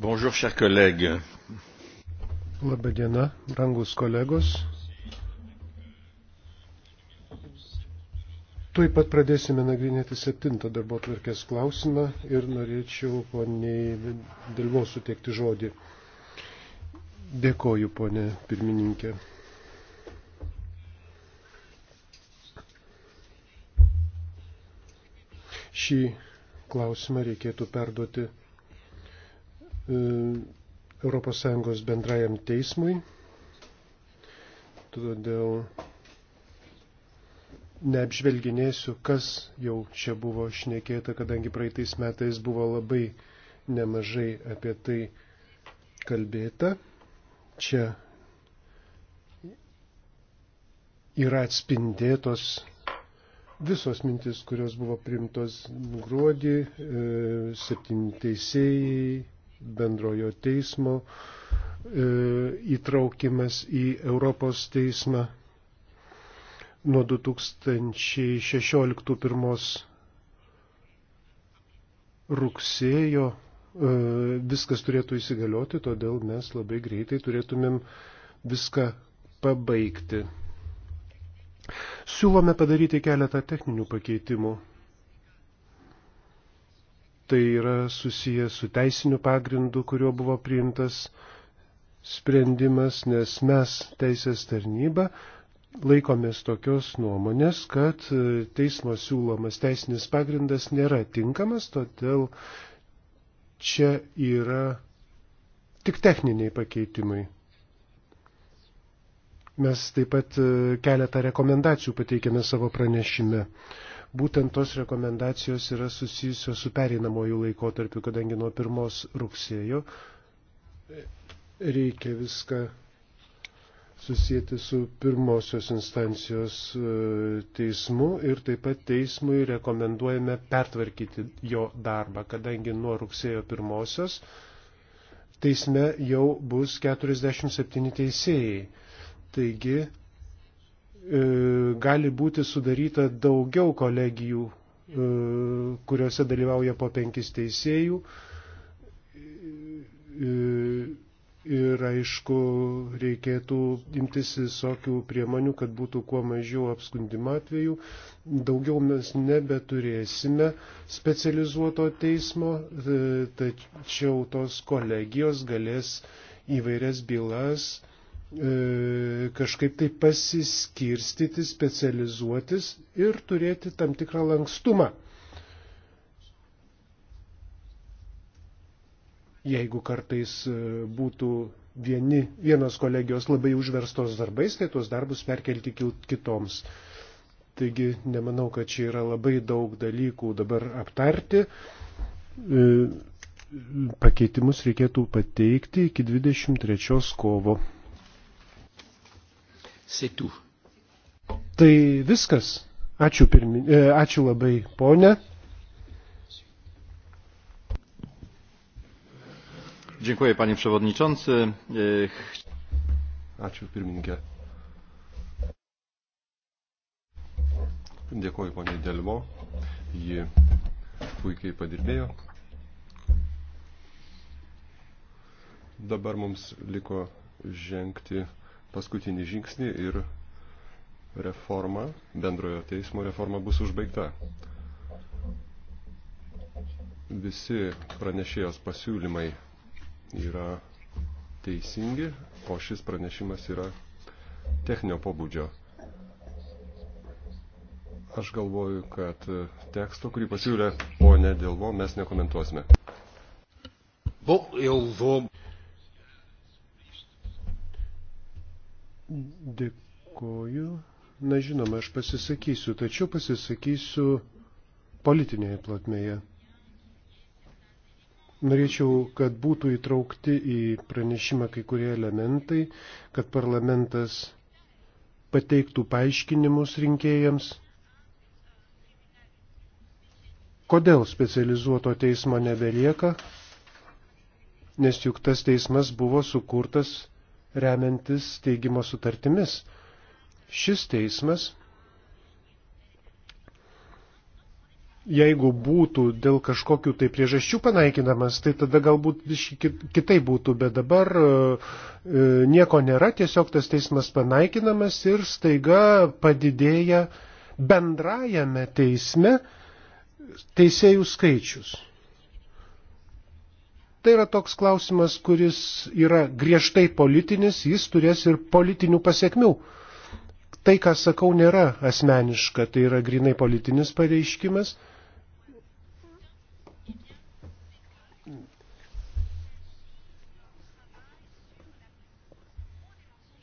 Bonjour, chers collègues. Labadiena, brangus kolegos. Tuoj pat pradėsime nagrinėti septintą darbo tvarkės klausimą ir norėčiau poniai Dilvo suteikti žodį. Dėkoju, ponė pirmininkė. Šį klausimą reikėtų perduoti ES bendrajam teismui. Todėl neapžvelginėsiu, kas jau čia buvo šnekėta, kadangi praeitais metais buvo labai nemažai apie tai kalbėta. Čia yra atspindėtos visos mintis, kurios buvo primtos gruodį, e, septyni teisėjai, bendrojo teismo e, įtraukimas į Europos teismą nuo 2016 rugsėjo e, viskas turėtų įsigalioti, todėl mes labai greitai turėtumėm viską pabaigti. Siūlome padaryti keletą techninių pakeitimų. Tai yra susiję su teisiniu pagrindu, kuriuo buvo priimtas sprendimas, nes mes, teisės tarnyba, laikomės tokios nuomonės, kad e, teismo siūlomas teisinis pagrindas nėra tinkamas, todėl čia yra tik techniniai pakeitimai. Mes taip pat e, keletą rekomendacijų pateikėme savo pranešime. Būtent tos rekomendacijos yra susijusios su pereinamojų laikotarpiu, kadangi nuo 1 rugsėjo reikia viską susijęti su pirmosios instancijos e, teismu ir taip pat teismui rekomenduojame pertvarkyti jo darbą, kadangi nuo rugsėjo pirmosios teisme jau bus 47 teisėjai. Taigi E, gali būti sudaryta daugiau kolegijų, e, kuriuose dalyvauja po penkis teisėjų. E, ir aišku, reikėtų imtis visokių priemonių, kad būtų kuo mažiau apskundimo atvejų. Daugiau mes nebeturėsime specializuoto teismo, tačiau tos kolegijos galės įvairias bylas E, kažkaip tai pasiskirstyti, specializuotis ir turėti tam tikrą lankstumą. Jeigu kartais e, būtų vieni, vienos kolegijos labai užverstos darbais, tai tuos darbus perkelti kitoms. Taigi nemanau, kad čia yra labai daug dalykų dabar aptarti. E, pakeitimus reikėtų pateikti iki 23 kovo. C'est tout. Tai viskas. Ačiū, pirmin... E, ačiū labai, ponė. Dziękuję, panie przewodniczący. E, ačiū, pirmininkė. Dėkuoju poniai Delvo. Ji puikiai padirbėjo. Dabar mums liko žengti paskutinį žingsnį ir reforma, bendrojo teismo reforma bus užbaigta. Visi pranešėjos pasiūlymai yra teisingi, o šis pranešimas yra techninio pobūdžio. Aš galvoju, kad teksto, kurį pasiūlė ponė Dėlvo, mes nekomentuosime. Bom, eu vou Dėkoju. Na žinoma, aš pasisakysiu, tačiau pasisakysiu politinėje platmėje. Norėčiau, kad būtų įtraukti į pranešimą kai kurie elementai, kad parlamentas pateiktų paaiškinimus rinkėjams, kodėl specializuoto teismo nebelieka, nes juk tas teismas buvo sukurtas remiantis teigimo sutartimis. Šis teismas, jeigu būtų dėl kažkokių tai priežasčių panaikinamas, tai tada galbūt kitai būtų, bet dabar e, e, nieko nėra, tiesiog tas teismas panaikinamas ir staiga padidėja bendrajame teisme teisėjų skaičius. Tai yra toks klausimas, kuris yra griežtai politinis, jis turės ir politinių pasiekmių. Tai, ką sakau, nėra asmeniška, tai yra grinai politinis pareiškimas.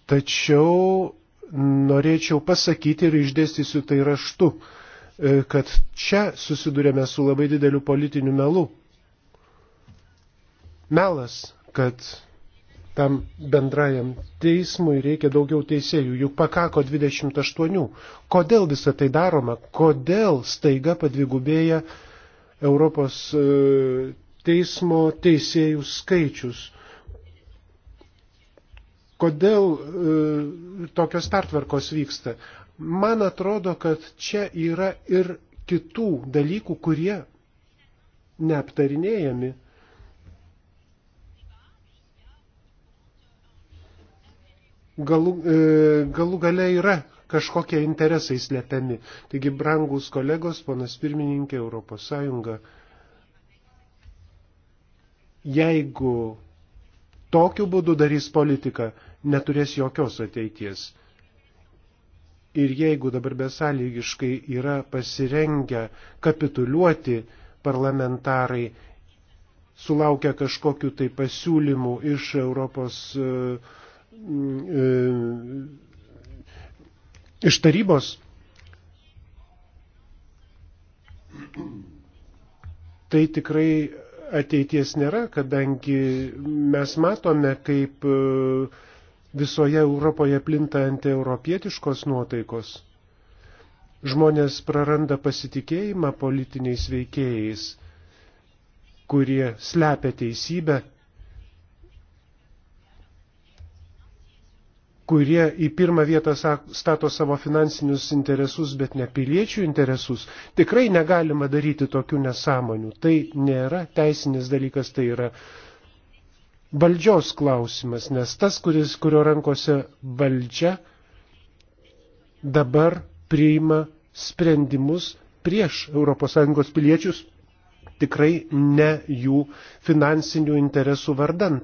Tačiau norėčiau pasakyti ir išdėstysiu tai raštu, e, kad čia susidurėme su labai dideliu politiniu melu melas, kad tam bendrajam teismui reikia daugiau teisėjų, juk pakako 28. Kodėl visą tai daroma? Kodėl staiga padvigubėja Europos e, teismo teisėjų skaičius? Kodėl e, tokios pertvarkos vyksta? Man atrodo, kad čia yra ir kitų dalykų, kurie neaptarinėjami galų, e, galų gale yra kažkokie interesai slepiami. Taigi, brangus kolegos, ponas pirmininkė, Europos Sąjunga, jeigu tokiu būdu darys politiką, neturės jokios ateities. Ir jeigu dabar besąlygiškai yra pasirengę kapituliuoti parlamentarai, sulaukia kažkokiu tai pasiūlymu iš Europos uh, Mm, e, iš tarybos. Tai tikrai ateities nėra, kadangi mes matome, kaip e, visoje Europoje plinta antieuropietiškos nuotaikos. Žmonės praranda pasitikėjimą politiniais veikėjais, kurie slepia teisybę kurie į pirmą vietą stato savo finansinius interesus, bet ne piliečių interesus, tikrai negalima daryti tokių nesąmonių. Tai nėra teisinis dalykas, tai yra valdžios klausimas, nes tas, kuris, kurio rankose valdžia, dabar priima sprendimus prieš ES piliečius, tikrai ne jų finansinių interesų vardant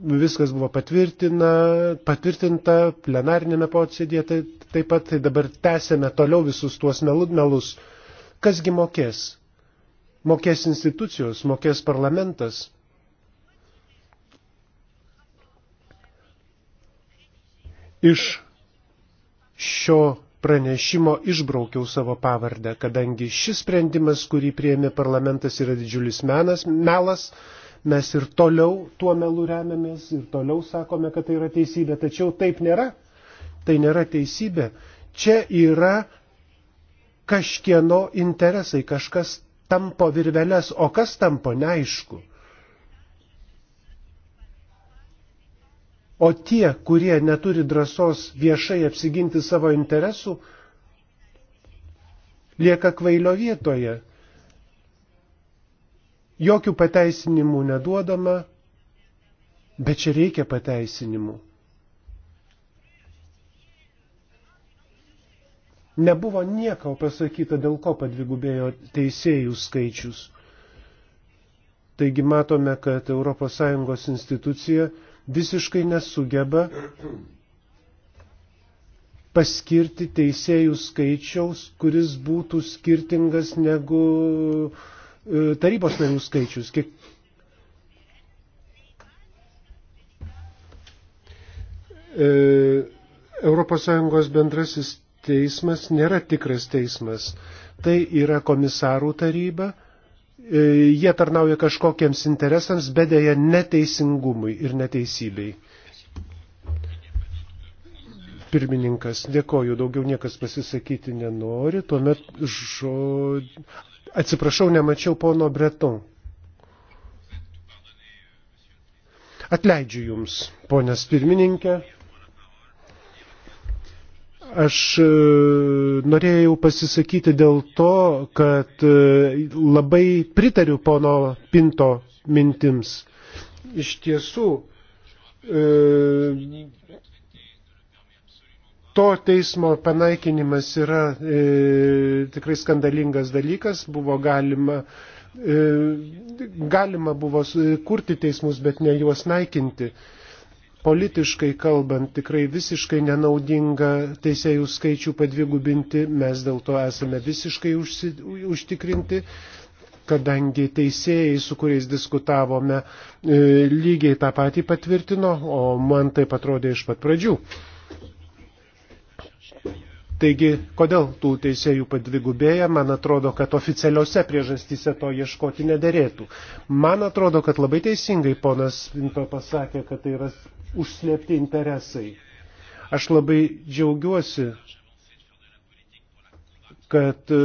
viskas buvo patvirtinta plenarinėme posėdėje tai, taip pat, tai dabar tęsėme toliau visus tuos melus. Kasgi mokės? Mokės institucijos, mokės parlamentas. Iš šio pranešimo išbraukiau savo pavardę, kadangi šis sprendimas, kurį prieėmė parlamentas, yra didžiulis menas, melas, melas mes ir toliau tuo melu remiamės ir toliau sakome, kad tai yra teisybė. Tačiau taip nėra. Tai nėra teisybė. Čia yra kažkieno interesai, kažkas tampo virvelės, o kas tampo neaišku. O tie, kurie neturi drąsos viešai apsiginti savo interesų, lieka kvailio vietoje. Jokių pateisinimų neduodama, bet čia reikia pateisinimų. Nebuvo nieko pasakyta, dėl ko padvigubėjo teisėjų skaičius. Taigi matome, kad ES institucija visiškai nesugeba paskirti teisėjų skaičiaus, kuris būtų skirtingas negu uh, E, tarybos narių skaičius. Kiek... E, Europos Sąjungos bendrasis teismas nėra tikras teismas. Tai yra komisarų taryba, e, jie tarnauja kažkokiems interesams, bet dėja neteisingumui ir neteisybei. Pirmininkas, dėkoju, daugiau niekas pasisakyti nenori, tuomet žodžiu. Atsiprašau, nemačiau pono Breton. Atleidžiu Jums, ponės pirmininkė. Aš e, norėjau pasisakyti dėl to, kad e, labai pritariu pono Pinto mintims. Iš tiesų, e, to teismo panaikinimas yra e, tikrai skandalingas dalykas, buvo galima, e, galima buvo kurti teismus, bet ne juos naikinti. Politiškai kalbant, tikrai visiškai nenaudinga teisėjų skaičių padvigubinti, mes dėl to esame visiškai užsi, užtikrinti kadangi teisėjai, su kuriais diskutavome, e, lygiai tą patį patvirtino, o man tai atrodė iš pat pradžių. Taigi, kodėl tų teisėjų padvigubėja, man atrodo, kad oficialiuose priežastyse to ieškoti nederėtų. Man atrodo, kad labai teisingai ponas Vinto pasakė, kad tai yra užslėpti interesai. Aš labai džiaugiuosi, kad, e,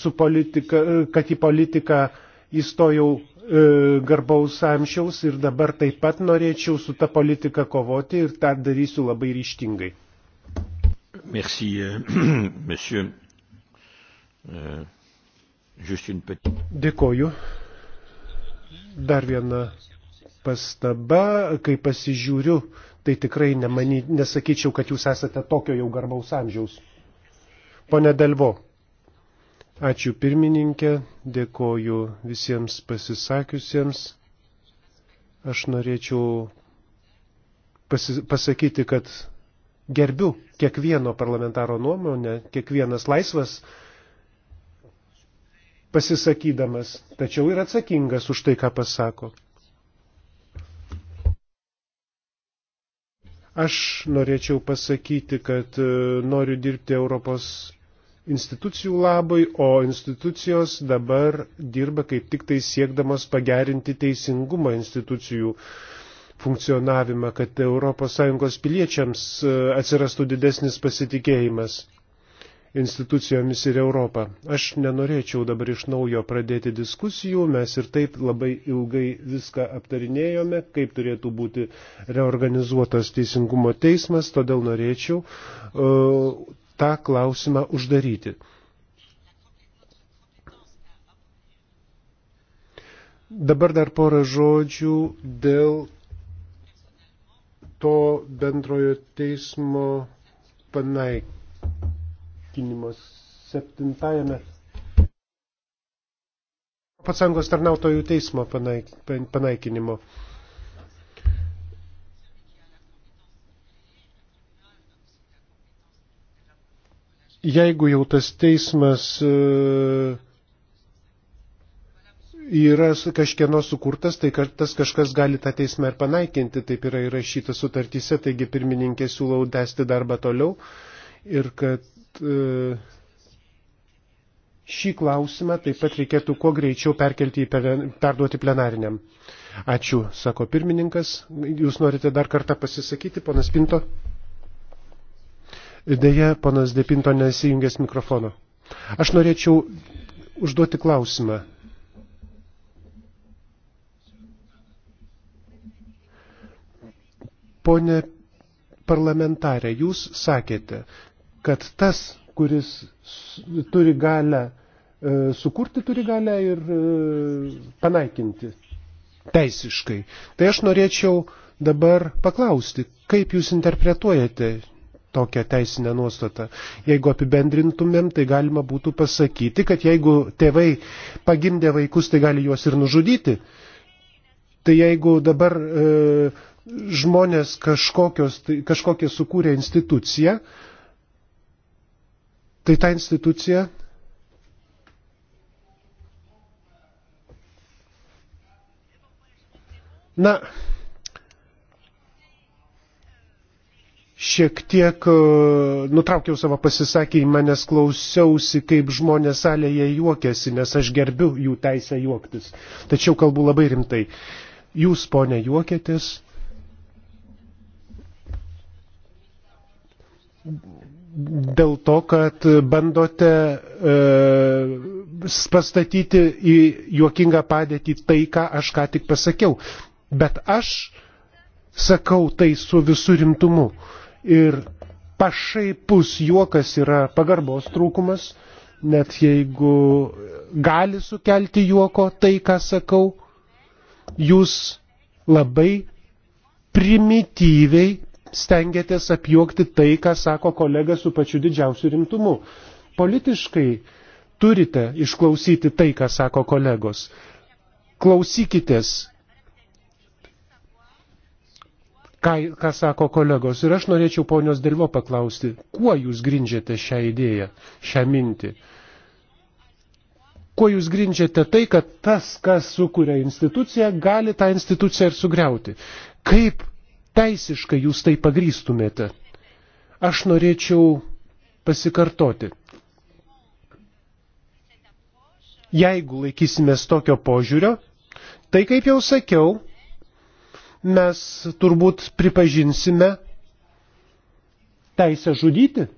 su politika, e, kad į politiką įstojau e, garbaus amžiaus ir dabar taip pat norėčiau su ta politika kovoti ir tą darysiu labai ryštingai. Merci, euh, monsieur. Euh, juste une petite. Dėkoju. Dar viena pastaba, kai pasižiūriu, tai tikrai nemany, nesakyčiau, kad jūs esate tokio jau garbaus amžiaus. Pone Delvo, ačiū pirmininkė, dėkoju visiems pasisakiusiems. Aš norėčiau pasi pasakyti, kad gerbiu kiekvieno parlamentaro nuomonę, kiekvienas laisvas pasisakydamas, tačiau ir atsakingas už tai, ką pasako. Aš norėčiau pasakyti, kad e, noriu dirbti Europos institucijų labai, o institucijos dabar dirba kaip tik tai siekdamas pagerinti teisingumą institucijų uh, funkcionavimą, kad ES piliečiams e, atsirastų didesnis pasitikėjimas institucijomis ir Europą. Aš nenorėčiau dabar iš naujo pradėti diskusijų, mes ir taip labai ilgai viską aptarinėjome, kaip turėtų būti reorganizuotas teisingumo teismas, todėl norėčiau uh, tą klausimą uždaryti. Dabar dar porą žodžių dėl to bendrojo teismo panaikinimo septintajame. Pats Sąjungos tarnautojų teismo panaik, panaikinimo. Jeigu jau tas teismas uh, yra kažkieno sukurtas, tai tas kažkas gali tą teismą ir panaikinti, taip yra įrašyta sutartyse, taigi pirmininkė siūlau tęsti darbą toliau ir kad e, šį klausimą taip pat reikėtų kuo greičiau perkelti į perduoti plenariniam. Ačiū, sako pirmininkas. Jūs norite dar kartą pasisakyti, ponas Pinto? Deja, ponas Depinto nesijungęs mikrofono. Aš norėčiau užduoti klausimą. Pone parlamentarė, jūs sakėte, kad tas, kuris turi galę e, sukurti, turi galę ir e, panaikinti teisiškai. Tai aš norėčiau dabar paklausti, kaip jūs interpretuojate tokią teisinę nuostatą. Jeigu apibendrintumėm, tai galima būtų pasakyti, kad jeigu tėvai pagimdė vaikus, tai gali juos ir nužudyti. Tai jeigu dabar e, žmonės tai kažkokią sukūrė instituciją, tai ta institucija na, šiek tiek e, nutraukiau savo pasisakymą, nes klausiausi, kaip žmonės salėje juokiasi, nes aš gerbiu jų teisę juoktis. Tačiau kalbu labai rimtai. Jūs, ponė, juokėtės, dėl to, kad bandote e, pastatyti į juokingą padėtį tai, ką aš ką tik pasakiau. Bet aš sakau tai su visų rimtumu. Ir pašaipus juokas yra pagarbos trūkumas, net jeigu gali sukelti juoko tai, ką sakau, jūs labai primityviai stengiatės apjuokti tai, ką sako kolega su pačiu didžiausiu rimtumu. Politiškai turite išklausyti tai, ką sako kolegos. Klausykitės, ką, ką sako kolegos. Ir aš norėčiau ponios Dirvo paklausti, kuo jūs grindžiate šią idėją, šią mintį. Kuo jūs grindžiate tai, kad tas, kas sukuria instituciją, gali tą instituciją ir sugriauti. Kaip teisiškai jūs tai pagrystumėte. Aš norėčiau pasikartoti. Jeigu laikysimės tokio požiūrio, tai kaip jau sakiau, mes turbūt pripažinsime teisę žudyti.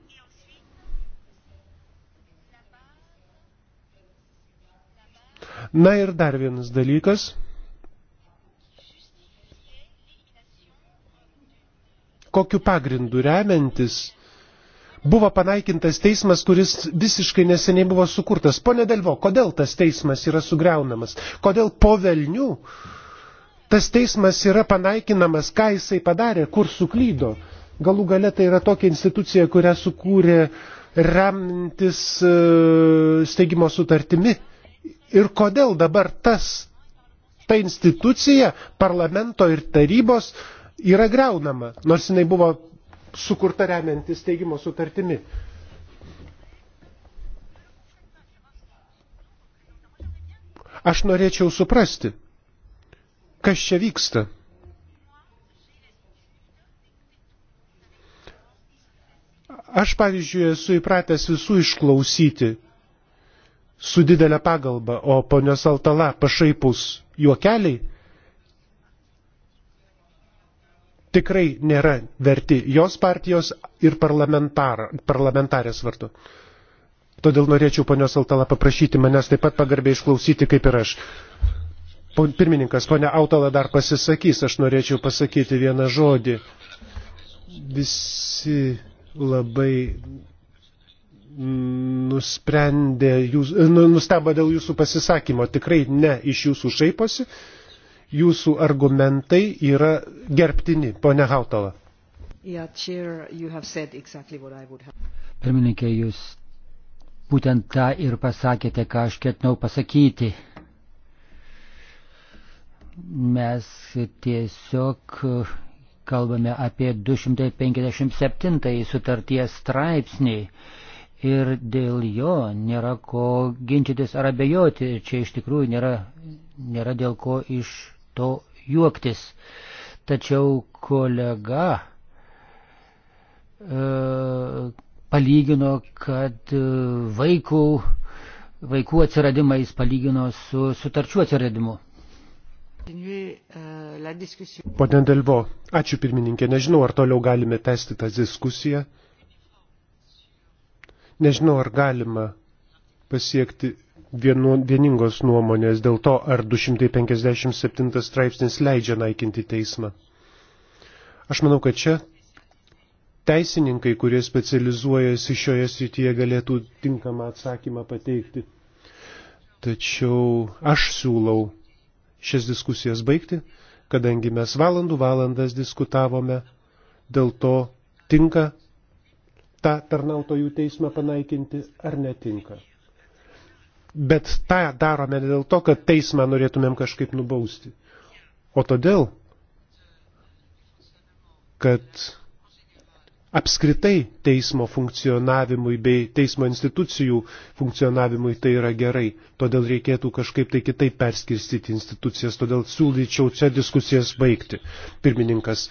Na ir dar vienas dalykas. kokiu pagrindu remiantis buvo panaikintas teismas, kuris visiškai neseniai buvo sukurtas. Pone Delvo, kodėl tas teismas yra sugriaunamas? Kodėl po velnių tas teismas yra panaikinamas, ką jisai padarė, kur suklydo? Galų gale tai yra tokia institucija, kurią sukūrė remtis e, steigimo sutartimi. Ir kodėl dabar tas, ta institucija, parlamento ir tarybos yra greunama, nors jinai buvo sukurta remiantis teigimo sutartimi. Aš norėčiau suprasti, kas čia vyksta. Aš, pavyzdžiui, esu įpratęs visų išklausyti su didelė pagalba, o ponios Altala pašaipus juokeliai tikrai nėra verti jos partijos ir parlamentarės vardu. Todėl norėčiau ponios Altala paprašyti manęs taip pat pagarbiai išklausyti kaip ir aš. Pirmininkas, ponia Altala dar pasisakys, aš norėčiau pasakyti vieną žodį. Visi labai nusprendė, jūs, nu, nustebo dėl jūsų pasisakymo, tikrai ne iš jūsų šaiposi, jūsų argumentai yra gerbtini, ponia Hautala. Yeah, chair, exactly have... Pirmininkė, jūs būtent tą ir pasakėte, ką aš ketinau pasakyti. Mes tiesiog kalbame apie 257 sutarties straipsnį ir dėl jo nėra ko ginčytis ar abejoti. Čia iš tikrųjų nėra, nėra dėl ko iš to juoktis. Tačiau kolega e, palygino, kad e, vaikų, vaikų atsiradimais palygino su sutarčių atsiradimu. E, Pane Delvo, ačiū pirmininkė, nežinau, ar toliau galime tęsti tą diskusiją. Nežinau, ar galima pasiekti vienu, vieningos nuomonės dėl to, ar 257 straipsnis leidžia naikinti teismą. Aš manau, kad čia teisininkai, kurie specializuojasi šioje srityje, galėtų tinkamą atsakymą pateikti. Tačiau aš siūlau šias diskusijas baigti, kadangi mes valandų valandas diskutavome dėl to, tinka tą tarnautojų teismą panaikinti ar netinka bet tą darome ne dėl to, kad teismą norėtumėm kažkaip nubausti, o todėl, kad apskritai teismo funkcionavimui bei teismo institucijų funkcionavimui tai yra gerai. Todėl reikėtų kažkaip tai kitaip perskirstyti institucijas, todėl siūlyčiau čia diskusijas baigti. Pirmininkas.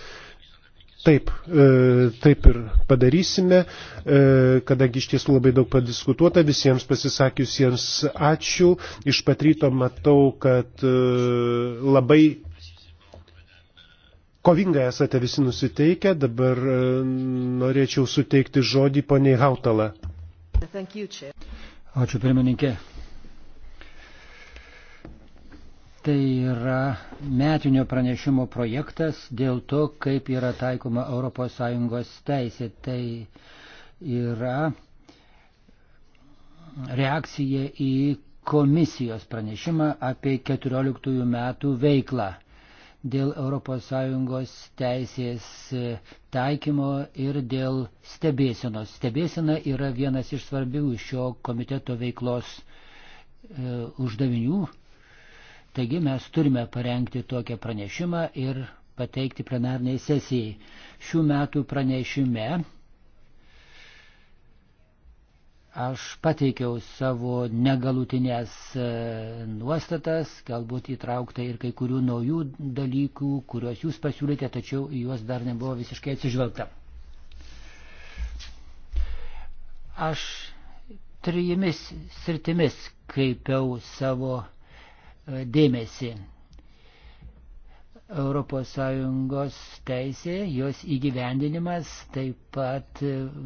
Taip, e, taip ir padarysime, e, kadangi iš tiesų labai daug padiskutuota, visiems pasisakiusiems ačiū. Iš pat ryto matau, kad e, labai kovingai esate visi nusiteikę, dabar norėčiau suteikti žodį poniai Hautala. Ačiū pirmininkė. Tai yra metinio pranešimo projektas dėl to, kaip yra taikoma ES teisė. Tai yra reakcija į komisijos pranešimą apie 14 metų veiklą dėl ES teisės taikymo ir dėl stebėsinos. Stebėsina yra vienas iš svarbių šio komiteto veiklos e, uždavinių Taigi mes turime parengti tokią pranešimą ir pateikti plenarniai sesijai. Šių metų pranešime aš pateikiau savo negalutinės e, nuostatas, galbūt įtraukta ir kai kurių naujų dalykų, kuriuos jūs pasiūlėte, tačiau juos dar nebuvo visiškai atsižvelgta. Aš trijimis sritimis kreipiau savo dėmesį. ES teisė, jos įgyvendinimas, taip pat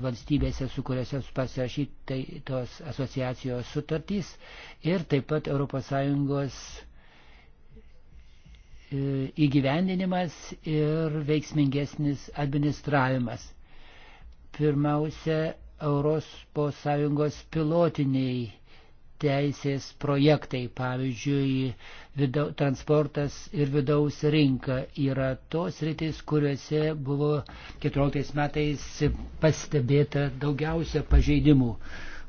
valstybėse, su kuriuose pasirašytos tai asociacijos sutartys ir taip pat ES e, įgyvendinimas ir veiksmingesnis administravimas. Pirmiausia, ES pilotiniai teisės projektai, pavyzdžiui, vidau, transportas ir vidaus rinka yra tos rytis, kuriuose buvo 14 metais pastebėta daugiausia pažeidimų.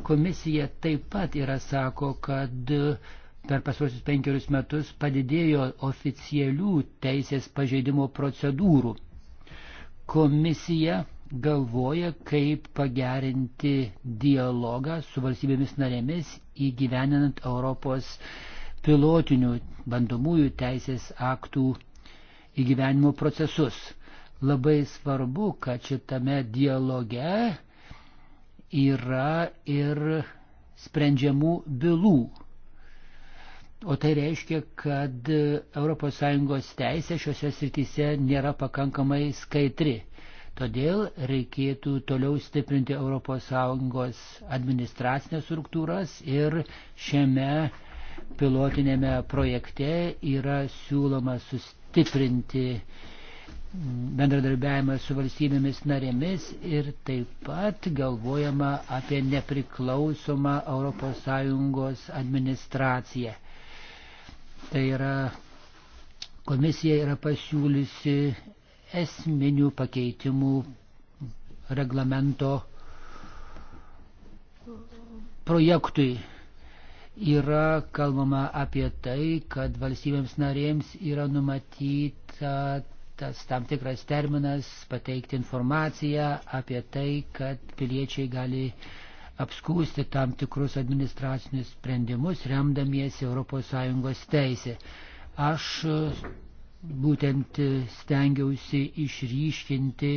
Komisija taip pat yra sako, kad per pasuosius penkerius metus padidėjo oficialių teisės pažeidimo procedūrų. Komisija galvoja, kaip pagerinti dialogą su valstybėmis narėmis įgyveninant Europos pilotinių bandomųjų teisės aktų įgyvenimo procesus. Labai svarbu, kad šitame dialoge yra ir sprendžiamų bylų. O tai reiškia, kad ES teisė šiuose srityse nėra pakankamai skaitri. Todėl reikėtų toliau stiprinti ES administracinės struktūras ir šiame pilotinėme projekte yra siūloma sustiprinti mm, bendradarbiavimą su valstybėmis narėmis ir taip pat galvojama apie nepriklausomą ES administraciją. Tai yra, komisija yra pasiūliusi esminių pakeitimų reglamento projektui yra kalbama apie tai, kad valstybėms narėms yra numatyta tas tam tikras terminas pateikti informaciją apie tai, kad piliečiai gali apskūsti tam tikrus administracinius sprendimus remdamiesi ES teisė. Aš būtent e, stengiausi išryškinti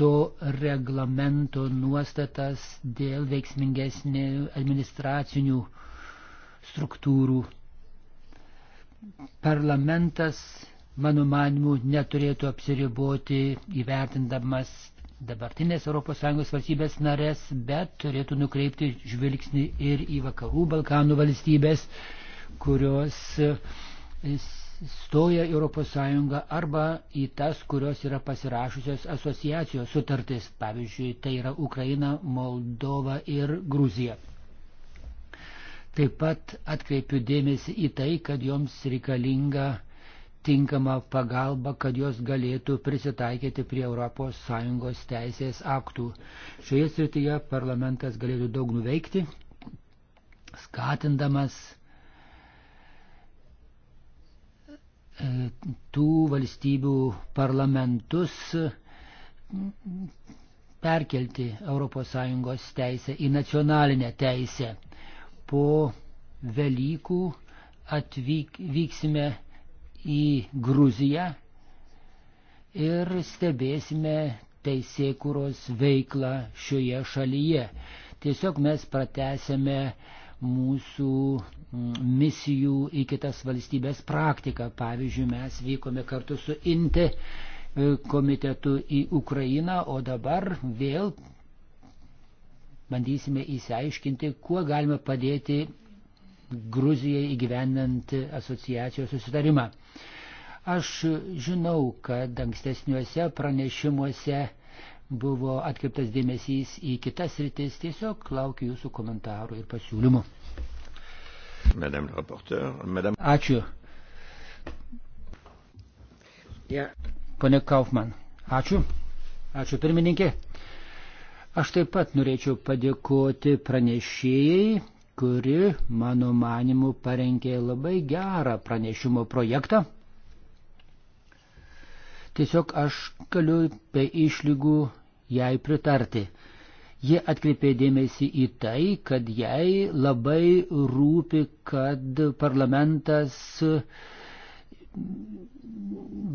to reglamento nuostatas dėl veiksmingesnė administracinių struktūrų. Parlamentas, mano manimu, neturėtų apsiriboti įvertindamas dabartinės ES valstybės narės, bet turėtų nukreipti žvilgsnį ir į vakarų Balkanų valstybės, kurios e, stoja ES arba į tas, kurios yra pasirašusios asociacijos sutartis. Pavyzdžiui, tai yra Ukraina, Moldova ir Gruzija. Taip pat atkreipiu dėmesį į tai, kad joms reikalinga tinkama pagalba, kad jos galėtų prisitaikyti prie ES teisės aktų. Šioje srityje parlamentas galėtų daug nuveikti, skatindamas tų valstybių parlamentus perkelti ES teisę į nacionalinę teisę. Po Velykų atvyksime atvyk, į Gruziją ir stebėsime teisėkuros veiklą šioje šalyje. Tiesiog mes pratesėme uh, mūsų mm, misijų į kitas valstybės praktiką. Pavyzdžiui, mes vykome kartu su INTE e, komitetu į Ukrainą, o dabar vėl bandysime įsiaiškinti, kuo galime padėti Gruzijai įgyvendant asociacijos susitarimą. Aš žinau, kad ankstesniuose pranešimuose buvo atkreiptas dėmesys į kitas rytis. Tiesiog laukiu jūsų komentarų ir pasiūlymų. Madame rapporteur, madame... Ačiū. Yeah. Pone Kaufman, ačiū. Ačiū pirmininkė. Aš taip pat norėčiau padėkoti pranešėjai, kuri, mano manimu, parengė labai gerą pranešimo projektą. Tiesiog aš galiu be išlygų jai pritarti. Ji atkreipė dėmesį į tai, kad jai labai rūpi, kad parlamentas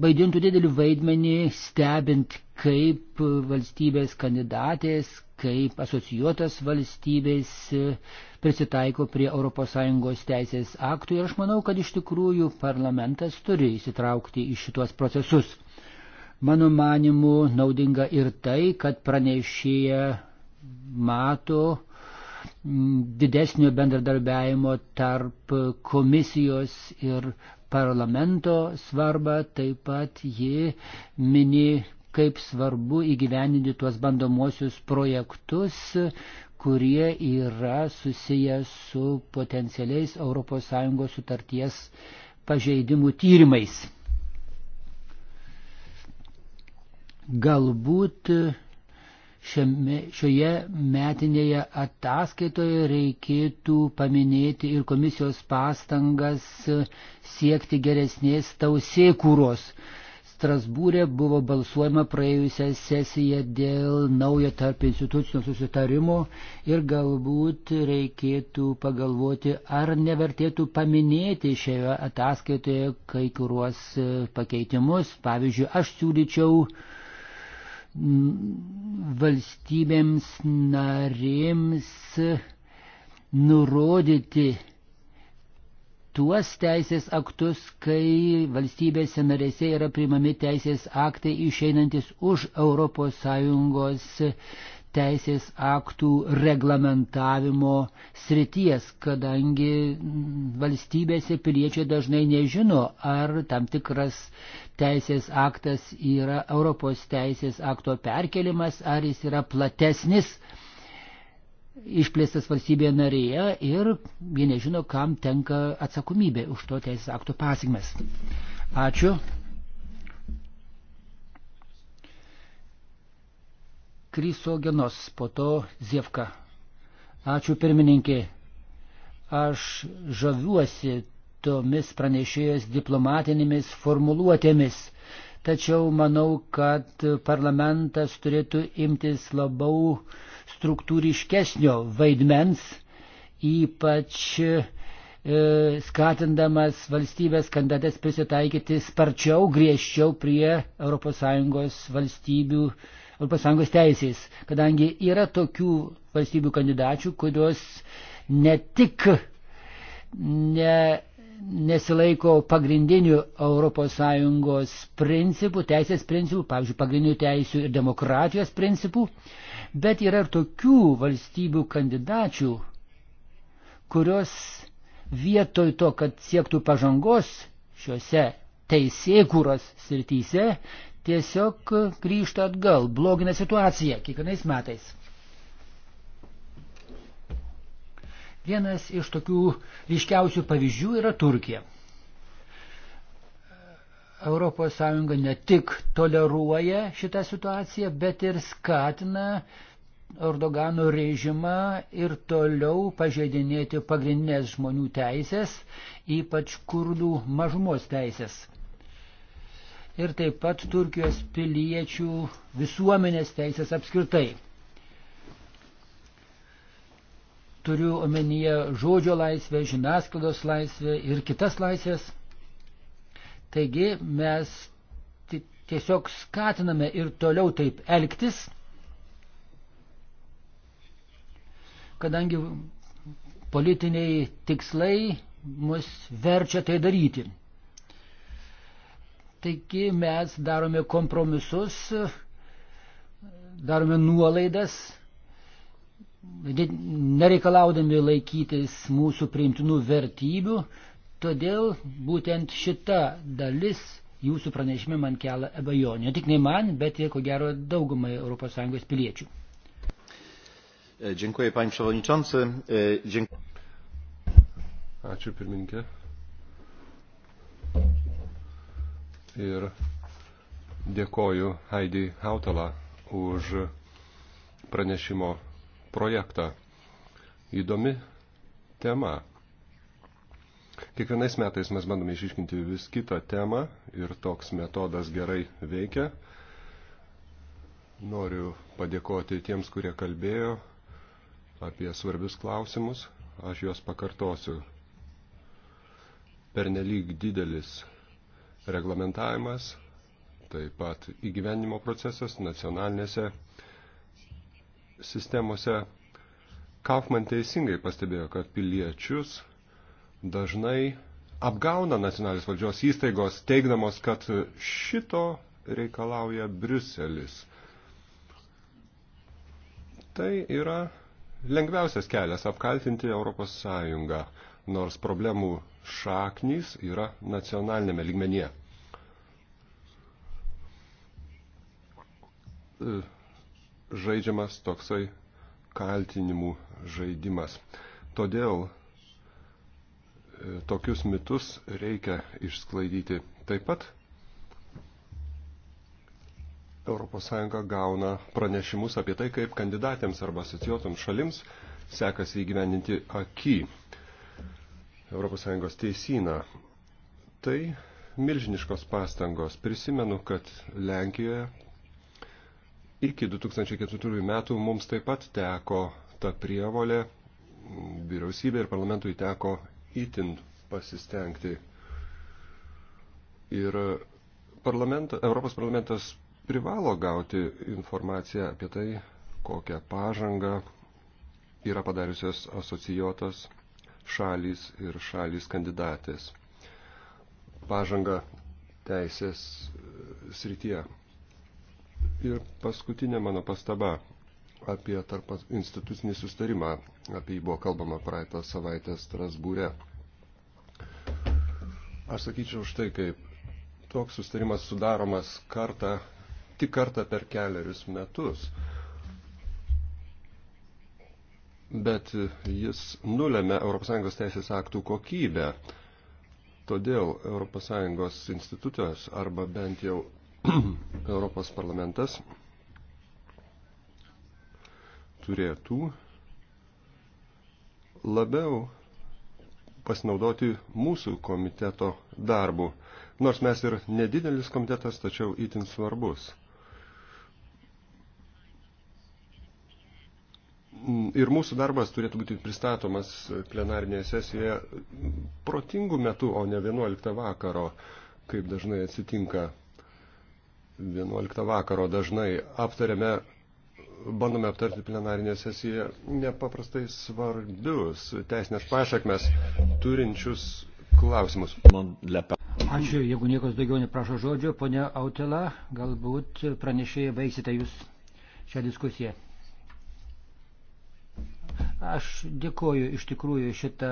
vaidintų didelį vaidmenį stebint, kaip valstybės kandidatės, kaip asocijuotas valstybės prisitaiko prie ES teisės aktų ir aš manau, kad iš tikrųjų parlamentas turi įsitraukti į šitos procesus. Mano manimu naudinga ir tai, kad pranešėja mato mm, didesnio bendradarbiajimo tarp komisijos ir parlamento svarbą, taip pat ji mini, kaip svarbu įgyveninti tuos bandomuosius projektus, kurie yra susiję su potencialiais ES sutarties pažeidimų tyrimais. Galbūt šiame, šioje metinėje ataskaitoje reikėtų paminėti ir komisijos pastangas siekti geresnės tausėkūros. Strasbūrė buvo balsuojama praėjusią sesiją dėl naujo tarp institucinio susitarimo ir galbūt reikėtų pagalvoti, ar nevertėtų paminėti šioje ataskaitoje kai kuriuos pakeitimus. Pavyzdžiui, aš siūlyčiau uh, valstybėms narėms nurodyti tuos teisės aktus, kai valstybėse narėse yra priimami teisės aktai išeinantis už ES teisės aktų reglamentavimo srities, kadangi valstybėse piliečiai dažnai nežino, ar tam tikras teisės aktas yra Europos teisės akto perkelimas, ar jis yra platesnis išplėstas valstybėje narėje ir jie nežino, kam tenka atsakomybė už to teisės akto pasigmes. Ačiū. Krysogenos, po to Zievka. Ačiū pirmininkė. Aš žaviuosi tomis pranešėjos diplomatinėmis formuluotėmis, tačiau manau, kad parlamentas turėtų imtis labiau struktūriškesnio vaidmens, ypač e, skatindamas valstybės kandidates prisitaikyti sparčiau, griežčiau prie ES valstybių ES teisės, kadangi yra tokių valstybių kandidačių, kurios ne tik ne, nesilaiko pagrindinių ES principų, teisės principų, pavyzdžiui, pagrindinių teisių ir demokratijos principų, bet yra ir tokių valstybių kandidačių, kurios vietoj to, kad siektų pažangos šiuose teisėkūros srityse, tiesiog grįžta atgal, blogina situaciją kiekvienais metais. Vienas iš tokių ryškiausių pavyzdžių yra Turkija. ES ne tik toleruoja šitą situaciją, bet ir skatina Erdogano režimą ir toliau pažeidinėti pagrindinės žmonių teisės, ypač kurdų mažumos teisės ir taip pat Turkijos piliečių visuomenės teisės apskritai. Turiu omenyje žodžio laisvę, žiniasklaidos laisvę ir kitas laisvės. Taigi mes tiesiog skatiname ir toliau taip elgtis, kadangi politiniai tikslai mus verčia tai daryti. Taigi mes darome kompromisus, darome nuolaidas, nereikalaudami laikytis mūsų priimtinų vertybių, todėl būtent šita dalis jūsų pranešime man kelia abejonių. Ne tik ne man, bet ir ko gero daugumai ES piliečių. Dziękuję, panie przewodniczący. Dziękuję. Ačiū pirmininkė. ir dėkoju Heidi Hautala už pranešimo projektą. Įdomi tema. Kiekvienais metais mes bandome išiškinti vis kitą temą ir toks metodas gerai veikia. Noriu padėkoti tiems, kurie kalbėjo apie svarbius klausimus. Aš juos pakartosiu. Pernelyg didelis reglamentavimas, taip pat įgyvenimo procesas nacionalinėse sistemose. Kaufman teisingai pastebėjo, kad piliečius dažnai apgauna nacionalinės valdžios įstaigos, teikdamos, kad šito reikalauja Briuselis. Tai yra lengviausias kelias apkaltinti Europos Sąjungą, nors problemų šaknys yra nacionalinėme lygmenyje. E, žaidžiamas toksai kaltinimų žaidimas. Todėl e, tokius mitus reikia išsklaidyti. Taip pat ES gauna pranešimus apie tai, kaip kandidatėms arba asociuotams šalims sekasi įgyvendinti akį. ES teisyną. Tai milžiniškos pastangos. Prisimenu, kad Lenkijoje iki 2004 metų mums taip pat teko ta prievolė, vyriausybė ir parlamentui teko itin pasistengti. Ir parlament, Europos parlamentas privalo gauti informaciją apie tai, kokią pažangą yra padariusios asocijuotas šalys ir šalys kandidatės. Pažanga teisės e, srityje. Ir paskutinė mano pastaba apie tarp institucinį sustarimą, apie jį buvo kalbama praeitą savaitę Strasbūre. Aš sakyčiau štai kaip, toks sustarimas sudaromas kartą, tik kartą per keliarius metus bet jis nulėmė ES teisės aktų kokybę. Todėl ES institucijos arba bent jau Europos parlamentas turėtų labiau pasinaudoti mūsų komiteto darbu. Nors mes ir nedidelis komitetas, tačiau itin svarbus. ir mūsų darbas turėtų būti pristatomas plenarinėje sesijoje protingų metų, o ne 11 vakaro, kaip dažnai atsitinka. 11 vakaro dažnai aptariame, bandome aptarti plenarinėje sesijoje nepaprastai svarbius teisinės pašakmes turinčius klausimus. Ačiū, jeigu niekas daugiau neprašo žodžio, ponia Autela, galbūt pranešėjai baigsite jūs šią diskusiją. Aš dėkoju iš tikrųjų šitą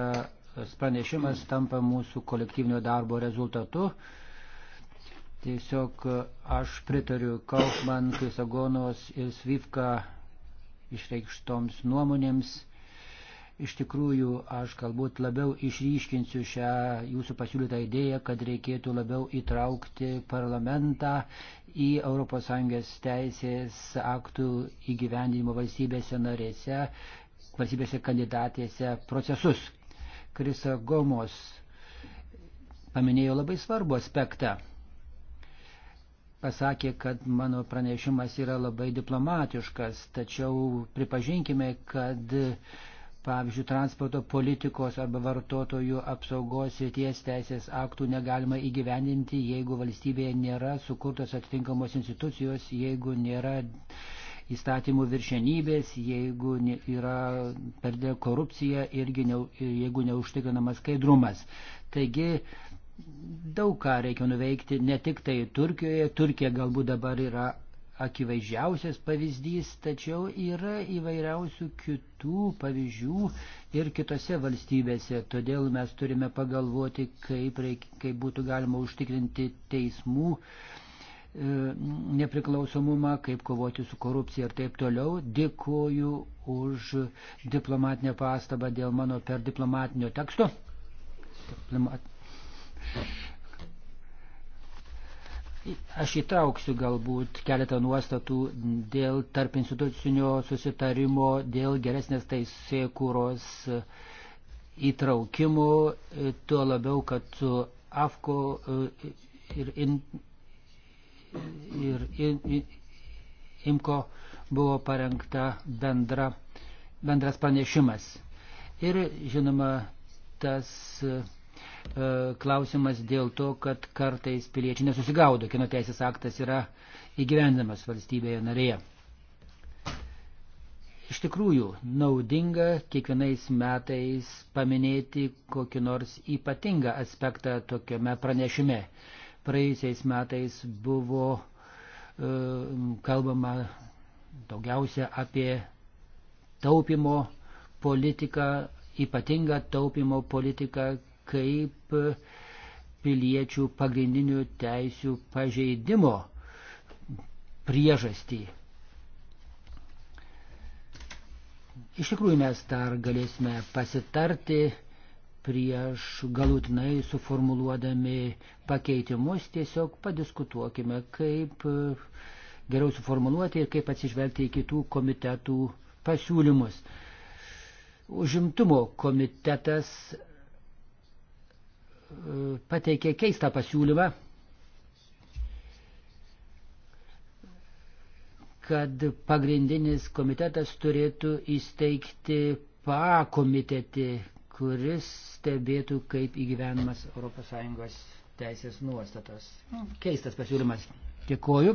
pranešimas tampa mūsų kolektyvinio darbo rezultatu. Tiesiog aš pritariu Kaufman, Krisagonos ir Svivka išreikštoms nuomonėms. Iš tikrųjų, aš galbūt labiau išryškinsiu šią jūsų pasiūlytą idėją, kad reikėtų labiau įtraukti parlamentą į ES teisės aktų įgyvendinimo valstybėse narėse, valstybėse kandidatėse procesus. Krisa Gomos paminėjo labai svarbų aspektą. Pasakė, kad mano pranešimas yra labai diplomatiškas, tačiau pripažinkime, kad pavyzdžiui, transporto politikos arba vartotojų apsaugos srities teisės aktų negalima įgyvendinti, jeigu valstybėje nėra sukurtos atitinkamos institucijos, jeigu nėra uh, įstatymų viršenybės, jeigu yra per dėl korupcija irgi ne, jeigu neužtikrinamas skaidrumas. Taigi daug ką reikia nuveikti, ne tik tai Turkijoje, Turkija galbūt dabar yra akivaizdžiausias pavyzdys, tačiau yra įvairiausių kitų pavyzdžių ir kitose valstybėse. Todėl mes turime pagalvoti, kaip, reik, kaip būtų galima užtikrinti teismų uh, E, nepriklausomumą, kaip kovoti su korupcija ir taip toliau. Dėkuoju už diplomatinę pastabą dėl mano per diplomatinio teksto. Diplomat... Aš įtrauksiu galbūt keletą nuostatų dėl tarp institucinio susitarimo, dėl geresnės teisėkūros įtraukimo, tuo labiau, kad su AFKO e, ir ir, ir IMKO buvo parengta bendra, bendras pranešimas. Ir žinoma, tas e, klausimas dėl to, kad kartais piliečiai nesusigaudo, kino teisės aktas yra įgyvendamas valstybėje narėje. Iš tikrųjų, naudinga kiekvienais metais paminėti kokį nors ypatingą aspektą tokiame pranešime. Praėjusiais metais buvo e, kalbama daugiausia apie taupimo politiką, ypatingą taupimo politiką kaip piliečių pagrindinių teisių pažeidimo priežastį. Iš tikrųjų mes dar galėsime pasitarti prieš galutinai suformuluodami pakeitimus tiesiog padiskutuokime, kaip e, geriau suformuluoti ir kaip atsižvelgti į kitų komitetų pasiūlymus. Užimtumo komitetas e, pateikė keistą pasiūlymą, kad pagrindinis komitetas turėtų įsteigti pakomitetį, kuris stebėtų, kaip įgyvenimas ES teisės nuostatas. Keistas pasiūlymas. Dėkoju.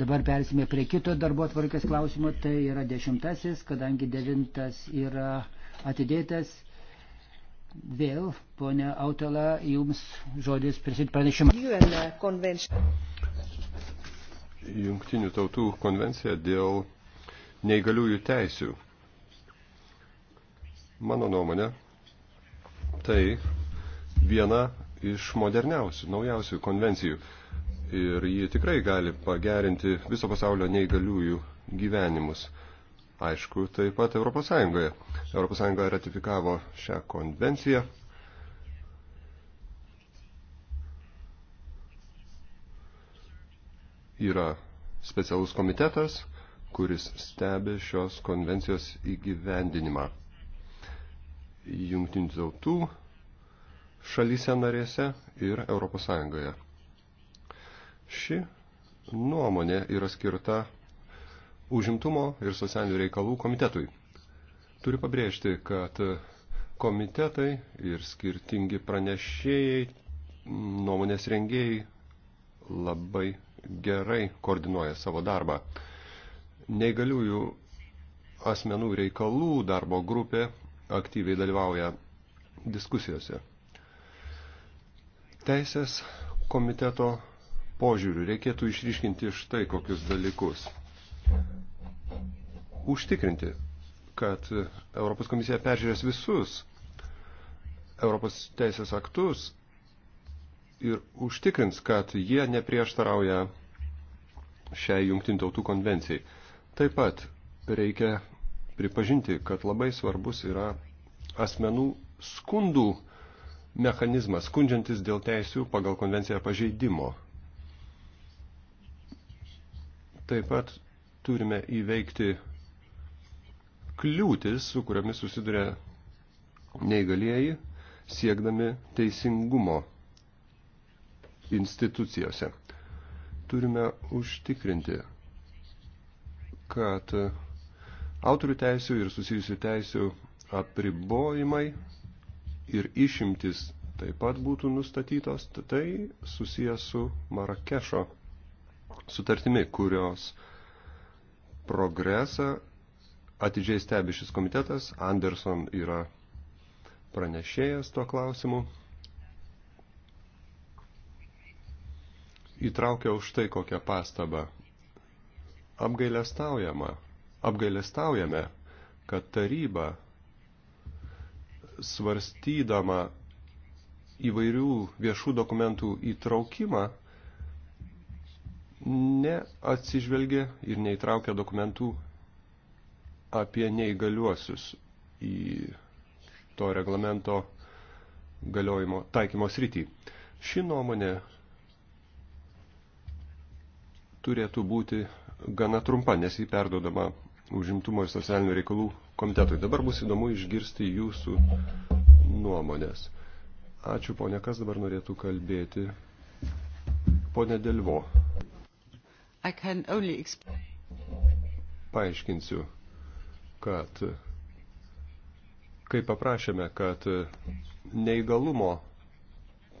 Dabar persime prie kito darbo atvarkės klausimo. Tai yra dešimtasis, kadangi devintas yra atidėtas. Vėl, ponia Autola, jums žodis prisit pranešimą. Jungtinių tautų konvencija dėl neįgaliųjų teisių Mano nuomonė, tai viena iš moderniausių, naujausių konvencijų. Ir ji tikrai gali pagerinti viso pasaulio neįgaliųjų gyvenimus. Aišku, taip pat Europos Sąjungoje. Europos Sąjunga ratifikavo šią konvenciją. Yra specialus komitetas, kuris stebi šios konvencijos įgyvendinimą jungtinių tautų šalyse narėse ir Europos Sąjungoje. Ši nuomonė yra skirta užimtumo ir socialinių reikalų komitetui. Turiu pabrėžti, kad komitetai ir skirtingi pranešėjai, nuomonės rengėjai labai gerai koordinuoja savo darbą. Neįgaliųjų asmenų reikalų darbo grupė aktyviai dalyvauja diskusijose. Teisės komiteto požiūrių reikėtų išryškinti štai kokius dalykus. Užtikrinti, kad Europos komisija peržiūrės visus Europos teisės aktus ir užtikrins, kad jie neprieštarauja šiai jungtinių tautų konvencijai. Taip pat reikia pripažinti, kad labai svarbus yra asmenų skundų mechanizmas, skundžiantis dėl teisių pagal konvenciją pažeidimo. Taip pat turime įveikti kliūtis, su kuriomis susiduria neįgalieji, siekdami teisingumo institucijose. Turime užtikrinti, kad Autorių teisių ir susijusių teisių apribojimai ir išimtis taip pat būtų nustatytos, tai susijęs su Marakešo sutartimi, kurios progresą atidžiai stebi šis komitetas. Anderson yra pranešėjas tuo klausimu. Įtraukia už tai kokią pastabą. Apgailestaujama, apgailestaujame, kad taryba svarstydama įvairių viešų dokumentų įtraukimą neatsižvelgia ir neįtraukia dokumentų apie neįgaliuosius į to reglamento galiojimo taikymo srity. Ši nuomonė turėtų būti gana trumpa, nes jį perdodama užimtumo ir socialinių reikalų komitetui. Dabar bus įdomu išgirsti jūsų nuomonės. Ačiū, ponė, kas dabar norėtų kalbėti? Ponė Delvo. Only... Paaiškinsiu, kad kai paprašėme, kad neįgalumo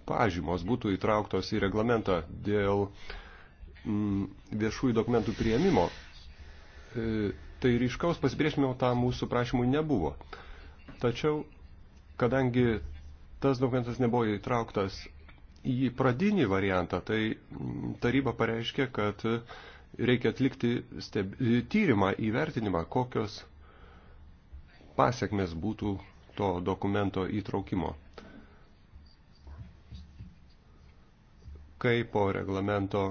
pažymos būtų įtrauktos į reglamentą dėl mm, viešųjų dokumentų prieimimo, e, tai ryškaus pasipriešinimo tam mūsų prašymui nebuvo. Tačiau, kadangi tas dokumentas nebuvo įtrauktas į pradinį variantą, tai taryba pareiškė, kad reikia atlikti steb... tyrimą, įvertinimą, kokios pasiekmes būtų to dokumento įtraukimo. Kai po reglamento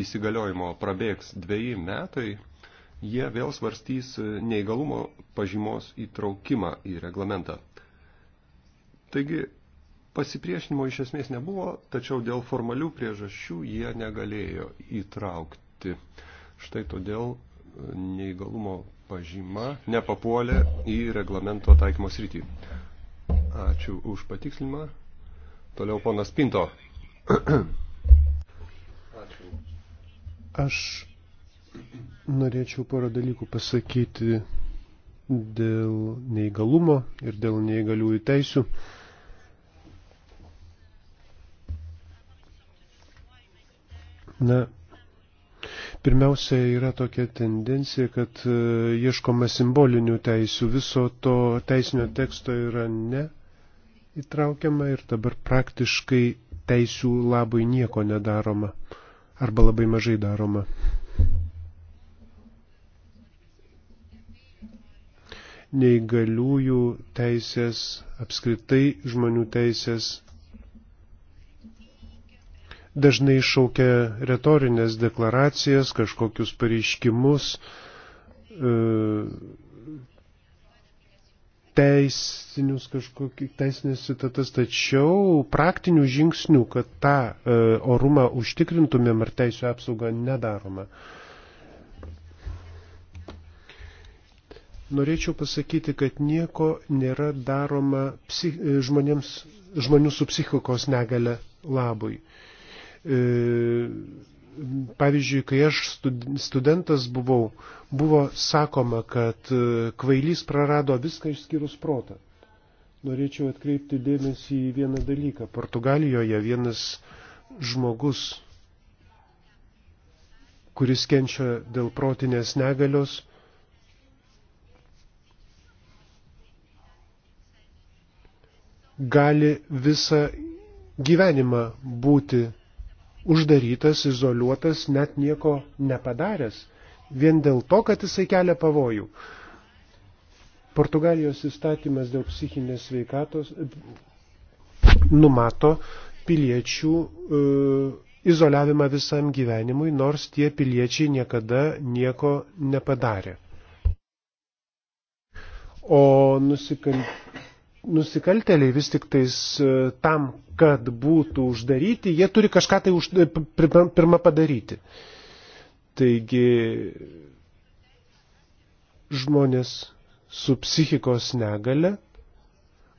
įsigaliojimo prabėgs dveji metai, jie vėl svarstys neįgalumo pažymos įtraukimą į reglamentą. Taigi pasipriešinimo iš esmės nebuvo, tačiau dėl formalių priežasčių jie negalėjo įtraukti. Štai todėl e, neįgalumo pažyma nepapuolė į reglamento taikymo sritį. Ačiū už patikslimą. Toliau ponas Pinto. Ačiū. Aš Norėčiau porą dalykų pasakyti dėl neįgalumo ir dėl neįgaliųjų teisių. Na, pirmiausia, yra tokia tendencija, kad e, ieškoma simbolinių teisių, viso to teisinio teksto yra ne įtraukiama ir dabar praktiškai teisių labui nieko nedaroma arba labai mažai daroma. neįgaliųjų teisės, apskritai žmonių teisės dažnai iššaukia retorinės deklaracijas, kažkokius pareiškimus, e, teisinius kažkokį, teisinės citatas, tačiau praktinių žingsnių, kad tą e, orumą užtikrintumėm ar teisų apsaugą nedaroma. Norėčiau pasakyti, kad nieko nėra daroma psich, e, žmonėms, žmonių su psichikos negale labui. E, pavyzdžiui, kai aš studentas buvau, buvo sakoma, kad e, kvailys prarado viską išskyrus protą. Norėčiau atkreipti dėmesį į vieną dalyką. Portugalijoje vienas žmogus, kuris kenčia dėl protinės negalios, gali visą gyvenimą būti uždarytas, izoliuotas, net nieko nepadaręs, vien dėl to, kad jisai kelia pavojų. Portugalijos įstatymas dėl psichinės sveikatos e, numato piliečių e, izoliavimą visam gyvenimui, nors tie piliečiai niekada nieko nepadarė. O nusikant nusikalteliai vis tik tais e, tam, kad būtų uždaryti, jie turi kažką tai už, e, pirmą padaryti. Taigi žmonės su psichikos negale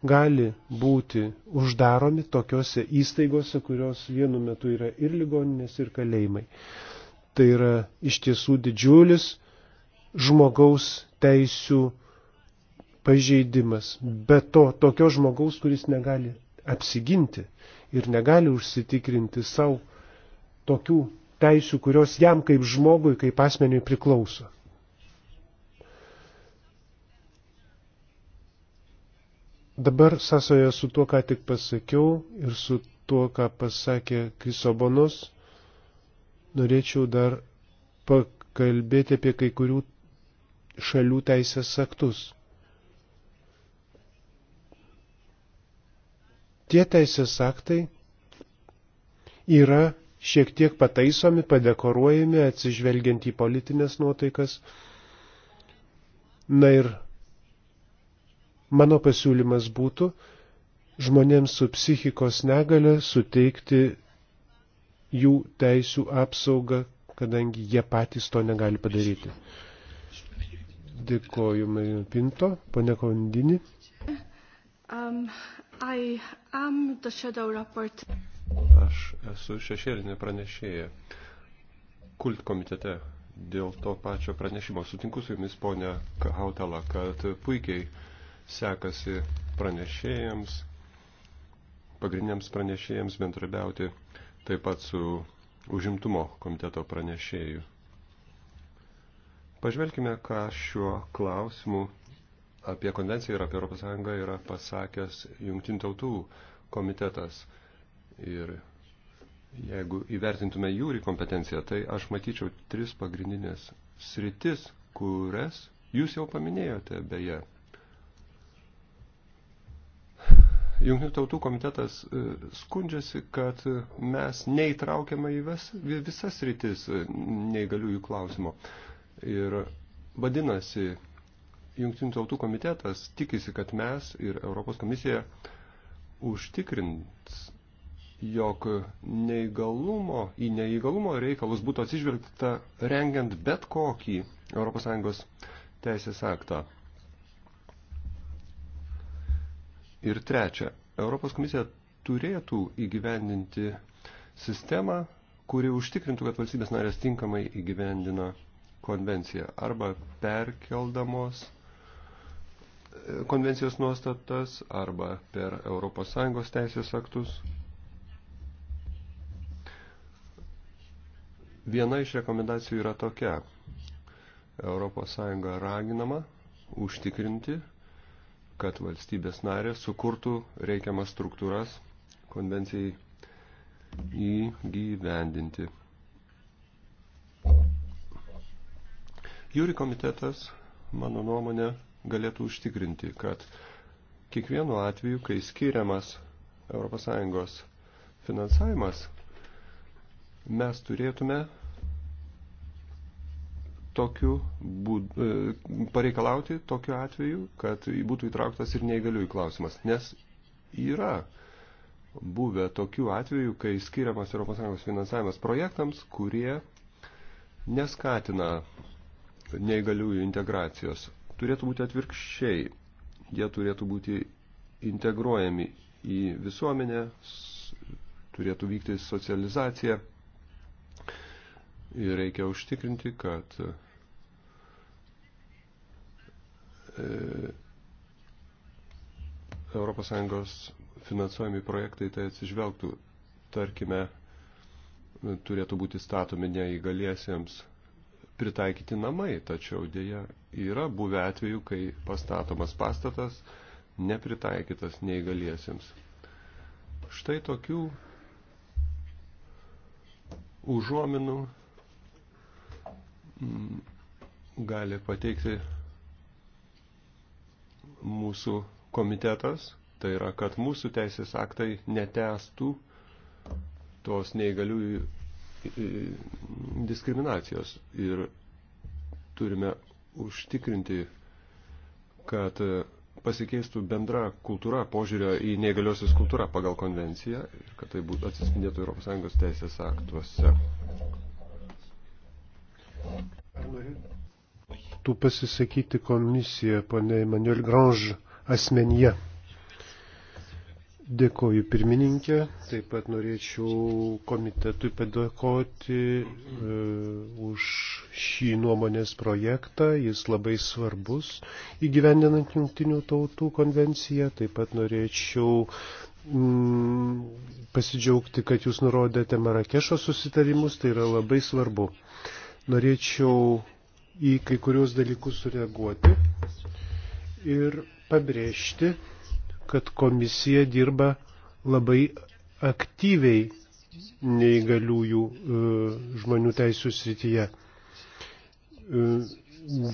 gali būti uždaromi tokiuose įstaigose, kurios vienu metu yra ir ligoninės, ir kalėjimai. Tai yra iš tiesų didžiulis žmogaus teisų pažeidimas, bet to tokio žmogaus, kuris negali apsiginti ir negali užsitikrinti savo tokių teisių, kurios jam kaip žmogui, kaip asmeniui priklauso. Dabar sąsoje su tuo, ką tik pasakiau ir su tuo, ką pasakė Krisobonos, norėčiau dar pakalbėti apie kai kurių šalių teisės aktus. tie teisės aktai yra šiek tiek pataisomi, padekoruojami, atsižvelgiant į politinės nuotaikas. Na ir mano pasiūlymas būtų žmonėms su psichikos negale suteikti jų teisių apsaugą, kadangi jie patys to negali padaryti. Dėkoju Marino Pinto, pane Kondini. Um, I am the shadow report. Aš esu šešėlinė pranešėja kult komitete dėl to pačio pranešimo. Sutinku su jumis, ponia Hautala, kad puikiai sekasi pranešėjams, pagrindiniams pranešėjams bendrabiauti taip pat su užimtumo komiteto pranešėjų. Pažvelkime, ką šiuo klausimu apie konvenciją ir apie ES yra pasakęs jungtinių tautų komitetas. Ir jeigu įvertintume jūrį kompetenciją, tai aš matyčiau tris pagrindinės sritis, kurias jūs jau paminėjote beje. Jungtinių tautų komitetas e, skundžiasi, kad mes neįtraukiame į vis, visas rytis e, neįgaliųjų klausimo. Ir vadinasi, Jungtinių tautų komitetas tikisi, kad mes ir Europos komisija užtikrins, jog neįgalumo, į neįgalumo reikalus būtų atsižvelgta rengiant bet kokį ES teisės aktą. Ir trečia, Europos komisija turėtų įgyvendinti sistemą, kuri užtikrintų, kad valstybės narės tinkamai įgyvendina konvenciją arba perkeldamos konvencijos nuostatas arba per ES teisės aktus. Viena iš rekomendacijų yra tokia. ES raginama užtikrinti, kad valstybės narės sukurtų reikiamas struktūras konvencijai įgyvendinti. Jūri komitetas, mano nuomonė, galėtų užtikrinti, kad kiekvienu atveju, kai skiriamas ES finansavimas, mes turėtume tokiu būdu, e, pareikalauti tokiu atveju, kad būtų įtrauktas ir neįgaliųjų klausimas. Nes yra buvę tokių atvejų, kai skiriamas ES finansavimas projektams, kurie neskatina neįgaliųjų integracijos turėtų būti atvirkščiai. Jie turėtų būti integruojami į visuomenę, turėtų vykti socializacija. Ir reikia užtikrinti, kad ES finansuojami projektai tai atsižvelgtų, tarkime, turėtų būti statomi neįgaliesiems pritaikyti namai, tačiau dėja yra buvę atveju, kai pastatomas pastatas nepritaikytas neįgaliesiems. Štai tokių užuominų mm, gali pateikti mūsų komitetas, tai yra, kad mūsų teisės aktai netestų tos neįgaliųjų E, diskriminacijos ir turime užtikrinti, kad pasikeistų bendra kultūra, požiūrio į negaliosios kultūrą pagal konvenciją ir kad tai būtų atsispindėtų ES teisės aktuose. Tu pasisakyti komisiją, ponė Manuel Grange, asmenyje. Dėkoju pirmininkė, taip pat norėčiau komitetui padėkoti e, už šį nuomonės projektą, jis labai svarbus įgyvendinant Junktinių tautų konvenciją, taip pat norėčiau mm, pasidžiaugti, kad jūs nurodėte Marakešo susitarimus, tai yra labai svarbu. Norėčiau į kai kurios dalykus sureaguoti ir pabrėžti, kad komisija dirba labai aktyviai neįgaliųjų e, žmonių teisų srityje. E,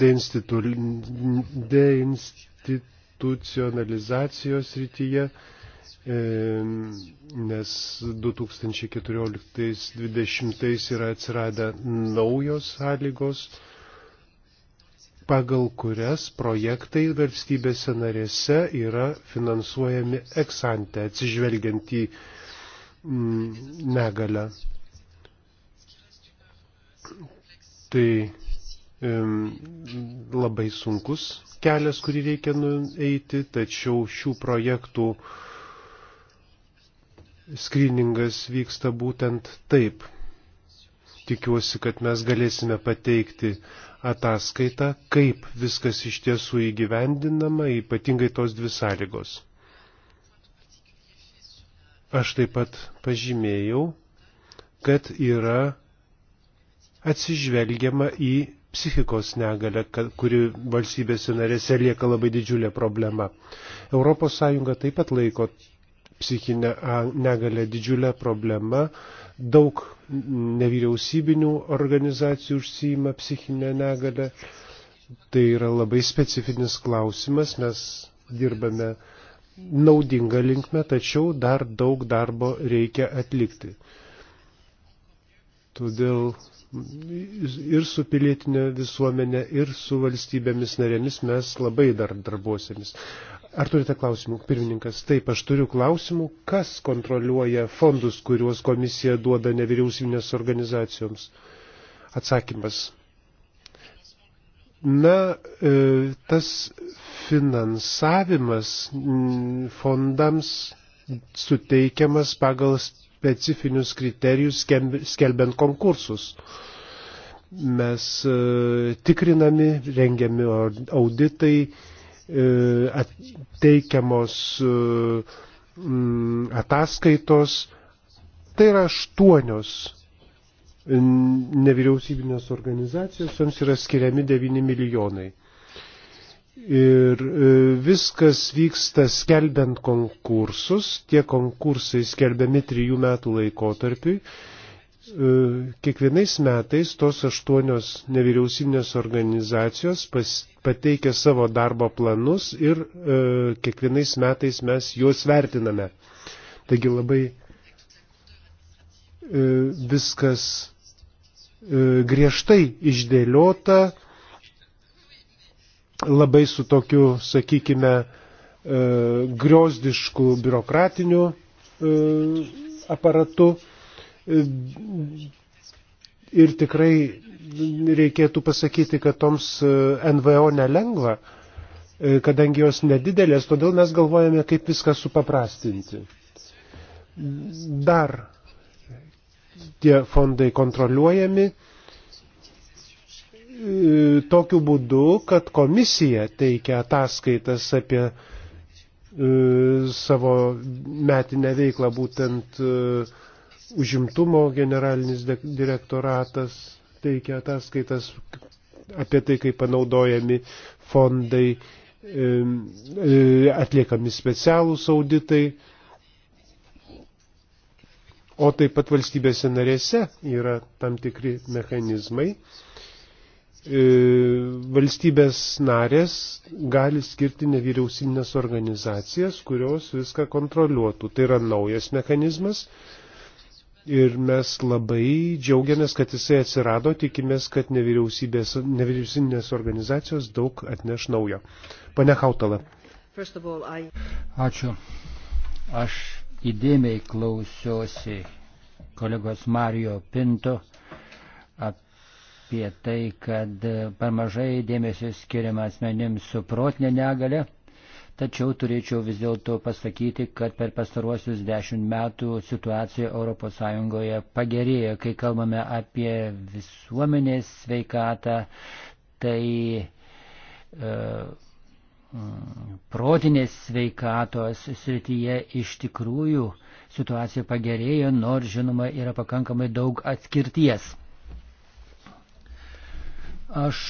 Deinstitu... Deinstitucionalizacijos srityje, e, nes 2014-2020 yra atsiradę naujos sąlygos pagal kurias projektai valstybėse narėse yra finansuojami eksante, atsižvelgiant į mm, negalę. Tai labai sunkus kelias, kurį reikia nueiti, tačiau šių projektų skriningas vyksta būtent taip. Tikiuosi, kad mes galėsime pateikti ataskaitą, kaip viskas iš tiesų įgyvendinama, ypatingai tos dvi sąlygos. Aš taip pat pažymėjau, kad yra atsižvelgiama į psichikos negalę, kuri valstybėse narėse lieka labai didžiulė problema. ES taip pat laiko psichinę negalę didžiulę problemą, Daug nevyriausybinių organizacijų užsijima psichinę negalę. Tai yra labai specifinis klausimas, mes dirbame naudinga linkme, tačiau dar daug darbo reikia atlikti. Todėl ir su pilietinė visuomenė, ir su valstybėmis narėmis mes labai dar darbuosėmis. Ar turite klausimų, pirmininkas? Taip, aš turiu klausimų. Kas kontroliuoja fondus, kuriuos komisija duoda nevyriausybinės organizacijoms? Atsakymas. Na, e, tas finansavimas fondams suteikiamas pagal specifinius kriterijus skelbiant konkursus mes e, tikrinami, rengiami auditai, E, teikiamos e, mm, ataskaitos. Tai yra aštuonios nevyriausybinės organizacijos, joms yra skiriami 9 milijonai. Ir e, viskas vyksta skelbiant konkursus, tie konkursai skelbiami trijų metų laikotarpiui E, kiekvienais metais tos aštuonios nevyriausybinės organizacijos pas, pateikia savo darbo planus ir e, kiekvienais metais mes juos vertiname. Taigi labai e, viskas e, griežtai išdėliota, labai su tokiu, sakykime, e, griozdišku biurokratiniu e, aparatu. E, Ir tikrai reikėtų pasakyti, kad toms e, NVO nelengva, e, kadangi jos nedidelės, todėl mes galvojame, kaip viską supaprastinti. Dar tie fondai kontroliuojami e, tokiu būdu, kad komisija teikia ataskaitas apie savo metinę veiklą būtent uh, užimtumo generalinis direktoratas teikia ataskaitas apie tai, kaip panaudojami fondai, e, atliekami specialūs auditai. O taip pat valstybėse narėse yra tam tikri mechanizmai. E, valstybės narės gali skirti nevyriausybinės organizacijas, kurios viską kontroliuotų. Tai yra naujas mechanizmas. Ir mes labai džiaugiamės, kad jisai atsirado, tikimės, kad nevyriausybinės organizacijos daug atneš naujo. Pane Hautala. All, I... Ačiū. Aš įdėmiai klausiausi kolegos Mario Pinto apie tai, kad per mažai dėmesio skiriama asmenims su protinė negale. Tačiau turėčiau vis dėlto pasakyti, kad per pastaruosius dešimt metų situacija ES pagerėjo. Kai kalbame apie visuomenės sveikatą, tai e, protinės sveikatos srityje iš tikrųjų situacija pagerėjo, nors žinoma yra pakankamai daug atskirties. Aš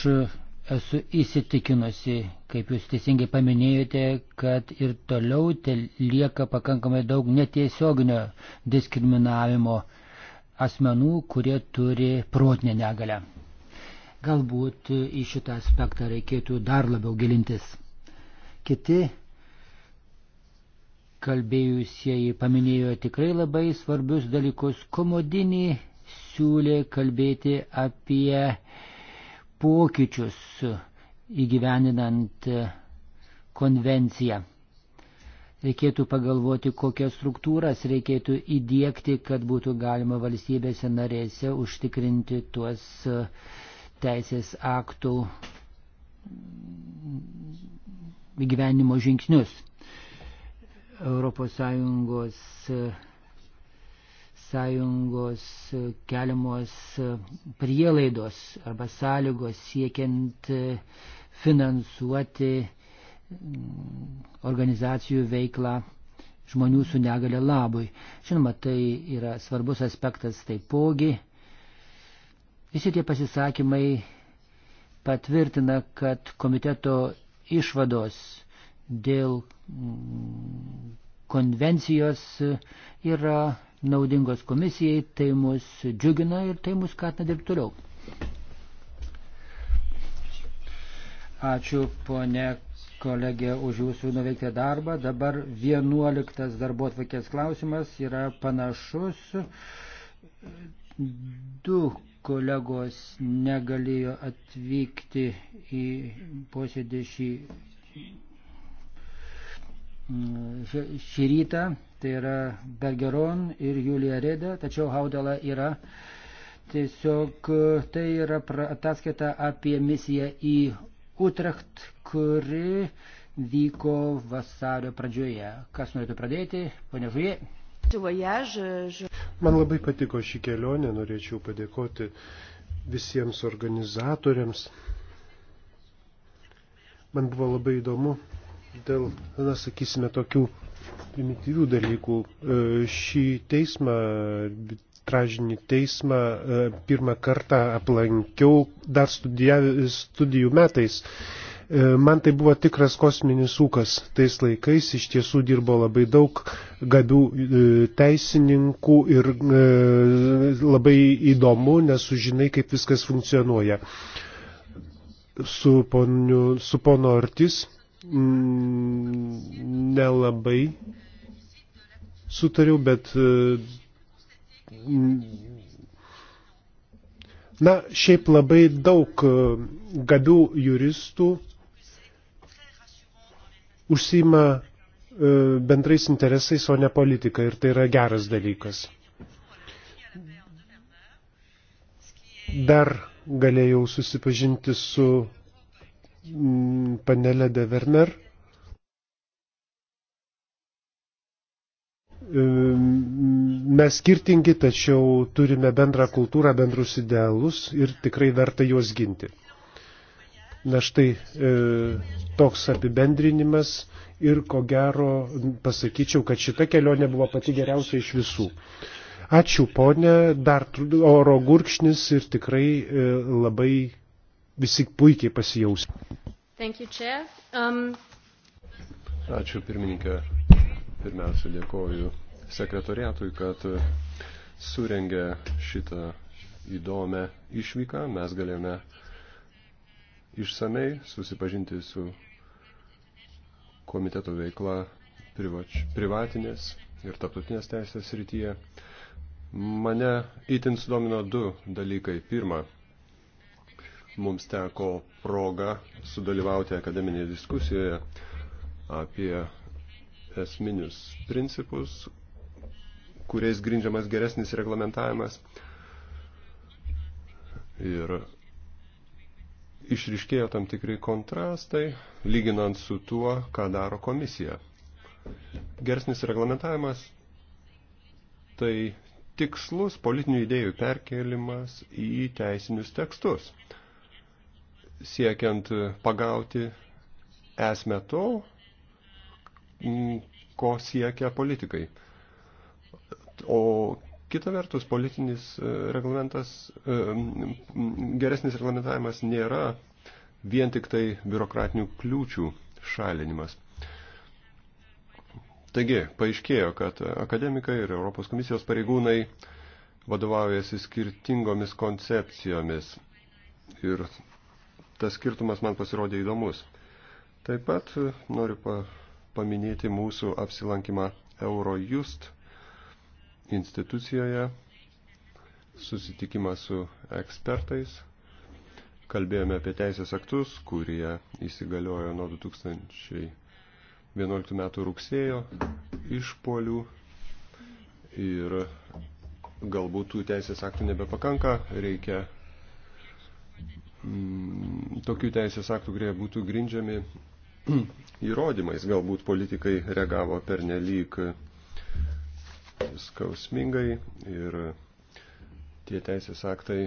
Esu įsitikinusi, kaip jūs teisingai paminėjote, kad ir toliau lieka pakankamai daug netiesioginio diskriminavimo asmenų, kurie turi protinę negalę. Galbūt į šitą aspektą reikėtų dar labiau gilintis. Kiti kalbėjusieji paminėjo tikrai labai svarbius dalykus. Komodinį siūlė kalbėti apie pokyčius įgyveninant konvenciją. Reikėtų pagalvoti, kokias struktūras reikėtų įdėkti, kad būtų galima valstybėse narėse užtikrinti tuos teisės aktų gyvenimo žingsnius. ES sąjungos keliamos prielaidos arba sąlygos siekiant finansuoti mm, organizacijų veiklą žmonių su negale labui. Žinoma, tai yra svarbus aspektas taipogi. Visi tie pasisakymai patvirtina, kad komiteto išvados dėl mm, konvencijos yra naudingos komisijai, tai mus džiugina ir tai mus skatina dirbti toliau. Ačiū ponė kolegė už jūsų nuveiktą darbą. Dabar vienuoliktas darbo atvakės klausimas yra panašus. Du kolegos negalėjo atvykti į posėdį šį, šį rytą tai yra Bergeron ir Julija Reda, tačiau Haudela yra tiesiog tai yra ataskaita apie misiją į Utrecht, kuri vyko vasario pradžioje. Kas norėtų pradėti? Pone Žuje. Man labai patiko šį kelionę, norėčiau padėkoti visiems organizatoriams. Man buvo labai įdomu dėl, na, sakysime, tokių primityvių dalykų. E, šį teismą, arbitražinį teismą, e, pirmą kartą aplankiau dar studijų metais. E, man tai buvo tikras kosminis ūkas. Tais laikais iš tiesų dirbo labai daug gabių teisininkų ir labai įdomu, nes sužinai, kaip viskas funkcionuoja. Su, poniu, su pono Ortis Mm, nelabai sutariau, bet e, mm, na, šiaip labai daug e, gabių juristų užsima e, bendrais interesais, o ne politika ir tai yra geras dalykas. Dar galėjau susipažinti su Mm, panelė de Werner. Ehm, mes skirtingi, tačiau turime bendrą kultūrą, bendrus idealus ir tikrai verta juos ginti. Na štai ehm, toks apibendrinimas ir ko gero pasakyčiau, kad šita kelionė buvo pati geriausia iš visų. Ačiū ponė, dar oro gurkšnis ir tikrai ehm, labai visi puikiai pasijaus. Um... Ačiū pirmininkė. Pirmiausia, dėkoju sekretoriatui, kad uh, surengė šitą įdomią išvyką. Mes galėjome išsamei susipažinti su komiteto veikla privač, privatinės ir tarptautinės teisės rytyje. Mane itin sudomino du dalykai. Pirma, mums teko proga sudalyvauti akademinėje diskusijoje apie esminius principus, kuriais grindžiamas geresnis reglamentavimas. Ir išriškėjo tam tikrai kontrastai, lyginant su tuo, ką daro komisija. Geresnis reglamentavimas tai tikslus politinių idėjų perkelimas į teisinius tekstus siekiant pagauti esmę to, ko siekia politikai. O kita vertus, politinis e, reglamentas, e, geresnis reglamentavimas nėra vien tik tai biurokratinių kliūčių šalinimas. Taigi, paaiškėjo, kad akademikai ir Europos komisijos pareigūnai vadovaujasi skirtingomis koncepcijomis ir tas skirtumas man pasirodė įdomus. Taip pat e, noriu pa, paminėti mūsų apsilankimą Eurojust institucijoje, susitikimą su ekspertais. Kalbėjome apie teisės aktus, kurie įsigaliojo nuo 2011 metų rugsėjo išpolių ir galbūt tų teisės aktų nebepakanka, reikia Mm, tokių teisės aktų, kurie būtų grindžiami įrodymais. Galbūt politikai reagavo per nelyg skausmingai ir tie teisės aktai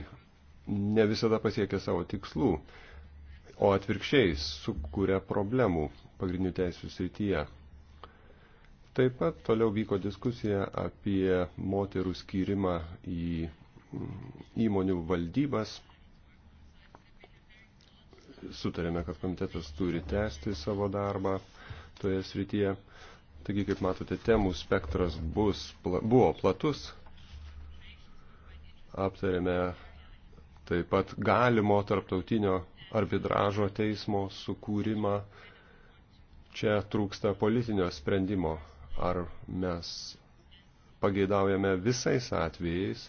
ne visada pasiekia savo tikslų, o atvirkščiai sukuria problemų pagrindinių teisų srityje. Taip pat toliau vyko diskusija apie moterų skyrimą į mm, įmonių valdybas sutarėme, kad komitetas turi tęsti savo darbą toje srityje. Taigi, kaip matote, temų spektras bus, pla, buvo platus. Aptarėme taip pat galimo tarptautinio arbitražo teismo sukūrimą. Čia trūksta politinio sprendimo, ar mes pageidaujame visais atvejais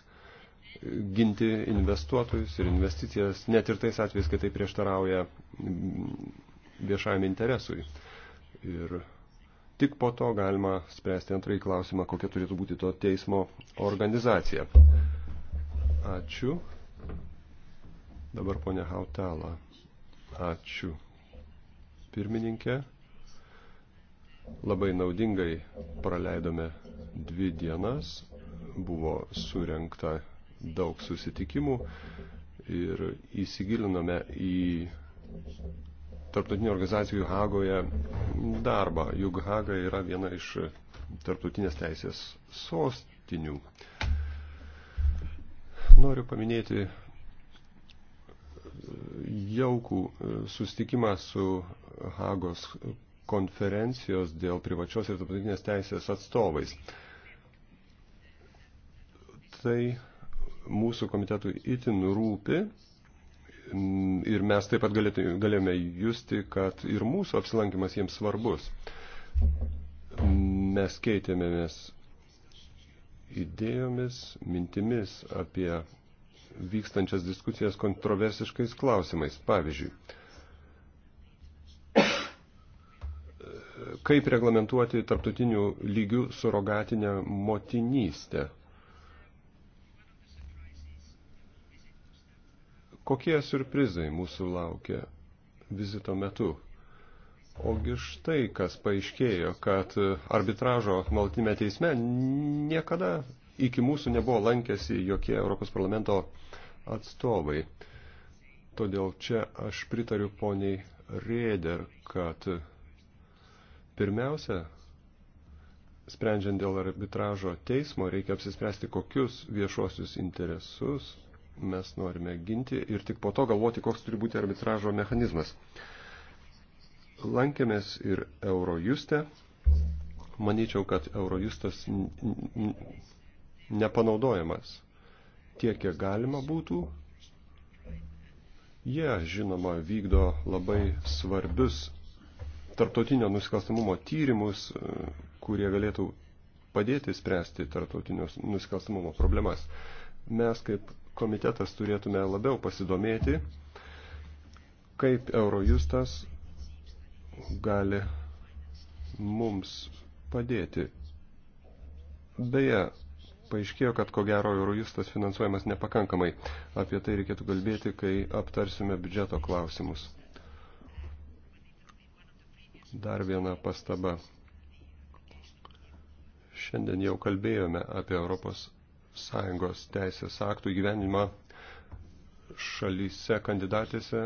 ginti investuotojus ir investicijas, net ir tais atvejais, kai tai prieštarauja mm, viešajam interesui. Ir tik po to galima spręsti antrąjį klausimą, kokia turėtų būti to teismo organizacija. Ačiū. Dabar ponia Hautala. Ačiū. Pirmininkė. Labai naudingai praleidome dvi dienas. Buvo surenkta daug susitikimų ir įsigilinome į tarptautinių organizacijų Hagoje darbą. Juk Haga yra viena iš tarptautinės teisės sostinių. Noriu paminėti jaukų sustikimą su Hagos konferencijos dėl privačios ir tarptautinės teisės atstovais. Tai mūsų komitetui itin rūpi ir mes taip pat galėjome justi, kad ir mūsų apsilankimas jiems svarbus. Mes keitėmėmės idėjomis, mintimis apie vykstančias diskusijas kontroversiškais klausimais. Pavyzdžiui, kaip reglamentuoti tarptautinių lygių surogatinę motinystę – Kokie surprizai mūsų laukia vizito metu? Ogi štai, kas paaiškėjo, kad e, arbitražo nuolatinėme teisme niekada iki mūsų nebuvo lankęsi jokie Europos parlamento atstovai. Todėl čia aš pritariu poniai Rėder, kad e, pirmiausia, sprendžiant dėl arbitražo teismo, reikia apsispręsti, kokius viešuosius interesus mes norime ginti ir tik po to galvoti, koks turi būti arbitražo mechanizmas. Lankėmės ir Eurojuste. Manyčiau, kad Eurojustas nepanaudojamas tiek, kiek galima būtų. Jie, žinoma, vykdo labai svarbius tarptautinio nusikalstamumo tyrimus, kurie galėtų padėti spręsti tarptautinio nusikalstamumo problemas. Mes kaip komitetas turėtume labiau pasidomėti, kaip Eurojustas gali mums padėti. Beje, paaiškėjo, kad ko gero Eurojustas finansuojamas nepakankamai. Apie tai reikėtų kalbėti, kai aptarsime biudžeto klausimus. Dar viena pastaba. Šiandien jau kalbėjome apie Europos sąjungos teisės aktų įgyvenimą šalyse kandidatėse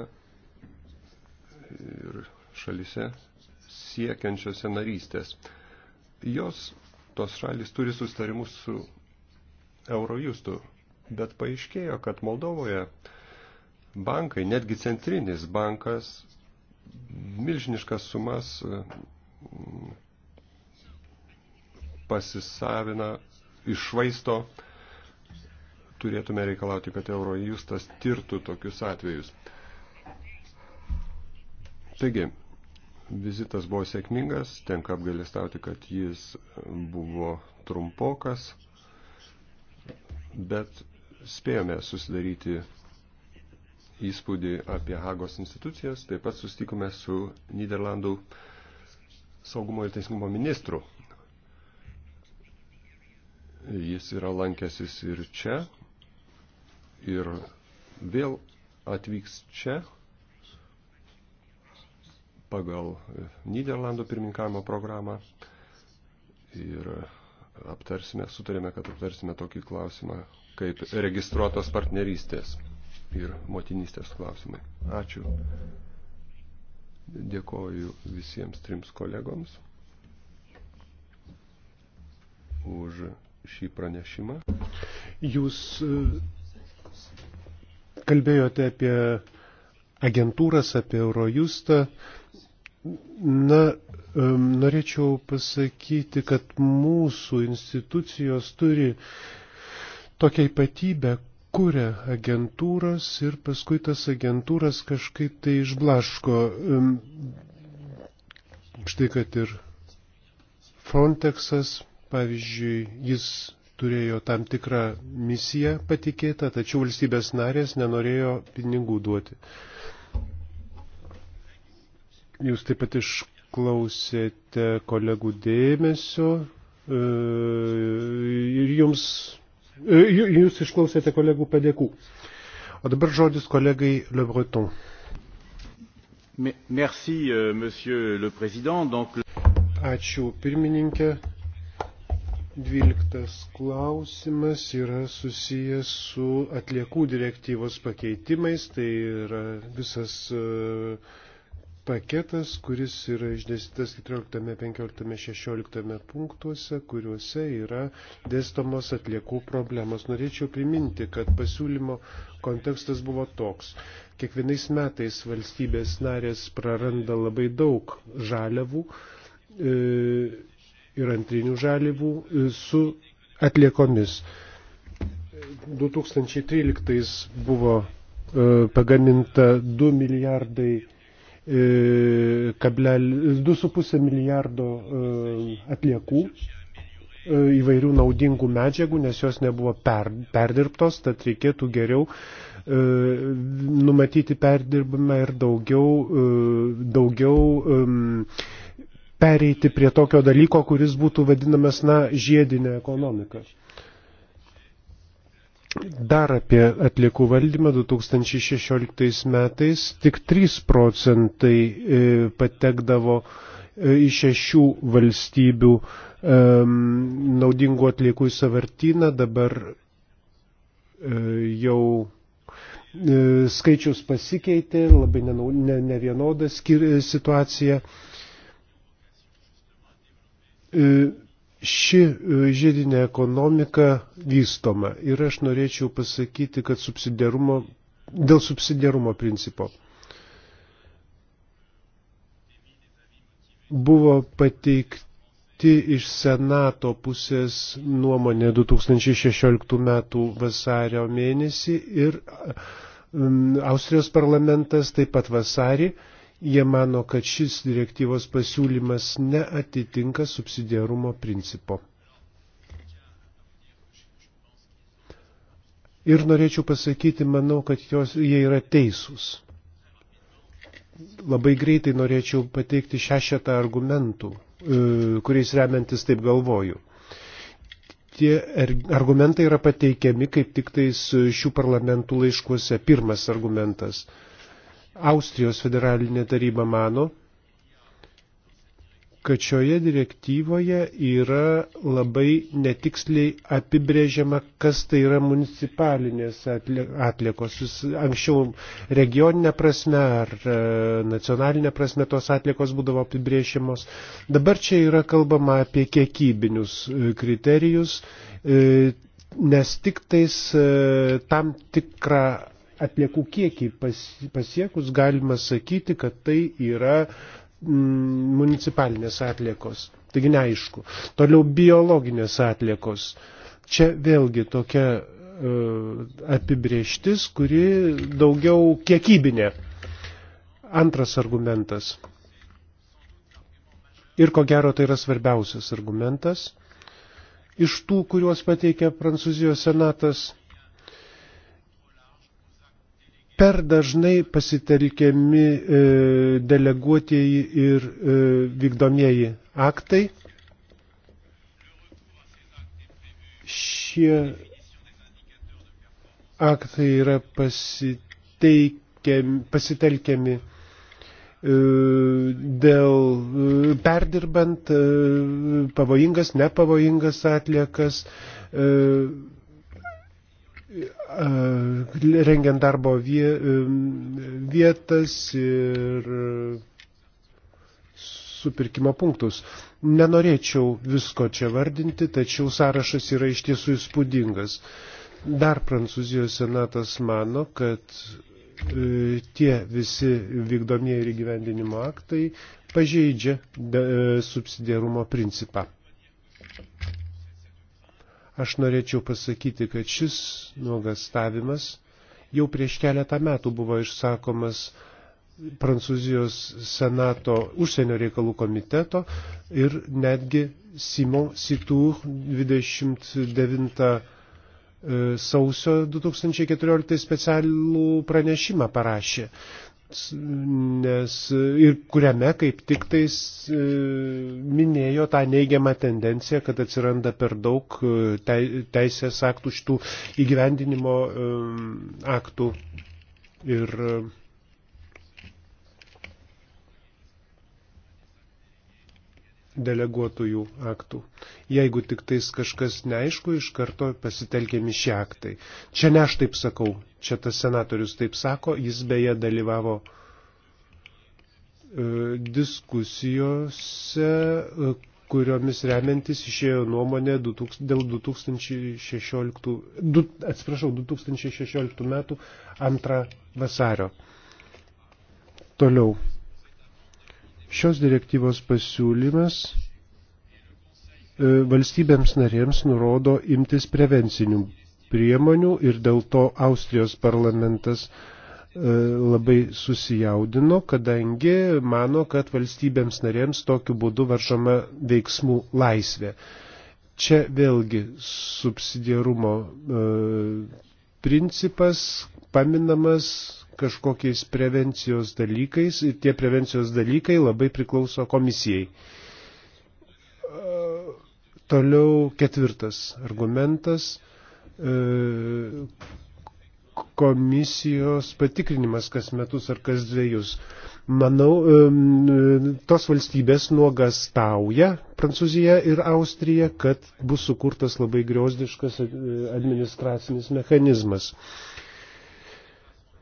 ir šalyse siekiančiose narystės. Jos, tos šalys, turi sustarimus su Eurojustu, bet paaiškėjo, kad Moldovoje bankai, netgi centrinis bankas, milžiniškas sumas pasisavina, išvaisto iš turėtume reikalauti, kad Eurojustas tirtų tokius atvejus. Taigi, vizitas buvo sėkmingas, tenka apgalėstauti, kad jis buvo trumpokas, bet spėjome susidaryti įspūdį apie Hagos institucijas, taip pat sustikome su Niderlandų saugumo ir teisingumo ministru. Jis yra lankęsis ir čia, ir vėl atvyks čia pagal Niderlandų pirmininkavimo programą ir aptarsime, sutarėme, kad aptarsime tokį klausimą kaip registruotos partnerystės ir motinystės klausimai. Ačiū. Dėkoju visiems trims kolegoms už šį pranešimą. Jūs Kalbėjote apie agentūras, apie Eurojustą. Na, norėčiau pasakyti, kad mūsų institucijos turi tokią ypatybę, kuria agentūros ir paskui tas agentūras kažkaip tai išblaško. Štai kad ir Frontexas, pavyzdžiui, jis turėjo tam tikrą misiją patikėtą, tačiau valstybės narės nenorėjo pinigų duoti. Jūs taip pat išklausėte kolegų dėmesio e, ir jums, e, jūs išklausėte kolegų padėkų. O dabar žodis kolegai Le Breton. Merci, euh, monsieur le président. Donc... Ačiū pirmininkė. Dvyliktas klausimas yra susijęs su atliekų direktyvos pakeitimais. Tai yra visas e, paketas, kuris yra išdėstytas 14, 15, 16 punktuose, kuriuose yra dėstomos atliekų problemos. Norėčiau priminti, kad pasiūlymo kontekstas buvo toks. Kiekvienais metais valstybės narės praranda labai daug žaliavų. E, ir antrinių žalivų e, su atliekomis. 2013 buvo e, pagaminta 2 milijardai 2,5 e, milijardo atliekų įvairių naudingų medžiagų, nes jos nebuvo per, perdirbtos, tad reikėtų geriau e, numatyti perdirbimą ir daugiau, e, daugiau e, pereiti prie tokio dalyko, kuris būtų vadinamas, na, žiedinė ekonomika. Dar apie atliekų valdymą 2016 metais tik 3 procentai e, patekdavo į e, šešių valstybių naudingų atliekų į savartyną, dabar e, jau skaičius pasikeitė, labai nevienoda situacija. Ne E, ši e, žiedinė ekonomika vystoma. Ir aš norėčiau pasakyti, kad subsidiarumo, dėl subsidiarumo principo buvo pateikti iš Senato pusės nuomonė 2016 m. vasario mėnesį ir Austrijos parlamentas taip pat vasarį Jie mano, kad šis direktyvos pasiūlymas neatitinka subsidiarumo principo. Ir norėčiau pasakyti, manau, kad jos, jie yra teisūs. Labai greitai norėčiau pateikti šešetą argumentų, e, kuriais remiantis taip galvoju tie argumentai yra pateikiami kaip tik tais šių parlamentų laiškuose. Pirmas argumentas. Austrijos federalinė taryba mano, kad šioje direktyvoje yra labai netiksliai apibrėžiama, kas tai yra municipalinės atliekos. Anksčiau regioninė prasme ar e, nacionalinė prasme tos atliekos būdavo apibrėžimos. Dabar čia yra kalbama apie kiekybinius e, kriterijus, e, nes tik tais tam tikrą atliekų kiekį pasiekus, galima sakyti, kad tai yra mm, municipalinės atliekos. Taigi neaišku. Toliau biologinės atliekos. Čia vėlgi tokia e, apibrieštis, kuri daugiau kiekybinė. Antras argumentas. Ir ko gero tai yra svarbiausias argumentas. Iš tų, kuriuos pateikė Prancūzijos senatas, per dažnai pasitelkiami e, deleguotieji ir e, vykdomieji aktai. Šie aktai yra pasitelkiami e, dėl e, perdirbant e, pavojingas, nepavojingas atliekas, e, E, rengiant darbo e, vietas ir supirkimo punktus. Nenorėčiau visko čia vardinti, tačiau sąrašas yra iš tiesų įspūdingas. Dar Prancūzijos senatas mano, kad e, tie visi vykdomieji ir įgyvendinimo aktai pažeidžia subsidiarumo principą. Aš norėčiau pasakyti, kad šis nuogastavimas jau prieš keletą metų buvo išsakomas Prancūzijos Senato užsienio reikalų komiteto ir netgi Simon Situr 29 e, sausio 2014 specialų pranešimą parašė nes ir kuriame kaip tik tais e, minėjo tą neigiamą tendenciją, kad atsiranda per daug e, teisės aktų šitų įgyvendinimo e, aktų ir deleguotųjų aktų. Jeigu tik tais kažkas neaišku, iš karto pasitelkiami šie aktai. Čia ne aš taip sakau, Čia tas senatorius taip sako, jis beje dalyvavo e, diskusijose, e, kuriomis remiantis išėjo nuomonė 2000, dėl 2016, du, atsiprašau, 2016 metų 2 vasario. Toliau. Šios direktyvos pasiūlymas e, valstybėms narėms nurodo imtis prevencinių priemonių ir dėl to Austrijos parlamentas e, labai susijaudino, kadangi mano, kad valstybėms narėms tokiu būdu varžoma veiksmų laisvė. Čia vėlgi subsidiarumo e, principas paminamas kažkokiais prevencijos dalykais ir tie prevencijos dalykai labai priklauso komisijai. E, toliau ketvirtas argumentas E, komisijos patikrinimas kas metus ar kas dviejus. Manau, e, e, tos valstybės nuogastauja, Prancūzija ir Austrija, kad bus sukurtas labai griozdiškas administracinis mechanizmas.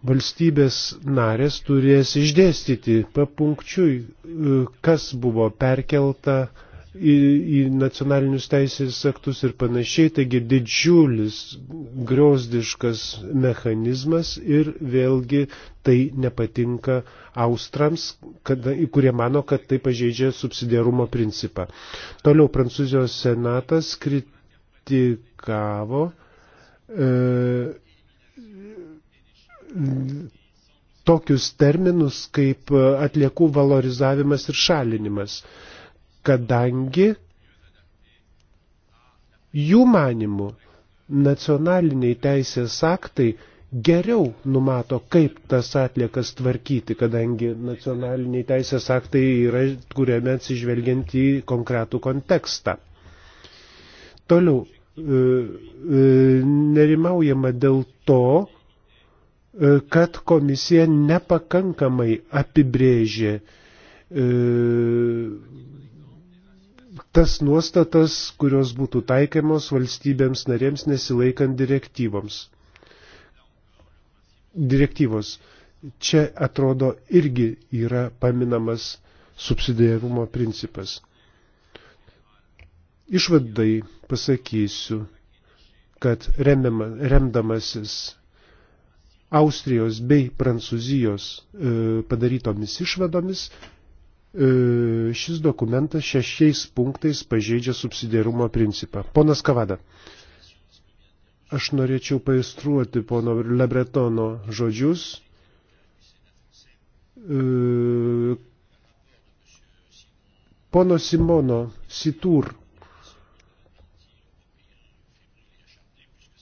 Valstybės narės turės išdėstyti papunkčiui, kas buvo perkelta, į, į nacionalinius teisės aktus ir panašiai. Taigi didžiulis griozdiškas mechanizmas ir vėlgi tai nepatinka austrams, kada, kurie mano, kad tai pažeidžia subsidiarumo principą. Toliau Prancūzijos senatas kritikavo. E, tokius terminus kaip atliekų valorizavimas ir šalinimas. E, kadangi jų manimų nacionaliniai teisės aktai geriau numato, kaip tas atliekas tvarkyti, kadangi nacionaliniai teisės aktai yra kuriame atsižvelgiant į konkretų kontekstą. Toliau, e, e, nerimaujama dėl to, e, kad komisija nepakankamai apibrėžė tas nuostatas, kurios būtų taikiamos valstybėms narėms nesilaikant direktyvoms. Direktyvos. Čia atrodo irgi yra paminamas subsidiarumo principas. Išvadai pasakysiu, kad remiama, remdamasis Austrijos bei Prancūzijos e, padarytomis išvadomis E, šis dokumentas šešiais punktais pažeidžia subsidiarumo principą. Ponas Kavada, aš norėčiau paistruoti pono Lebretono žodžius, e, pono Simono Situr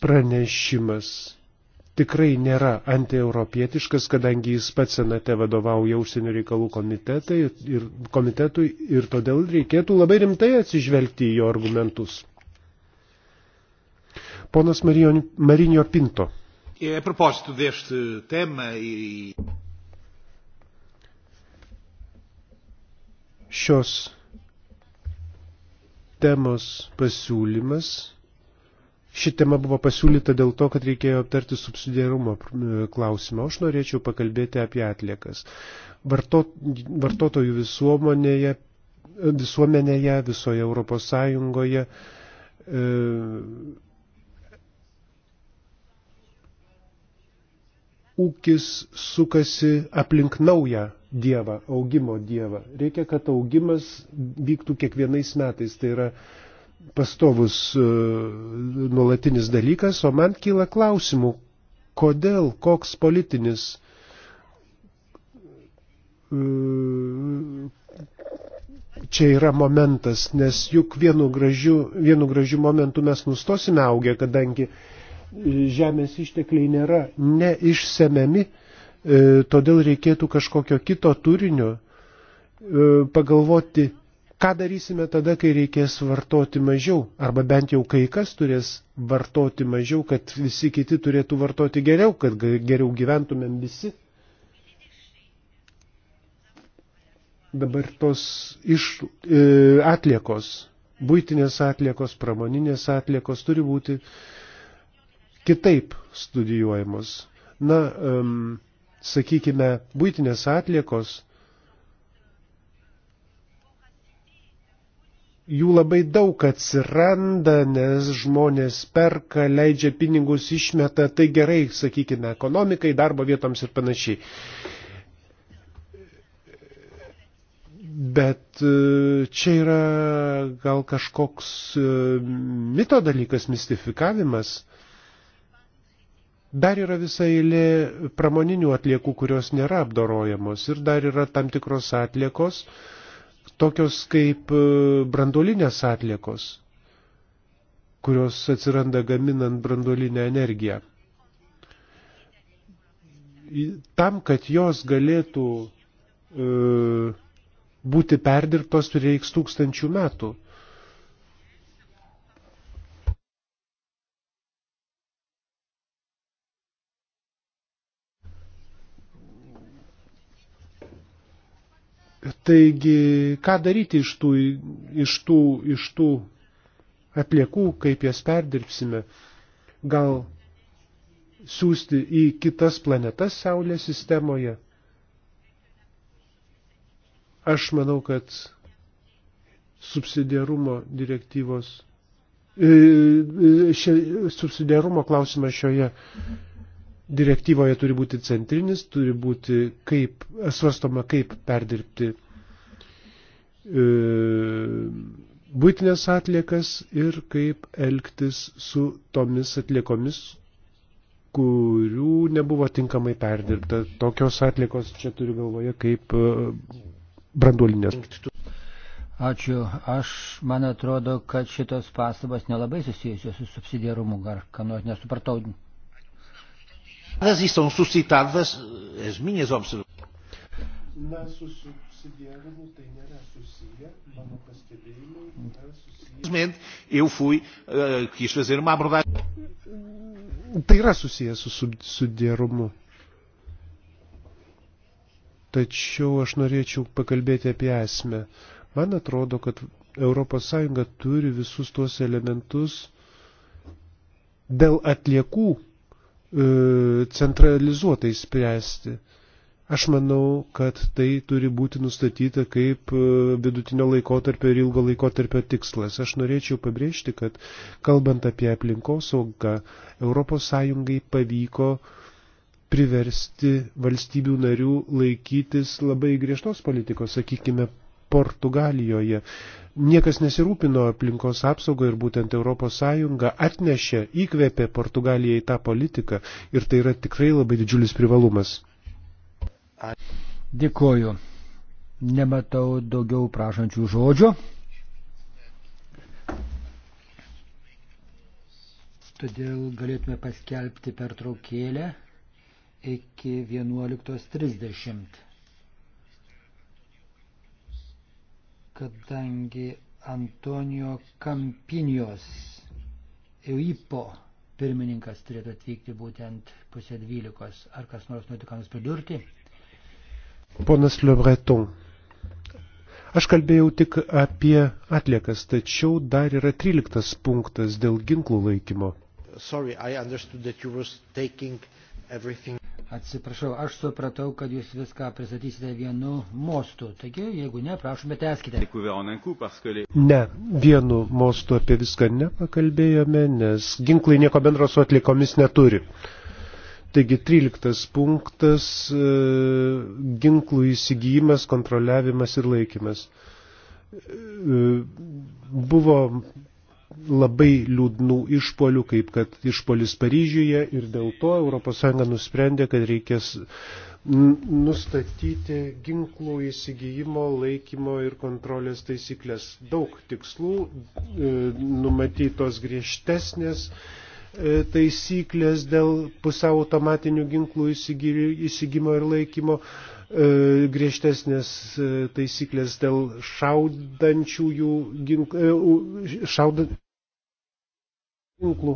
pranešimas tikrai nėra antieuropietiškas, kadangi jis pats senate vadovauja užsienio reikalų komitetai ir komitetui ir todėl reikėtų labai rimtai atsižvelgti į jo argumentus. Ponas Marinio Pinto. E, a propósito deste tema e. Šios temos pasiūlymas Ši tema buvo pasiūlyta dėl to, kad reikėjo aptarti subsidiarumo e, klausimą. Aš norėčiau pakalbėti apie atliekas. Vartot, vartotojų visuomenėje, visuomenėje visoje Europos Sąjungoje e, ūkis sukasi aplink naują dievą, augimo dievą. Reikia, kad augimas vyktų kiekvienais metais. Tai yra pastovus e, nuolatinis dalykas, o man kyla klausimų, kodėl, koks politinis, e, čia yra momentas, nes juk vienu gražiu, vienu gražiu momentu mes nustosime augę, kadangi e, žemės ištekliai nėra neišsemiami, todėl reikėtų kažkokio kito turinio pagalvoti Ką darysime tada, kai reikės vartoti mažiau, arba bent jau kai kas turės vartoti mažiau, kad visi kiti turėtų vartoti geriau, kad geriau gyventumėm visi? Dabar tos iš, e, atliekos, būtinės atliekos, pramoninės atliekos turi būti kitaip studijuojamos. Na, um, sakykime, būtinės atliekos jų labai daug atsiranda, nes žmonės perka, leidžia pinigus, išmeta, tai gerai, sakykime, ekonomikai, darbo vietoms ir panašiai. Bet e, čia yra gal kažkoks e, mito dalykas, mistifikavimas. Dar yra visa eilė pramoninių atliekų, kurios nėra apdorojamos ir dar yra tam tikros atliekos, uh, tokios kaip e, brandolinės atliekos, kurios atsiranda gaminant brandolinę energiją. Tam, kad jos galėtų e, būti perdirbtos, prireiks tūkstančių metų. Taigi, ką daryti iš tų, iš tų, iš tų atliekų, kaip jas perdirbsime? Gal siūsti į kitas planetas Saulės sistemoje? Aš manau, kad subsidiarumo direktyvos, e, e, subsidiarumo klausimas šioje direktyvoje turi būti centrinis, turi būti kaip, svarstoma, kaip perdirbti e, būtinės atliekas ir kaip elgtis su tomis atliekomis, kurių nebuvo tinkamai perdirbta. Tokios atliekos čia turiu galvoje kaip e, branduolinės. Ačiū. Aš, man atrodo, kad šitos pastabas nelabai susijusios su subsidiarumu, ar ką nors nesupratau e são suscitadas as minhas observações. Na su subsidiarumu tai nėra susiję, mano pastebėjimai nėra susiję. Eu fui, uh, quis fazer uma abordagem. Tai yra susiję su subsidiarumu. Tačiau aš norėčiau pakalbėti apie esmę. Man atrodo, kad ES turi visus tuos elementus dėl atliekų E, centralizuotai spręsti. Aš manau, kad tai turi būti nustatyta kaip e, vidutinio laikotarpio ir ilgo laikotarpio tikslas. Aš norėčiau pabrėžti, kad kalbant apie aplinkosaugą, ES pavyko priversti valstybių narių laikytis labai griežtos politikos, sakykime, Portugalijoje. Niekas nesirūpino aplinkos apsaugą ir būtent ES atnešė, įkvėpė Portugaliją į tą politiką ir tai yra tikrai labai didžiulis privalumas. Dėkoju. Nematau daugiau prašančių žodžio. Todėl galėtume paskelbti pertraukėlę iki 11.30. kadangi Antonijo Kampinijos EIPO pirmininkas turėtų atvykti būtent pusė dvylikos. Ar kas nors norėtų ką nors pridurti? Ponas Lebreton. Aš kalbėjau tik apie atliekas, tačiau dar yra 13 punktas dėl ginklų laikymo. Sorry, Atsiprašau, aš supratau, kad jūs viską pristatysite vienu mostu. Taigi, jeigu ne, prašome, tęskite. Ne, vienu mostu apie viską nepakalbėjome, nes ginklai nieko bendro su atlikomis neturi. Taigi, 13 punktas e, - ginklų įsigijimas, kontroliavimas ir laikymas. E, buvo labai liūdnų išpolių, kaip kad išpolis Paryžiuje ir dėl to ES nusprendė, kad reikės nustatyti ginklų įsigijimo, laikymo ir kontrolės taisyklės. Daug tikslų, e, numatytos griežtesnės e, taisyklės dėl pusiau automatinių ginklų įsigijimo ir laikymo e, griežtesnės taisyklės dėl šaudančiųjų ginklų, šaudant, ginklų.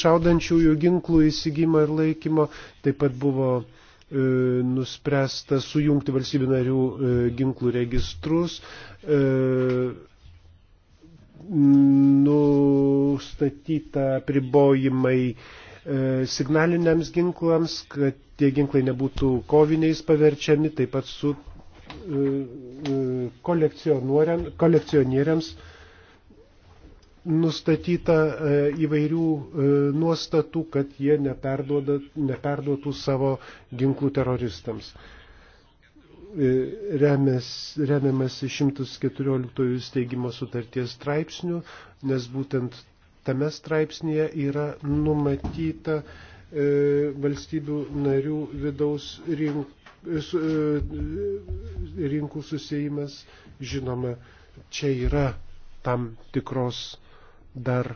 Šaudančiųjų ginklų įsigymą ir laikymo taip pat buvo e, nuspręsta sujungti valstybių narių e, ginklų registrus, e, nustatyta pribojimai signaliniams ginklams, kad tie ginklai nebūtų koviniais paverčiami, taip pat su kolekcionieriams nustatyta e, įvairių e, nuostatų, kad jie neperduotų savo ginklų teroristams. E, remės, remiamas 114 steigimo sutarties straipsnių, nes būtent tame straipsnėje yra numatyta valstybių narių vidaus rinkų E, rinkų susijimas. Žinoma, čia yra tam tikros dar.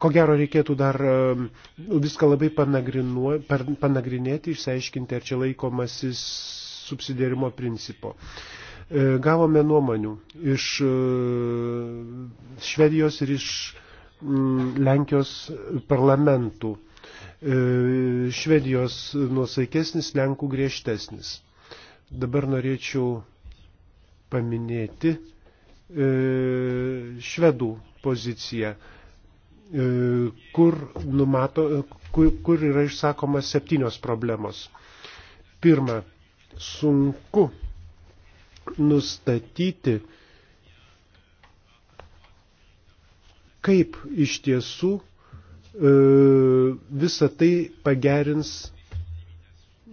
Ko gero reikėtų dar e, viską labai panagrinėti, išsiaiškinti, ar čia laikomasi subsidiarimo principo. E, gavome nuomonių iš Švedijos ir iš mm, Lenkijos parlamentų E, Švedijos nuosaikesnis, Lenkų griežtesnis. Dabar norėčiau paminėti e, švedų poziciją, e, kur, numato, kur, kur yra išsakomas septynios problemos. Pirma, sunku nustatyti, kaip iš tiesų E, visa tai pagerins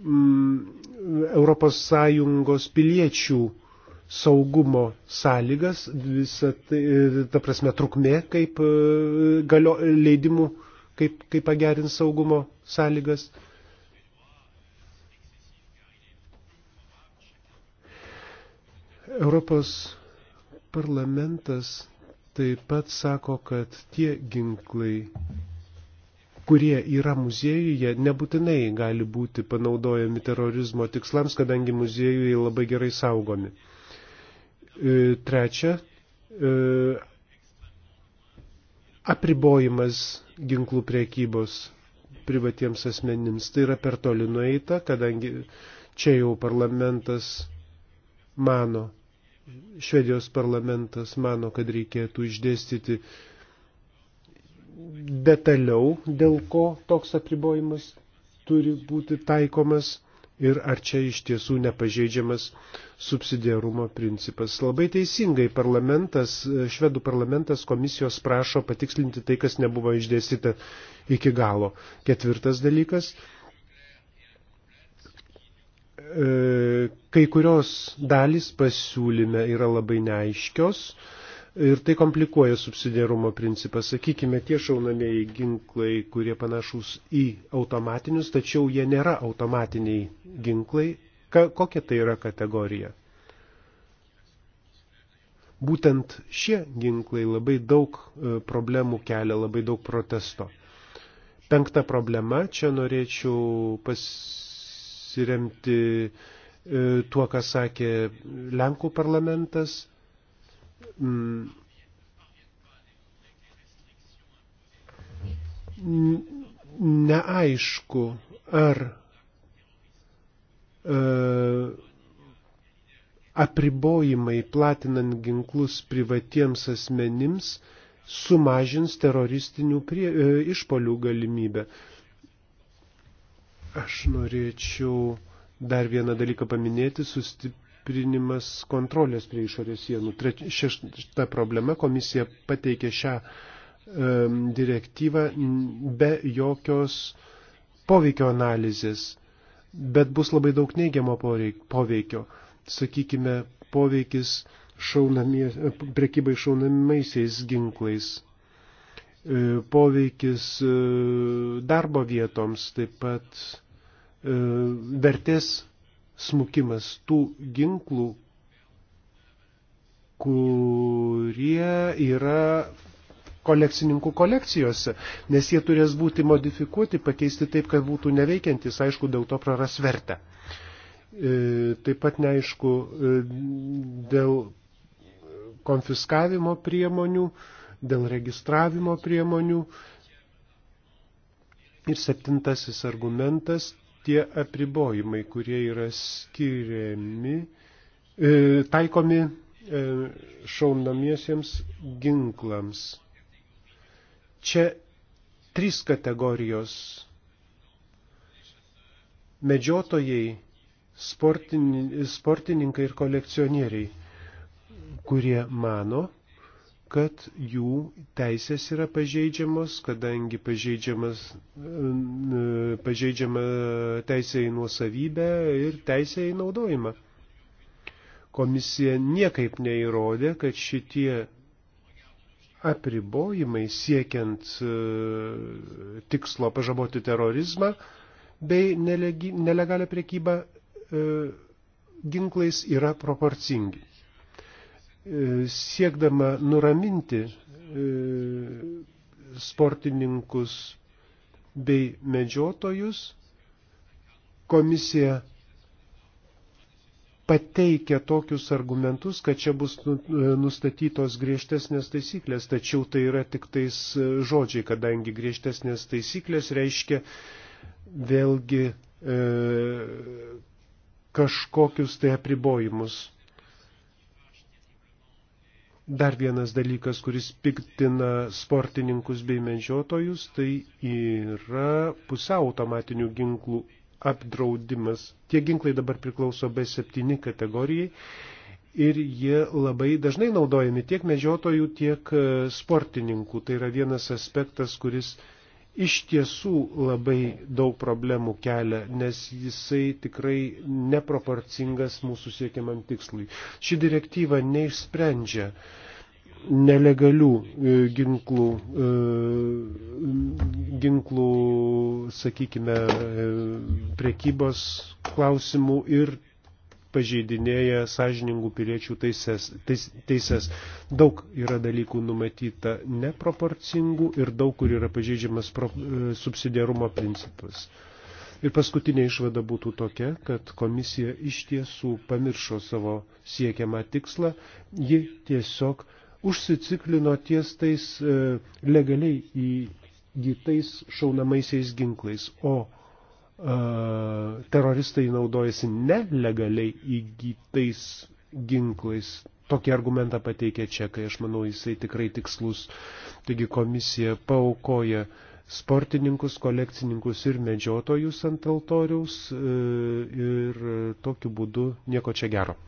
mm, ES piliečių saugumo sąlygas, visa tai, e, ta prasme, trukmė, kaip e, galio, leidimų, kaip, kaip pagerins saugumo sąlygas. Europos parlamentas taip pat sako, kad tie ginklai, kurie yra muziejuje, nebūtinai gali būti panaudojami terorizmo tikslams, kadangi muziejuje labai gerai saugomi. E, trečia, e, apribojimas ginklų priekybos privatiems asmenims. Tai yra per toli nueita, kadangi čia jau parlamentas mano, Švedijos parlamentas mano, kad reikėtų išdėstyti detaliau, dėl ko toks apribojimas turi būti taikomas ir ar čia iš tiesų nepažeidžiamas subsidiarumo principas. Labai teisingai parlamentas, švedų parlamentas komisijos prašo patikslinti tai, kas nebuvo išdėstyta iki galo. Ketvirtas dalykas. E, kai kurios dalys pasiūlyme yra labai neaiškios Ir tai komplikuoja subsidiarumo principą. Sakykime, tie šaunamieji ginklai, kurie panašus į automatinius, tačiau jie nėra automatiniai ginklai. Ka, kokia tai yra kategorija? Būtent šie ginklai labai daug e, problemų kelia, labai daug protesto. Penkta problema, čia norėčiau pasiremti e, tuo, ką sakė Lenkų parlamentas Mm. mm, neaišku, ar e, apribojimai platinant ginklus privatiems asmenims sumažins teroristinių prie, e, išpolių galimybę. Aš norėčiau dar vieną dalyką paminėti, sustip, stiprinimas kontrolės prie išorės sienų. Šešta problema komisija pateikė šią um, direktyvą be jokios poveikio analizės, bet bus labai daug neigiamo poveikio. Sakykime, poveikis šaunamie, prekybai šaunamaisiais ginklais, e, poveikis e, darbo vietoms, taip pat e, vertės smukimas tų ginklų, kurie yra kolekcininkų kolekcijose, nes jie turės būti modifikuoti, pakeisti taip, kad būtų neveikiantis, aišku, dėl to praras vertę. E, taip pat neaišku e, dėl konfiskavimo priemonių, dėl registravimo priemonių. Ir septintasis argumentas tie apribojimai, kurie yra skiriami, e, taikomi e, šaunamiesiems ginklams. Čia trys kategorijos. Medžiotojai, sportin, sportininkai ir kolekcionieriai, kurie mano, kad jų teisės yra pažeidžiamos, kadangi e, pažeidžiama teisė į nuosavybę ir teisė į naudojimą. Komisija niekaip neįrodė, kad šitie apribojimai siekiant e, tikslo pažaboti terorizmą bei nelegalią priekybą e, ginklais yra proporcingi. E, siekdama nuraminti e, sportininkus bei medžiotojus, komisija pateikia tokius argumentus, kad čia bus nu, e, nustatytos griežtesnės taisyklės, tačiau tai yra tik tais žodžiai, kadangi griežtesnės taisyklės reiškia vėlgi e, kažkokius tai apribojimus. Dar vienas dalykas, kuris piktina sportininkus bei medžiotojus, tai yra pusiau automatinių ginklų apdraudimas. Tie ginklai dabar priklauso B7 kategorijai ir jie labai dažnai naudojami tiek medžiotojų, tiek e, sportininkų. Tai yra vienas aspektas, kuris iš tiesų labai daug problemų kelia, nes jisai tikrai neproporcingas mūsų siekiamam tikslui. Ši direktyva neišsprendžia nelegalių e, ginklų, e, ginklų, sakykime, e, prekybos klausimų ir pažeidinėja sąžiningų piliečių teises, teis, teises. Daug yra dalykų numatyta neproporcingų ir daug kur yra pažeidžiamas pro, e, subsidiarumo principas. Ir paskutinė išvada būtų tokia, kad komisija iš tiesų pamiršo savo siekiamą tikslą, ji tiesiog užsiciklino ties tais e, legaliai įgytais šaunamaisiais ginklais, o teroristai naudojasi nelegaliai įgytais ginklais. Tokį argumentą pateikė čekai, aš manau, jisai tikrai tikslus. Taigi komisija paukoja sportininkus, kolekcininkus ir medžiotojus ant altoriaus e, ir tokiu būdu nieko čia gero.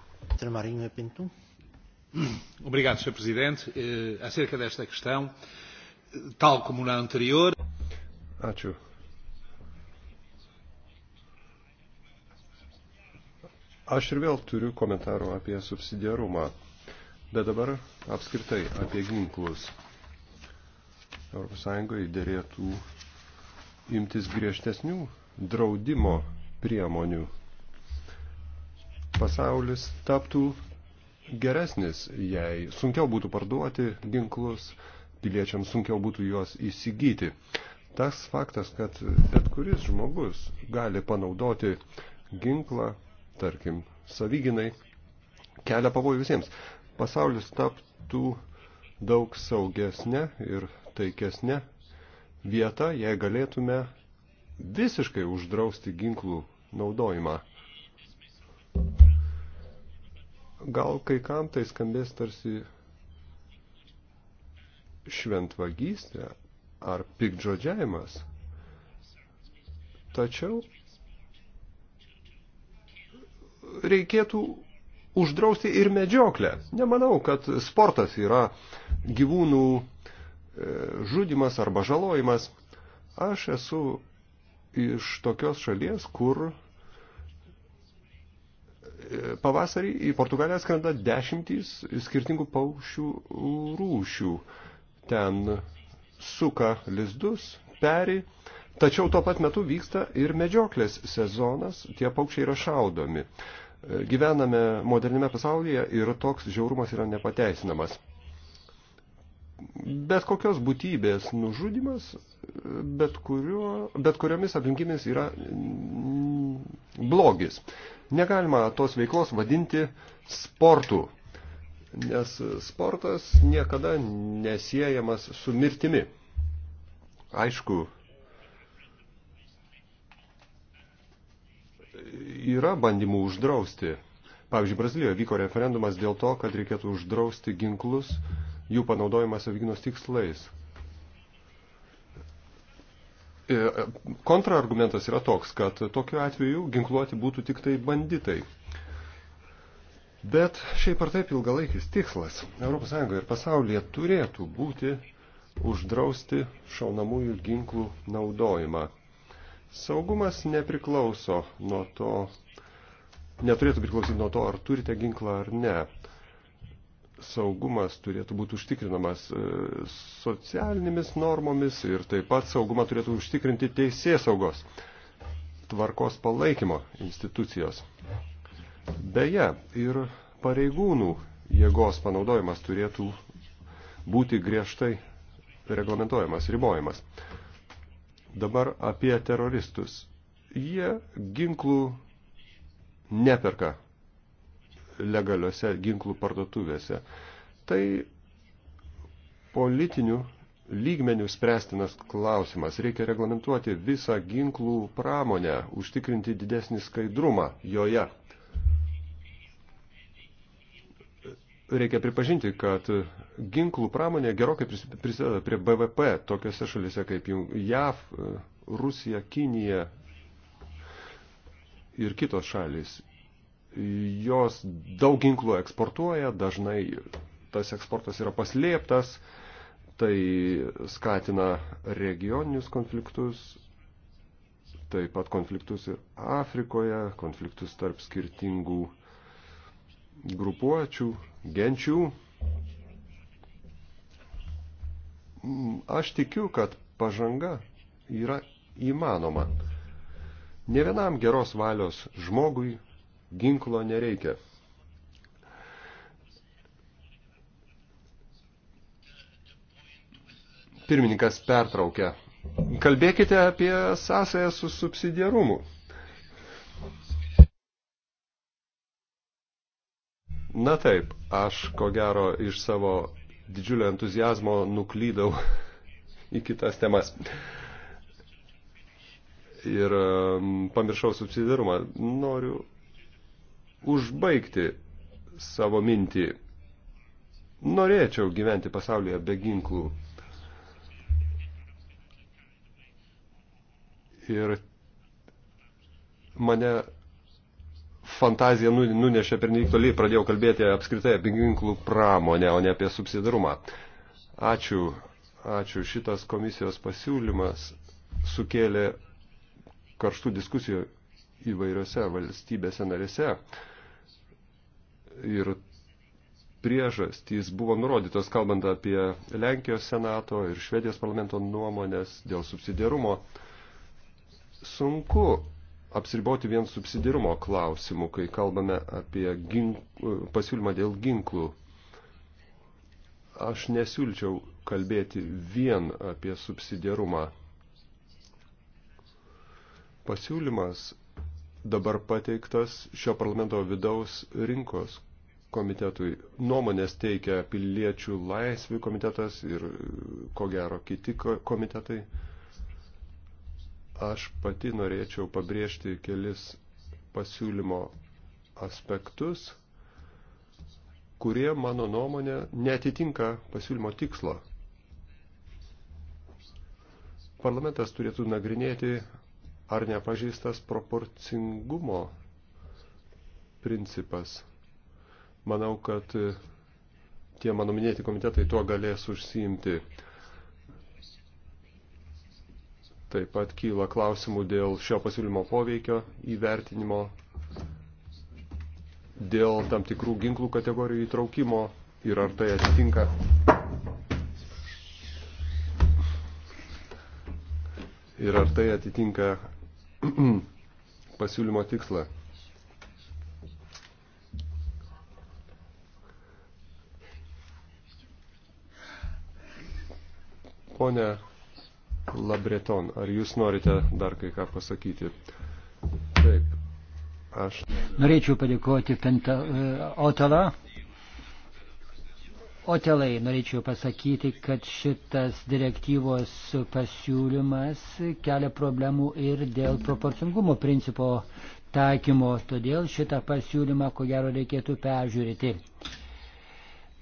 Obrigado, Sr. Presidente. Eh, acerca desta questão, tal como na anterior. Ačiū, Aš ir vėl turiu komentarų apie subsidiarumą, bet dabar apskritai apie ginklus. ES dėrėtų imtis griežtesnių draudimo priemonių. Pasaulis taptų geresnis, jei sunkiau būtų parduoti ginklus, piliečiams sunkiau būtų juos įsigyti. Tas faktas, kad bet kuris žmogus gali panaudoti ginklą, tarkim, savyginai, kelia pavojų visiems. Pasaulis taptų daug saugesnė ir taikesnė vieta, jei galėtume visiškai uždrausti ginklų naudojimą. Gal kai kam tai skambės tarsi šventvagystė ar pikdžodžiavimas. Tačiau reikėtų uždrausti ir medžioklę. Nemanau, kad sportas yra gyvūnų e, žudimas arba žalojimas. Aš esu iš tokios šalies, kur e, pavasarį į Portugaliją skrenda dešimtys skirtingų paukščių rūšių. Ten suka lizdus, peri, tačiau tuo pat metu vyksta ir medžioklės sezonas, tie paukščiai yra šaudomi. Gyvename modernime pasaulyje ir toks žiaurumas yra nepateisinamas. Bet kokios būtybės nužudimas, bet, kurio, bet kuriomis aplinkybėmis yra blogis. Negalima tos veiklos vadinti sportu, nes sportas niekada nesiejamas su mirtimi. Aišku, yra bandymų uždrausti. Pavyzdžiui, Brazilijoje vyko referendumas dėl to, kad reikėtų uždrausti ginklus, jų panaudojimą savignos tikslais. E, kontraargumentas yra toks, kad tokiu atveju ginkluoti būtų tik tai banditai. Bet šiaip ar taip ilgalaikis tikslas ES ir pasaulyje turėtų būti uždrausti šaunamųjų ginklų naudojimą. Saugumas nepriklauso nuo to, neturėtų priklausyti nuo to, ar turite ginklą ar ne. Saugumas turėtų būti užtikrinamas e, socialinėmis normomis ir taip pat saugumą turėtų užtikrinti teisės saugos tvarkos palaikymo institucijos. Beje, ir pareigūnų jėgos panaudojimas turėtų būti griežtai reglamentojamas, ribojamas. Dabar apie teroristus. Jie ginklų neperka legaliuose ginklų parduotuvėse. Tai politinių lygmenių spręstinas klausimas. Reikia reglamentuoti visą ginklų pramonę, užtikrinti didesnį skaidrumą joje. reikia pripažinti, kad ginklų pramonė gerokai prisideda prie BVP tokiose šalise kaip JAV, Rusija, Kinija ir kitos šalis. Jos daug ginklų eksportuoja, dažnai tas eksportas yra paslėptas, tai skatina regioninius konfliktus, taip pat konfliktus ir Afrikoje, konfliktus tarp skirtingų grupuočių, genčių. Mm, aš tikiu, kad pažanga yra įmanoma. Ne vienam geros valios žmogui ginklo nereikia. Pirmininkas pertraukia. Kalbėkite apie sąsąją su subsidiarumu. Na taip, aš ko gero iš savo didžiulio entuzijazmo nuklydau į kitas temas. Ir pamiršau subsidiarumą. Noriu užbaigti savo mintį. Norėčiau gyventi pasaulyje be ginklų. Ir mane fantazija nu, nunešė per toli, pradėjau kalbėti apskritai apie ginklų pramonę, o ne apie subsidarumą. Ačiū, ačiū. Šitas komisijos pasiūlymas sukėlė karštų diskusijų įvairiose valstybėse narėse. Ir priežastys buvo nurodytos, kalbant apie Lenkijos senato ir Švedijos parlamento nuomonės dėl subsidiarumo. Sunku apsiriboti vien subsidirumo klausimų, kai kalbame apie gink, pasiūlymą dėl ginklų. Aš nesiūlyčiau kalbėti vien apie subsidiarumą. Pasiūlymas dabar pateiktas šio parlamento vidaus rinkos komitetui. Nuomonės teikia piliečių laisvių komitetas ir ko gero kiti komitetai. Aš pati norėčiau pabrėžti kelis pasiūlymo aspektus, kurie, mano nuomonė, netitinka pasiūlymo tikslo. Parlamentas turėtų nagrinėti, ar nepažeistas proporcingumo principas. Manau, kad tie mano minėti komitetai tuo galės užsiimti. Taip pat kyla klausimų dėl šio pasiūlymo poveikio įvertinimo, dėl tam tikrų ginklų kategorijų įtraukimo ir ar tai atitinka. Ir ar tai atitinka pasiūlymo tikslą. Pone Labreton, ar jūs norite dar kai ką pasakyti? Taip. Aš. Norėčiau padėkoti Penta, e, Otala. Otelai norėčiau pasakyti, kad šitas direktyvos pasiūlymas kelia problemų ir dėl proporcingumo principo taikymo, todėl šitą pasiūlymą ko gero reikėtų peržiūrėti.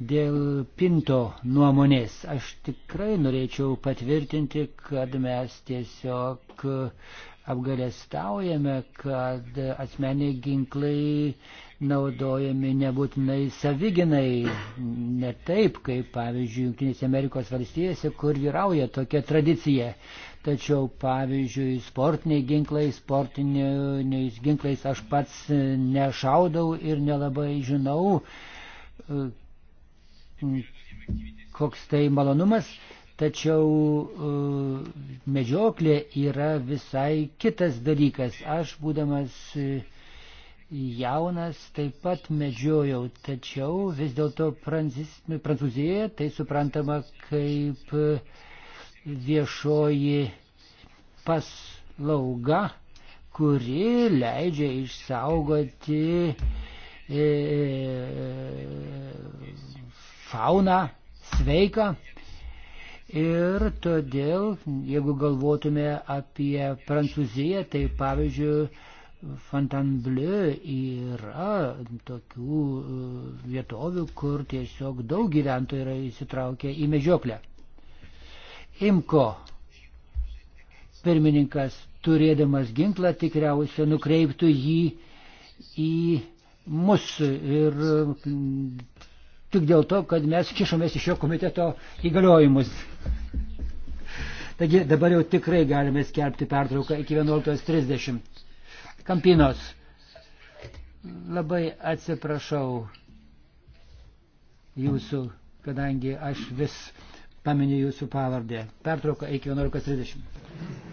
Dėl Pinto nuomonės aš tikrai norėčiau patvirtinti, kad mes tiesiog apgalėstaujame, kad asmeniai ginklai naudojami nebūtinai saviginai, ne taip, kaip pavyzdžiui, Junktinėse Amerikos valstijose, kur vyrauja tokia tradicija. Tačiau, pavyzdžiui, sportiniai ginklai, sportiniais ginklais aš pats nešaudau ir nelabai žinau, koks tai malonumas, tačiau e, medžioklė yra visai kitas dalykas. Aš būdamas e, jaunas taip pat medžiojau, tačiau vis dėlto Prancūzijoje tai suprantama kaip e, viešoji paslauga, kuri leidžia išsaugoti e, fauną sveiką. Ir todėl, jeigu galvotume apie Prancūziją, tai pavyzdžiui, Fontainebleau yra tokių e, vietovių, kur tiesiog daug gyventojų yra įsitraukę į medžioklę. Imko pirmininkas, turėdamas ginklą, tikriausiai nukreiptų jį į mus ir tik dėl to, kad mes kišomės iš jo komiteto įgaliojimus. Taigi dabar jau tikrai galime skelbti pertrauką iki 11.30. Kampinos, labai atsiprašau jūsų, kadangi aš vis paminiu jūsų pavardę. Pertrauka iki 11.30.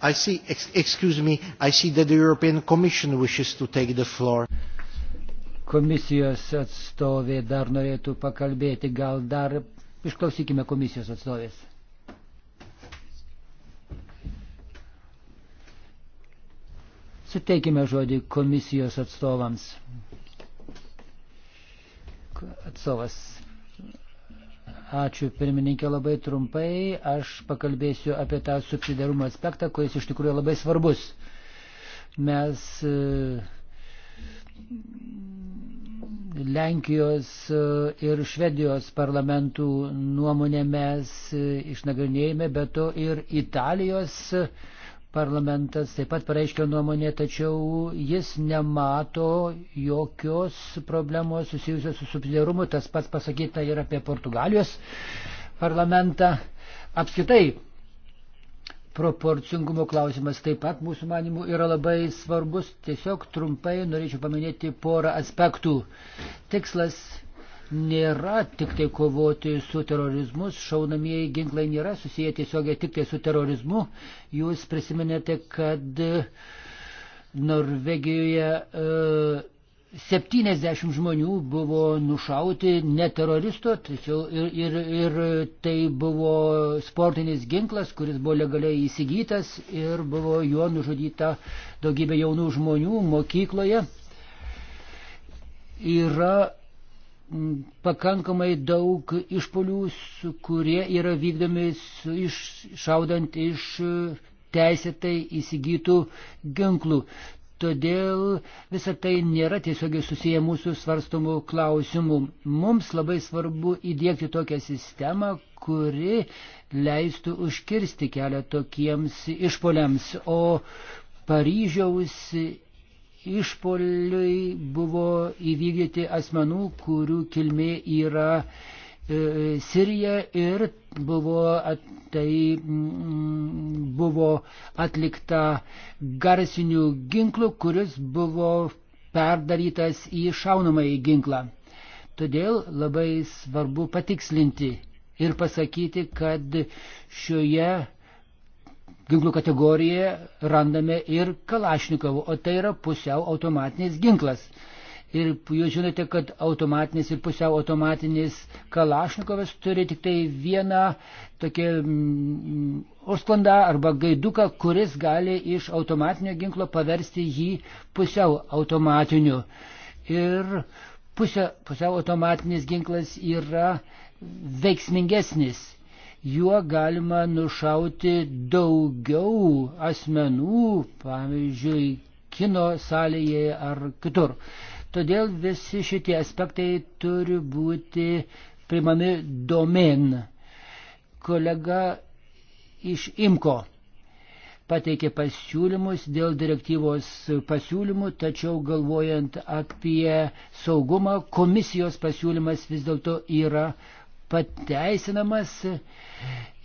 I see, ex excuse me, I see that the European Commission wishes to take the floor. Komisijos atstovė dar norėtų pakalbėti, gal dar išklausykime komisijos atstovės. Suteikime žodį komisijos atstovams. Atstovas. Ačiū pirmininkė labai trumpai. Aš pakalbėsiu apie tą subsidiarumo aspektą, kuris iš tikrųjų labai svarbus. Mes e, Lenkijos e, ir Švedijos parlamentų nuomonę mes e, išnagrinėjame, bet to ir Italijos uh, parlamentas taip pat pareiškė nuomonę, tačiau jis nemato jokios problemos susijusios su subsidiarumu. Tas pats pasakyta ir apie Portugalijos parlamentą. Apskritai, proporcingumo klausimas taip pat mūsų manimų yra labai svarbus. Tiesiog trumpai norėčiau paminėti porą aspektų. Tikslas nėra tik tai kovoti su terorizmu, šaunamieji ginklai nėra susiję tiesiogiai tik tai su terorizmu. Jūs prisiminėte, kad e, Norvegijoje e, 70 žmonių buvo nušauti ne teroristo, tačiau ir, ir, ir tai buvo sportinis ginklas, kuris buvo legaliai įsigytas ir buvo juo nužudyta daugybė jaunų žmonių mokykloje. Yra pakankamai daug išpolių, kurie yra vykdomi iššaudant iš e, teisėtai įsigytų ginklų. Todėl visa tai nėra tiesiogiai susiję mūsų svarstomų klausimų. Mums labai svarbu įdėkti tokią sistemą, kuri leistų užkirsti kelią tokiems išpoliams. O Paryžiaus išpoliui buvo įvykdyti asmenų, kurių kilmė yra e, Sirija ir buvo, at, tai, m, mm, buvo atlikta garsinių ginklų, kuris buvo perdarytas į šaunamąjį ginklą. Todėl labai svarbu patikslinti ir pasakyti, kad šioje ginklų kategorijoje randame ir Kalašnikovų, o tai yra pusiau automatinis ginklas. Ir jūs žinote, kad automatinis ir pusiau automatinis Kalašnikovas turi tik tai vieną tokį mm, užsklandą arba gaiduką, kuris gali iš automatinio ginklo paversti jį pusiau automatiniu. Ir pusia, pusiau automatinis ginklas yra veiksmingesnis juo galima nušauti daugiau asmenų, pavyzdžiui, kino salėje ar kitur. Todėl visi šitie aspektai turi būti primami domen. Kolega iš Imko pateikė pasiūlymus dėl direktyvos pasiūlymų, tačiau galvojant apie saugumą, komisijos pasiūlymas vis dėlto yra uh, pateisinamas.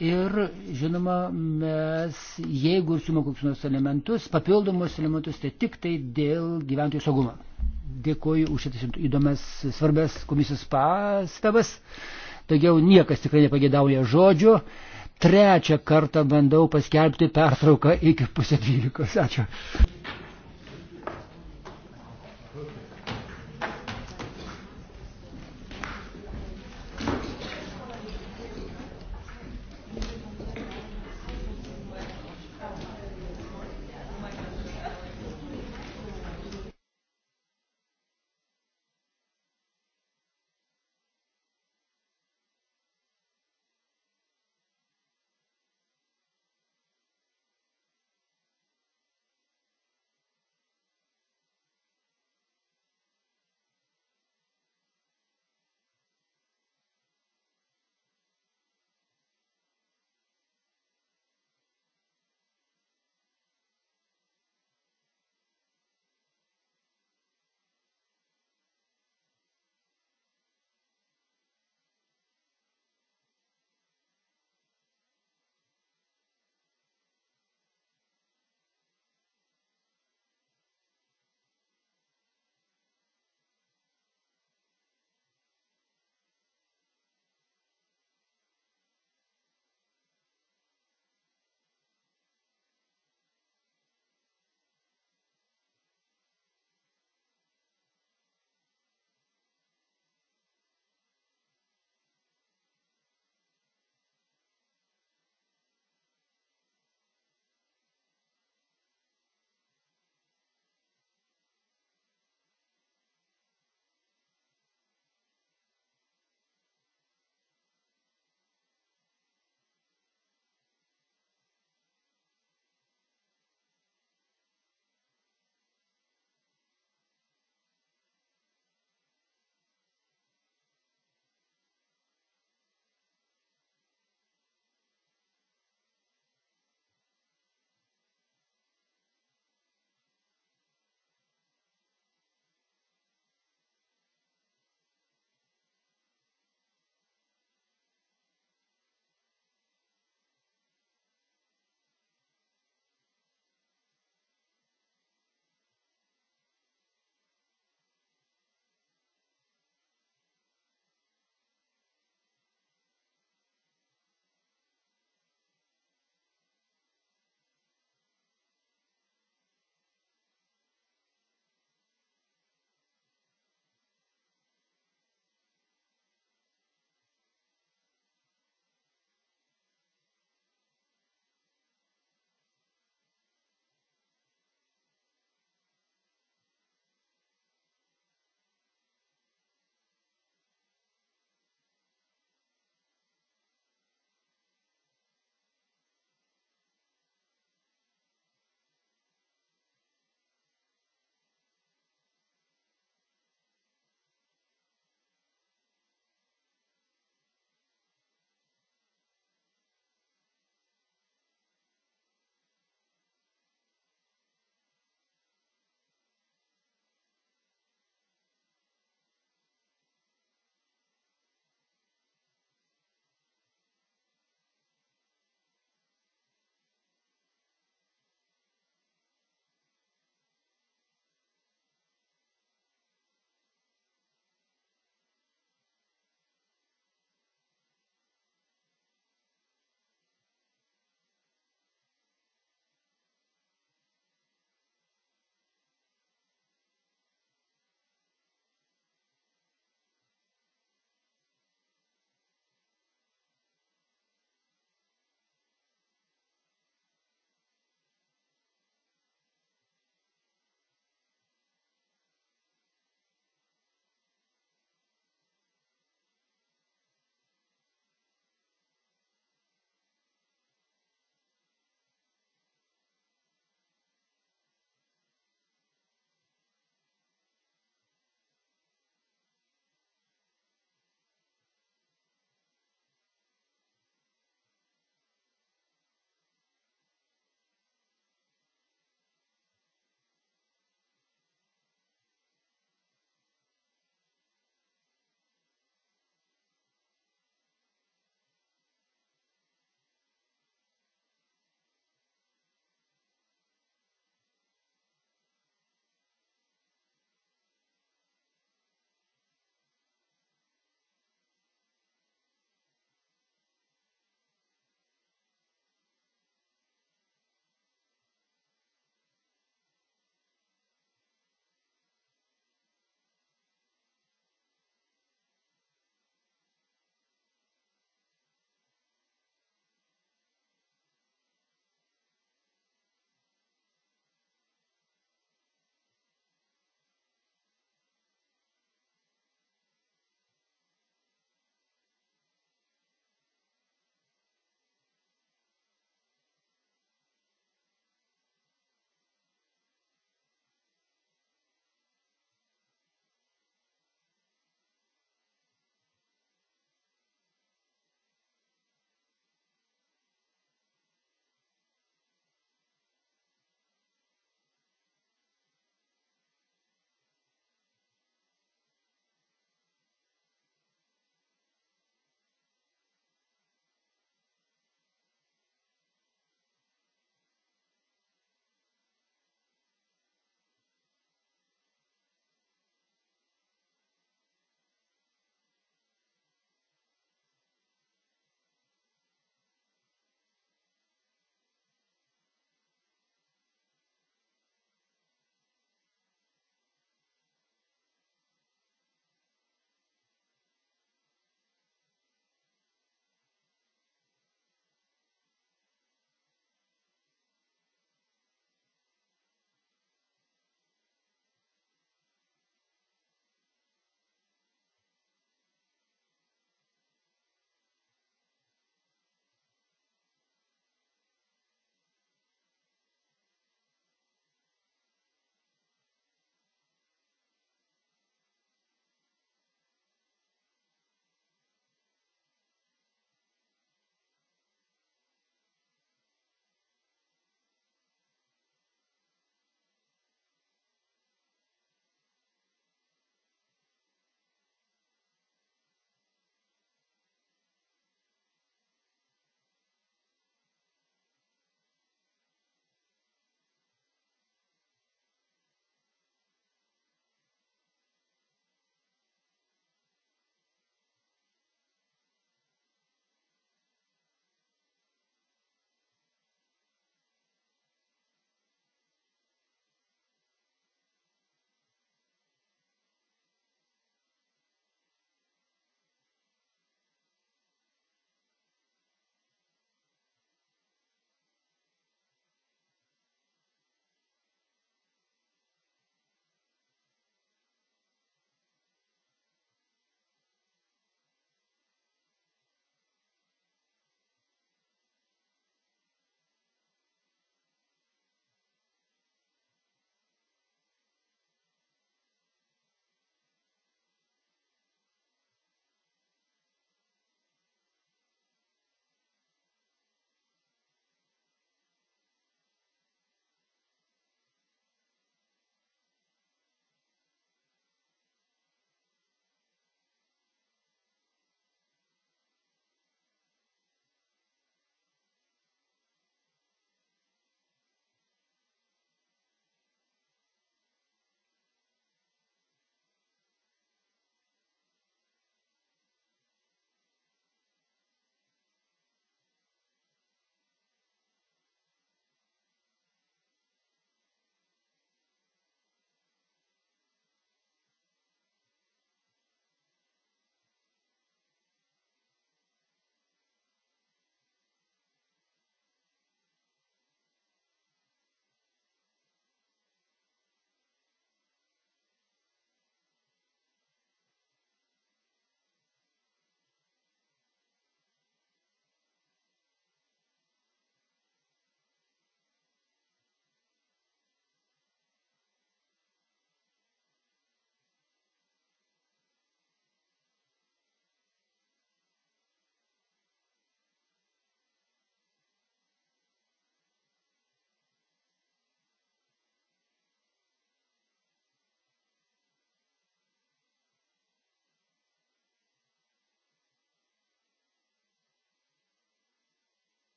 Ir, žinoma, mes, jeigu ir siūlome kokius nors elementus, papildomus elementus, tai tik tai dėl gyventojų saugumo. Dėkuoju už šitas įdomias, svarbias komisijos pastabas. Daugiau niekas tikrai nepagėdauja žodžio. Trečią kartą bandau paskelbti pertrauką iki pusė dvylikos. Ačiū.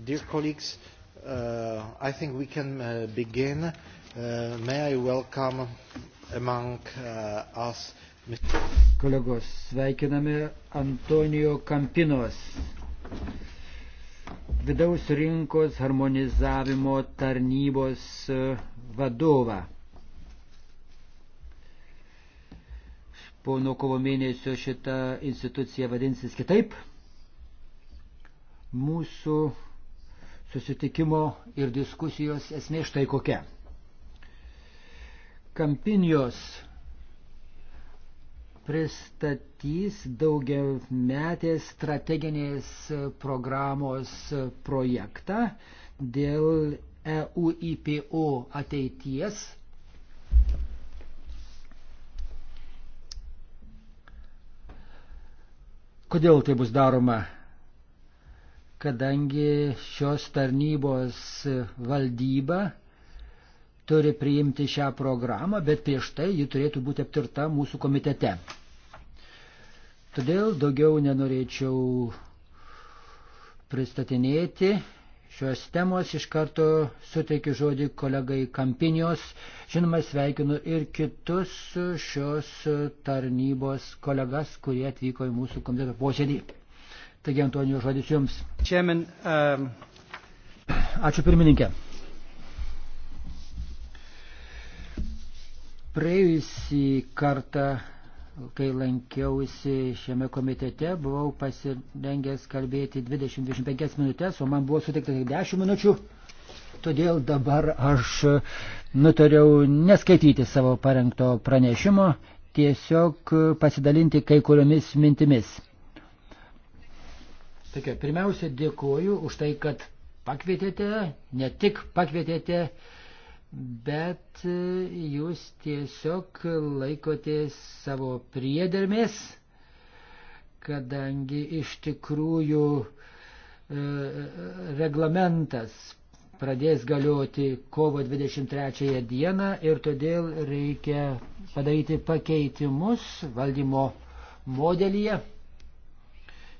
Dear colleagues, uh, I think we can uh, begin. Uh, may I welcome among uh, us Mr. Kolegos, sveikiname Antonijo Kampinos. Vidaus rinkos harmonizavimo tarnybos uh, vadovą. Po nuo kovo mėnesio šita institucija vadinsis kitaip. Mūsų susitikimo ir diskusijos esmė štai kokia. Kampinijos pristatys daugiametės strateginės programos projektą dėl EUIPO ateities. Kodėl tai bus daroma kadangi šios tarnybos valdyba turi priimti šią programą, bet prieš tai ji turėtų būti aptarta mūsų komitete. Todėl daugiau nenorėčiau pristatinėti šios temos. Iš karto suteikiu žodį kolegai Kampinijos. Žinoma, sveikinu ir kitus šios tarnybos kolegas, kurie atvyko į mūsų komiteto posėdį. Taigi, Antonijo, žodis jums. Chairman, um... Ačiū pirmininkė. Praėjusį kartą, kai lankiausi šiame komitete, buvau pasirengęs kalbėti 20-25 minutės, o man buvo suteikta tik 10 minučių. Todėl dabar aš nutariau neskaityti savo parengto pranešimo, tiesiog pasidalinti kai kuriomis mintimis. Tokia, pirmiausia, dėkoju už tai, kad pakvietėte, ne tik pakvietėte, bet e, jūs tiesiog laikotės savo priedermės, kadangi iš tikrųjų e, reglamentas pradės galioti kovo 23 dieną ir todėl reikia padaryti pakeitimus valdymo modelyje.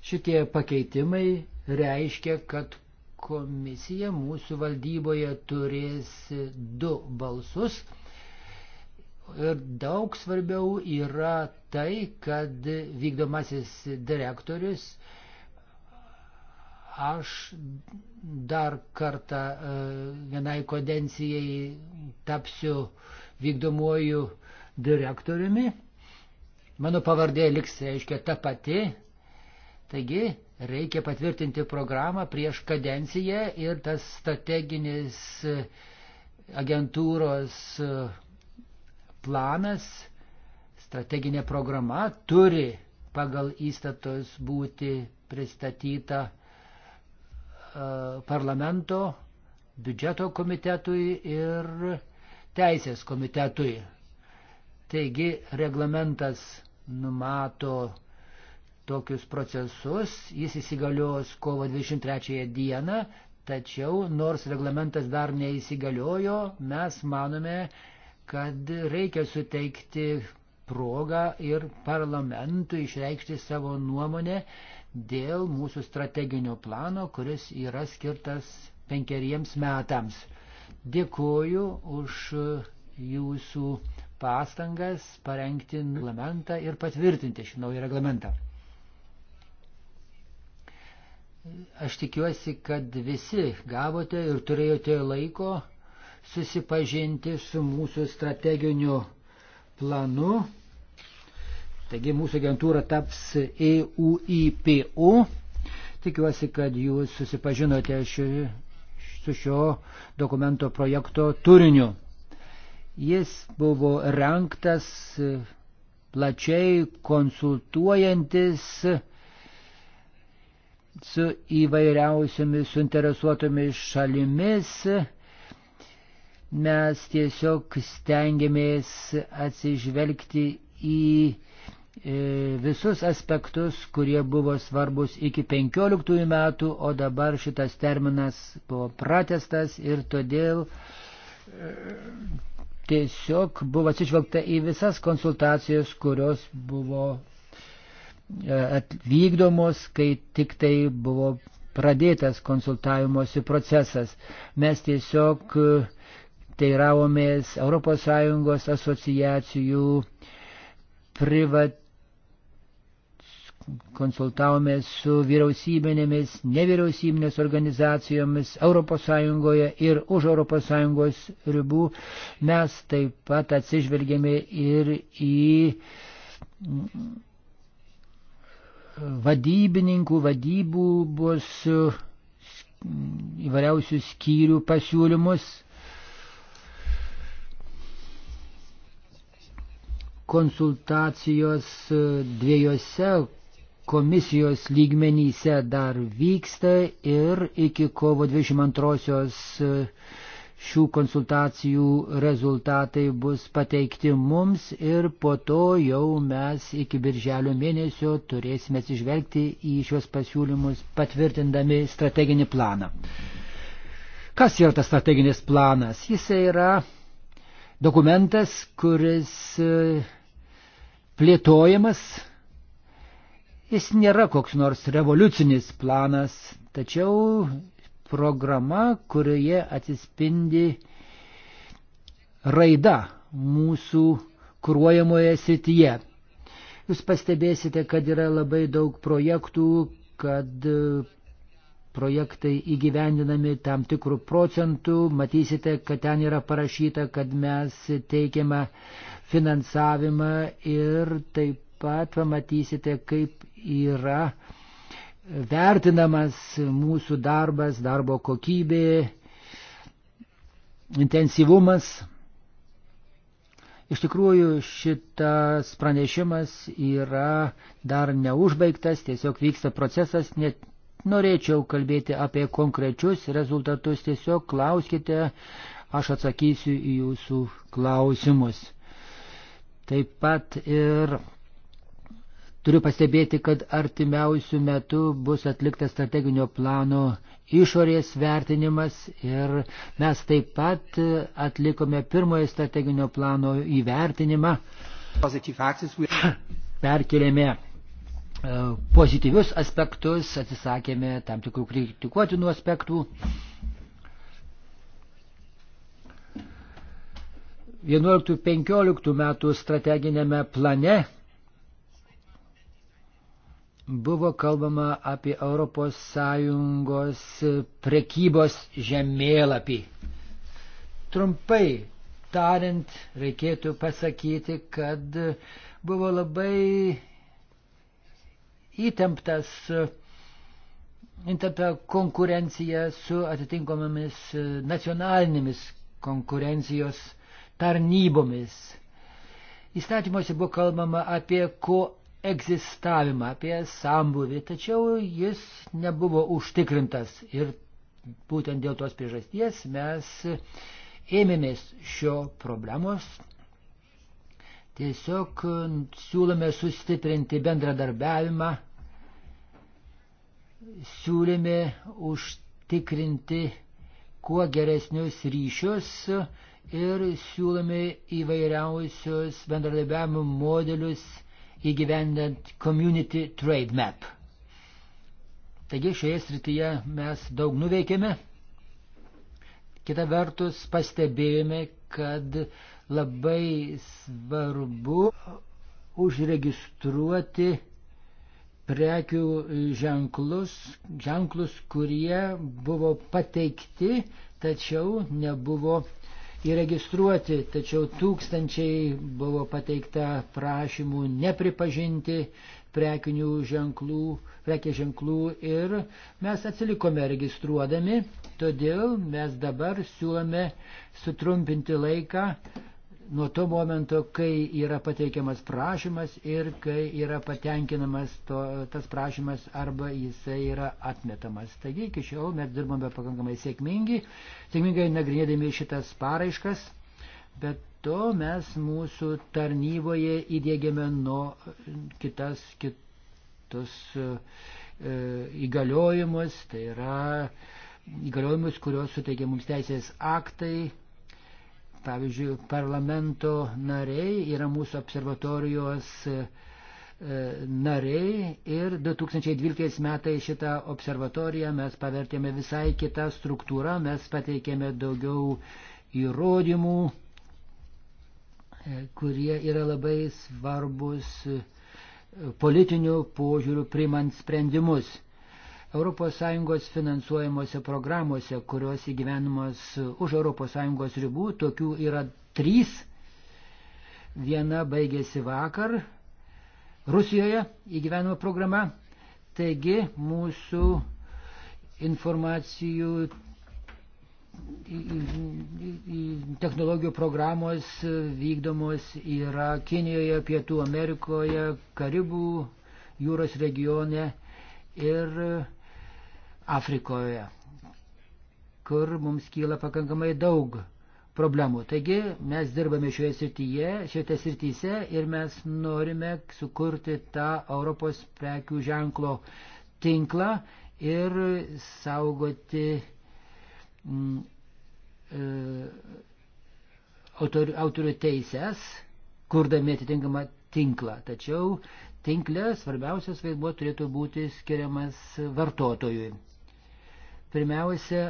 Šitie pakeitimai reiškia, kad komisija mūsų valdyboje turės du balsus. Ir daug svarbiau yra tai, kad vykdomasis direktorius aš dar kartą e, vienai kodencijai tapsiu vykdomuoju direktoriumi. Mano pavardė liks, reiškia, ta pati, Taigi reikia patvirtinti programą prieš kadenciją ir tas strateginis e, agentūros e, planas, strateginė programa turi pagal įstatus būti pristatyta e, parlamento, biudžeto komitetui ir teisės komitetui. Taigi reglamentas numato tokius procesus. Jis įsigalios kovo 23 dieną, tačiau nors reglamentas dar neįsigaliojo, mes manome, kad reikia suteikti progą ir parlamentui išreikšti savo nuomonę dėl mūsų strateginio plano, kuris yra skirtas penkeriems metams. Dėkuoju už jūsų pastangas parengti reglamentą ir patvirtinti šį naują reglamentą. Aš tikiuosi, kad visi gavote ir turėjote laiko susipažinti su mūsų strateginiu planu. Taigi mūsų agentūra taps EUIPU. Tikiuosi, kad jūs susipažinote ši, su šio dokumento projekto turiniu. Jis buvo renktas plačiai konsultuojantis su įvairiausiamis suinteresuotomis šalimis. Mes tiesiog stengiamės atsižvelgti į e, visus aspektus, kurie buvo svarbus iki 15 metų, o dabar šitas terminas buvo pratestas ir todėl e, tiesiog buvo atsižvelgta į visas konsultacijas, kurios buvo E, atvykdomos, kai tik tai buvo pradėtas konsultavimosi procesas. Mes tiesiog e, teiravomės ES asociacijų privat konsultavomės su vyriausybinėmis, nevyriausybinės organizacijomis ES ir už ES ribų. Mes taip pat atsižvelgėme ir į vadybininkų, vadybų bus e, įvairiausių skyrių pasiūlymus. Konsultacijos e, dviejose komisijos lygmenyse dar vyksta ir iki kovo 22 Šių konsultacijų rezultatai bus pateikti mums ir po to jau mes iki birželio mėnesio turėsime atsižvelgti į šios pasiūlymus patvirtindami strateginį planą. Kas yra tas strateginis planas? Jis yra dokumentas, kuris e, plėtojamas. Jis nėra koks nors revoliucinis planas, tačiau programa, kurioje atsispindi raida mūsų kūruojamoje srityje. Jūs pastebėsite, kad yra labai daug projektų, kad e, projektai įgyvendinami tam tikrų procentų. Matysite, kad ten yra parašyta, kad mes teikiame finansavimą ir taip pat pamatysite, kaip yra uh, vertinamas mūsų darbas, darbo kokybė, intensyvumas. Iš tikrųjų, šitas pranešimas yra dar neužbaigtas, tiesiog vyksta procesas, net norėčiau kalbėti apie konkrečius rezultatus, tiesiog klauskite, aš atsakysiu į jūsų klausimus. Taip pat ir Turiu pastebėti, kad artimiausių metų bus atliktas strateginio plano išorės vertinimas ir mes taip pat atlikome pirmojo strateginio plano įvertinimą. Perkelėme e, pozityvius aspektus, atsisakėme tam tikrų kritikuotinų aspektų. Vienuoliktų-penkioliktų metų strateginėme plane buvo kalbama apie ES prekybos žemėlapį. Trumpai tariant, reikėtų pasakyti, kad buvo labai įtemptas įtempta konkurencija su atitinkomomis nacionalinėmis konkurencijos tarnybomis. Įstatymuose buvo kalbama apie ko egzistavimą, apie sambuvį, tačiau jis nebuvo užtikrintas ir būtent dėl tos priežasties mes ėmėmės šio problemos. Tiesiog siūlome sustiprinti bendradarbiavimą, siūlėme užtikrinti kuo geresnius ryšius ir siūlome įvairiausius bendradarbiavimo modelius įgyvendant Community Trade Map. Taigi šioje srityje mes daug nuveikėme. Kita vertus pastebėjome, kad labai svarbu užregistruoti prekių ženklus, ženklus, kurie buvo pateikti, tačiau nebuvo įregistruoti, tačiau tūkstančiai buvo pateikta prašymų nepripažinti prekinių ženklų, prekės ženklų ir mes atsilikome registruodami, todėl mes dabar siūlome sutrumpinti laiką nuo to momento, kai yra pateikiamas prašymas ir kai yra patenkinamas to, tas prašymas arba jisai yra atmetamas. Taigi iki šiol mes dirbame pakankamai sėkmingi, sėkmingai nagrinėdami šitas paraiškas, bet to mes mūsų tarnyboje įdėgėme nuo kitas, kitus e, e, įgaliojimus, tai yra įgaliojimus, kurios suteikia mums teisės aktai, Pavyzdžiui, parlamento nariai yra mūsų observatorijos e, nariai ir 2012 metais šitą observatoriją mes pavertėme visai kitą struktūrą, mes pateikėme daugiau įrodymų, e, kurie yra labai svarbus e, politinių požiūrių primant sprendimus. ES finansuojamose programuose, kurios įgyvenimas už ES ribų, tokių yra trys. Viena baigėsi vakar Rusijoje įgyvenimo programa. Taigi mūsų informacijų technologijų programos vykdomos yra Kinijoje, Pietų Amerikoje, Karibų jūros regione ir Afrikoje, kur mums kyla pakankamai daug problemų. Taigi mes dirbame šioje srityje, šioje srityse ir mes norime sukurti tą Europos prekių ženklo tinklą ir saugoti mm, e, autorių, autorių teises, kurdami atitinkamą tinklą. Tačiau tinklė svarbiausias vaidmuo turėtų būti skiriamas vartotojui. Pirmiausia,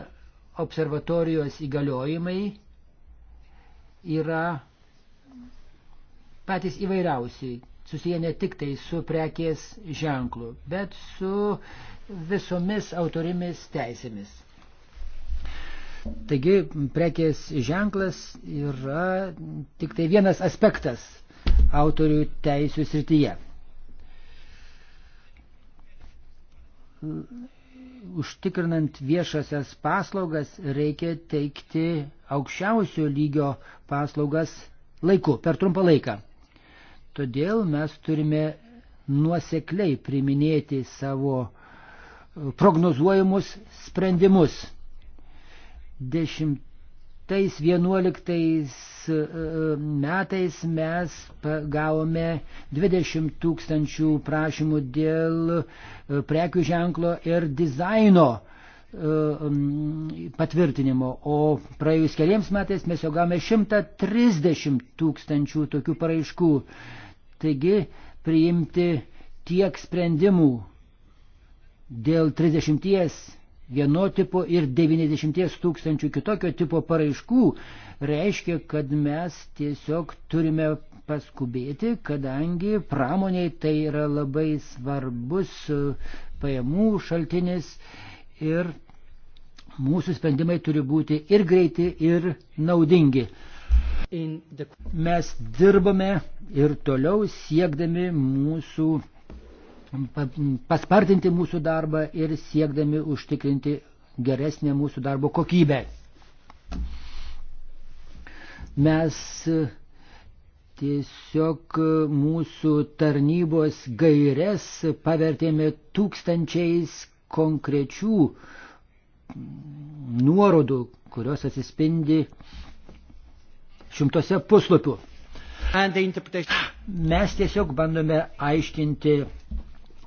observatorijos įgaliojimai yra patys įvairiausiai, susiję ne tik tai su prekės ženklu, bet su visomis autorimis teisėmis. Taigi prekės ženklas yra tik tai vienas aspektas autorių teisų srityje užtikrinant viešasias paslaugas reikia teikti aukščiausio lygio paslaugas laiku, per trumpą laiką. Todėl mes turime nuosekliai priminėti savo e, prognozuojamus sprendimus. Dešimt 2011 e, metais mes gavome 20 tūkstančių prašymų dėl e, prekių ženklo ir dizaino e, patvirtinimo, o praėjus keliams metais mes jau gavome 130 tūkstančių tokių paraiškų. Taigi priimti tiek sprendimų dėl 30 vieno tipo ir 90 tūkstančių kitokio tipo paraiškų, reiškia, kad mes tiesiog turime paskubėti, kadangi pramoniai tai yra labai svarbus e, pajamų šaltinis ir mūsų sprendimai turi būti ir greiti, ir naudingi. Mes dirbame ir toliau siekdami mūsų paspartinti mūsų darbą ir siekdami užtikrinti geresnę mūsų darbo kokybę. Mes e, tiesiog e, mūsų tarnybos gairės pavertėme tūkstančiais konkrečių nuorodų, kurios atsispindi šimtose puslapių. Mes tiesiog bandome aiškinti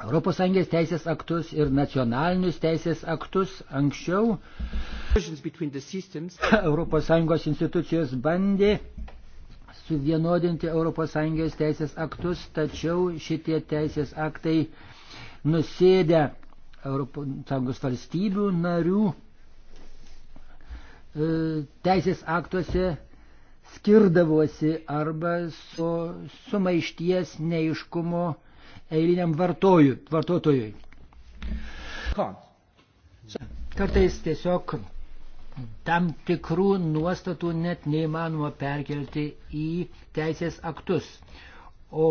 ES teisės aktus ir nacionalinius teisės aktus anksčiau ES institucijos bandė suvienodinti ES teisės aktus, tačiau šitie teisės aktai nusėdė ES valstybių narių e, teisės aktuose skirdavosi arba su sumaišties neiškumo eiliniam vartoju, vartotojui. Kartais tiesiog tam tikrų nuostatų net neįmanoma perkelti į teisės aktus. O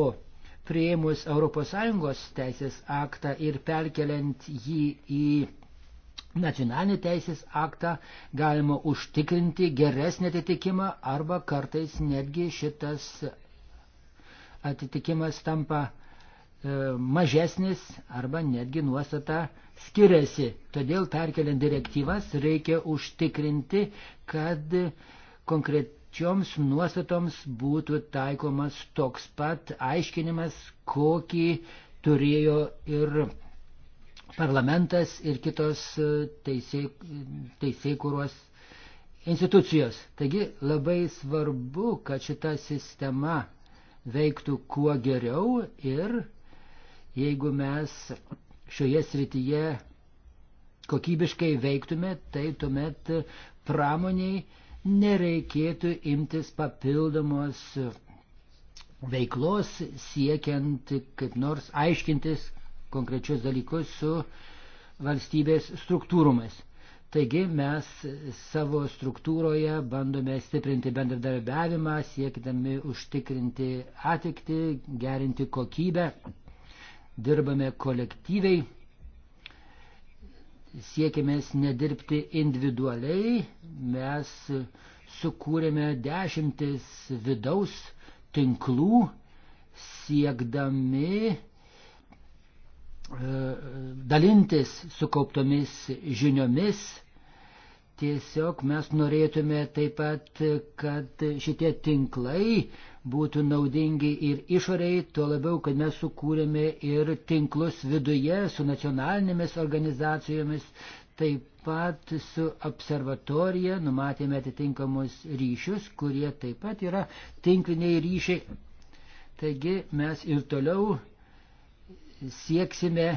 prieimus ES teisės aktą ir perkeliant jį į nacionalinį teisės aktą, galima užtikrinti geresnį atitikimą arba kartais netgi šitas atitikimas tampa E, mažesnis arba netgi nuostata skiriasi. Todėl perkeliant direktyvas reikia užtikrinti, kad konkrečioms nuostatoms būtų taikomas toks pat aiškinimas, kokį turėjo ir parlamentas ir kitos e, teisėkūros institucijos. Taigi labai svarbu, kad šita sistema veiktų kuo geriau ir Jeigu mes šioje srityje kokybiškai veiktume, tai tuomet pramoniai nereikėtų imtis papildomos veiklos siekiant kaip nors aiškintis konkrečius dalykus su valstybės struktūromis. Taigi mes savo struktūroje bandome stiprinti bendradarbiavimą, siekdami užtikrinti atikti, gerinti kokybę dirbame kolektyviai, siekėmės nedirbti individualiai, mes sukūrėme dešimtis vidaus tinklų, siekdami e, dalintis sukauptomis žiniomis Tiesiog mes norėtume taip pat, kad šitie tinklai būtų naudingi ir išoriai, tuo labiau, kad mes sukūrėme ir tinklus viduje su nacionalinėmis organizacijomis, taip pat su observatorija numatėme atitinkamus ryšius, kurie taip pat yra tinkliniai ryšiai. Taigi mes ir toliau sieksime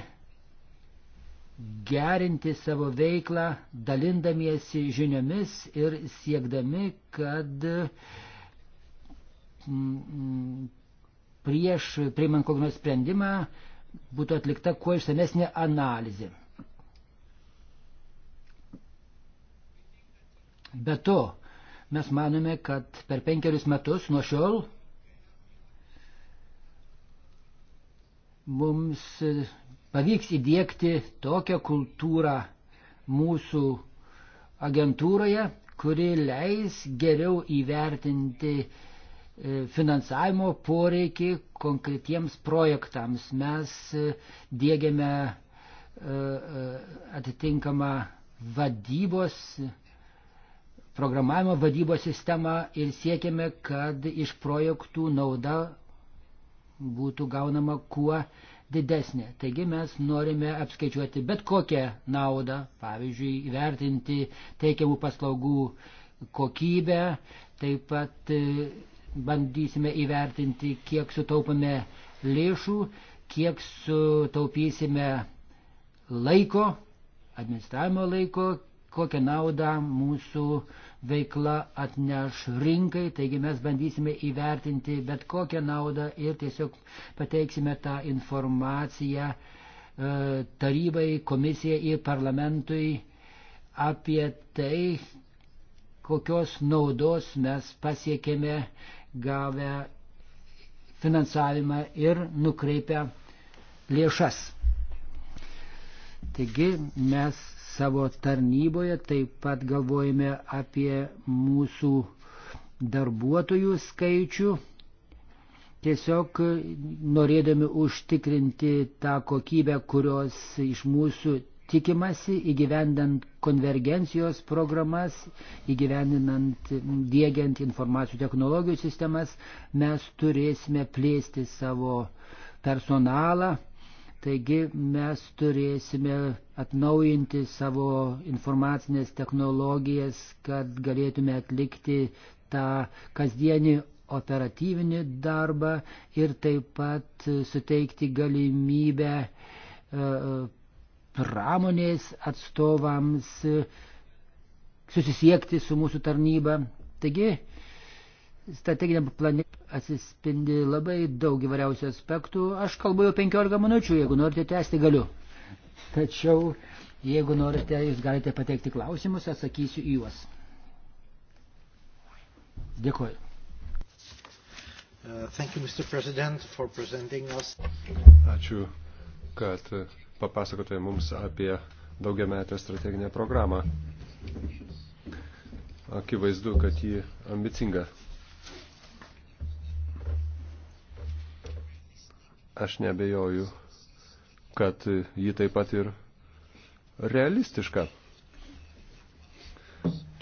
gerinti savo veiklą, dalindamiesi žiniomis ir siekdami, kad mm, mm, prieš priimant kokį nors sprendimą būtų atlikta kuo išsamesnė analizė. Be to, mes manome, kad per penkerius metus nuo šiol mums pavyks įdėkti tokią kultūrą mūsų agentūroje, kuri leis geriau įvertinti e, finansavimo poreikį konkretiems projektams. Mes e, dėgiame e, atitinkamą vadybos, programavimo vadybos sistemą ir siekiame, kad iš projektų nauda būtų gaunama kuo didesnė. Taigi mes norime apskaičiuoti bet kokią naudą, pavyzdžiui, įvertinti teikiamų paslaugų kokybę, taip pat e, bandysime įvertinti, kiek sutaupame lėšų, kiek sutaupysime laiko, administravimo laiko, kokią naudą mūsų veikla atneš rinkai, taigi mes bandysime įvertinti bet kokią naudą ir tiesiog pateiksime tą informaciją e, tarybai, komisijai ir parlamentui apie tai, kokios naudos mes pasiekėme gavę finansavimą ir nukreipę lėšas. Taigi mes savo tarnyboje, taip pat galvojame apie mūsų darbuotojų skaičių, tiesiog norėdami užtikrinti tą kokybę, kurios iš mūsų tikimasi įgyvendant konvergencijos programas, įgyvendinant, dėgiant informacijų technologijų sistemas, mes turėsime plėsti savo personalą Taigi mes turėsime atnaujinti savo informacinės technologijas, kad galėtume atlikti tą kasdienį operatyvinį darbą ir taip pat suteikti galimybę e, pramonės atstovams e, susisiekti su mūsų tarnyba. Taigi, strateginiam plane atsispindi labai daug įvairiausių aspektų. Aš kalbu jau 15 minučių, jeigu norite tęsti, galiu. Tačiau, jeigu norite, jūs galite pateikti klausimus, atsakysiu į juos. Dėkuoju. Uh, thank you, Mr. President, for presenting us. Ačiū, kad papasakote mums apie daugiametę strateginę programą. Akivaizdu, kad ji ambicinga. Aš nebejoju, kad ji taip pat ir realistiška.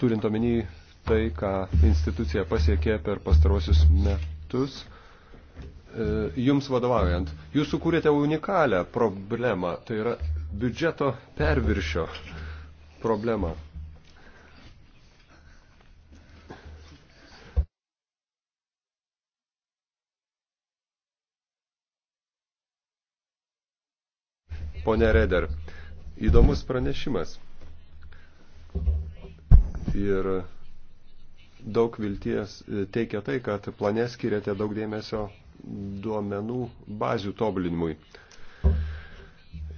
Turint omeny tai, ką institucija pasiekė per pastarosius metus, e, jums vadovaujant, jūs sukūrėte unikalią problemą, tai yra biudžeto perviršio problemą. Pone Reder, įdomus pranešimas. Ir daug vilties e, teikia tai, kad plane skiriate daug dėmesio duomenų bazių tobulinimui.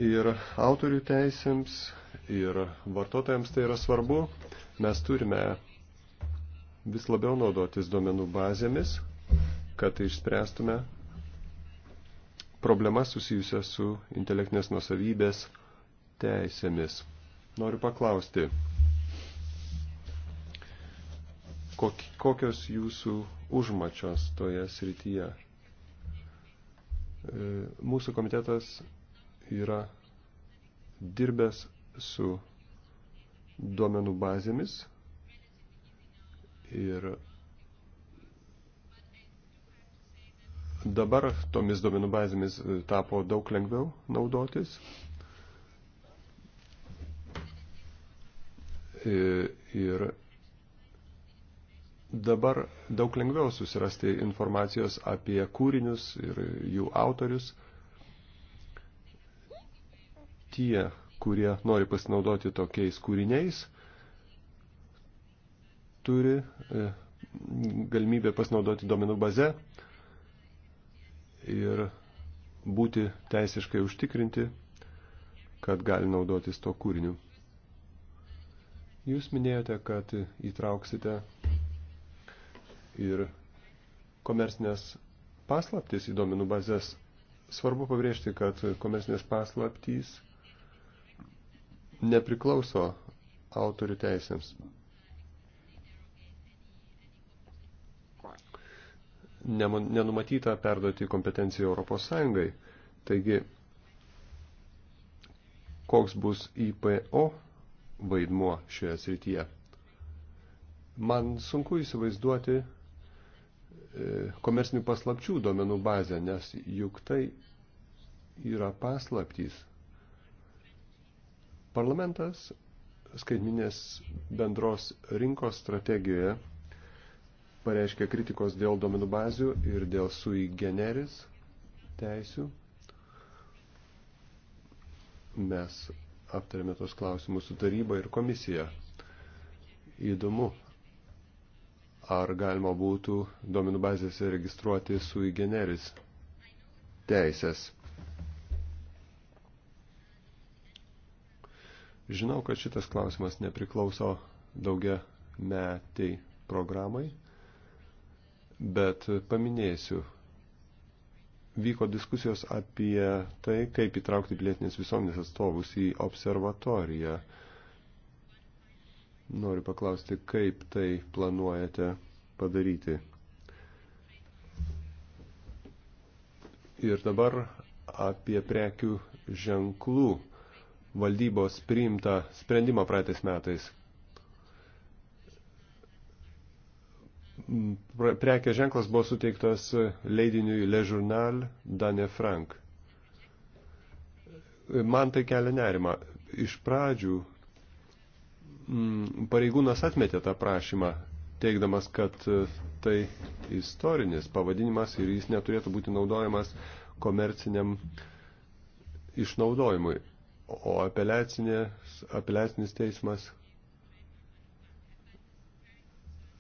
Ir autorių teisėms, ir vartotojams tai yra svarbu. Mes turime vis labiau naudotis duomenų bazėmis, kad išspręstume problemas susijusias su intelektinės nusavybės teisėmis. Noriu paklausti, kokios jūsų užmačios toje srityje? E, mūsų komitetas yra dirbęs su duomenų bazėmis ir Dabar tomis domenų bazėmis e, tapo daug lengviau naudotis. E, ir dabar daug lengviau susirasti informacijos apie kūrinius ir jų autorius. Tie, kurie nori pasinaudoti tokiais kūriniais, turi e, galimybę pasinaudoti domenų bazę ir būti teisiškai užtikrinti, kad gali naudotis to kūriniu. Jūs minėjote, kad įtrauksite ir komersinės paslaptis į domenų bazės. Svarbu pabrėžti, kad komersinės paslaptys nepriklauso autorių teisėms. nenumatyta perduoti kompetenciją Europos Sąjungai. Taigi, koks bus IPO vaidmuo šioje srityje? Man sunku įsivaizduoti e, komersinių paslapčių duomenų bazę, nes juk tai yra paslaptys. Parlamentas skaitminės bendros rinkos strategijoje pareiškė kritikos dėl domenų bazių ir dėl sui generis teisių. Mes aptarėme tos klausimus su taryba ir komisija. Įdomu, ar galima būtų domenų bazėse registruoti sui generis teisės. Žinau, kad šitas klausimas nepriklauso daugia metai programai, bet paminėsiu. Vyko diskusijos apie tai, kaip įtraukti pilietinės visuomenės atstovus į observatoriją. Noriu paklausti, kaip tai planuojate padaryti. Ir dabar apie prekių ženklų valdybos priimtą sprendimą praeitais metais, prekės ženklas buvo suteiktas leidiniui Le Journal Dane Frank. Man tai kelia nerima. Iš pradžių m, mm, pareigūnas atmetė tą prašymą, teikdamas, kad tai istorinis pavadinimas ir jis neturėtų būti naudojamas komerciniam išnaudojimui. O apeliacinės, apeliacinis teismas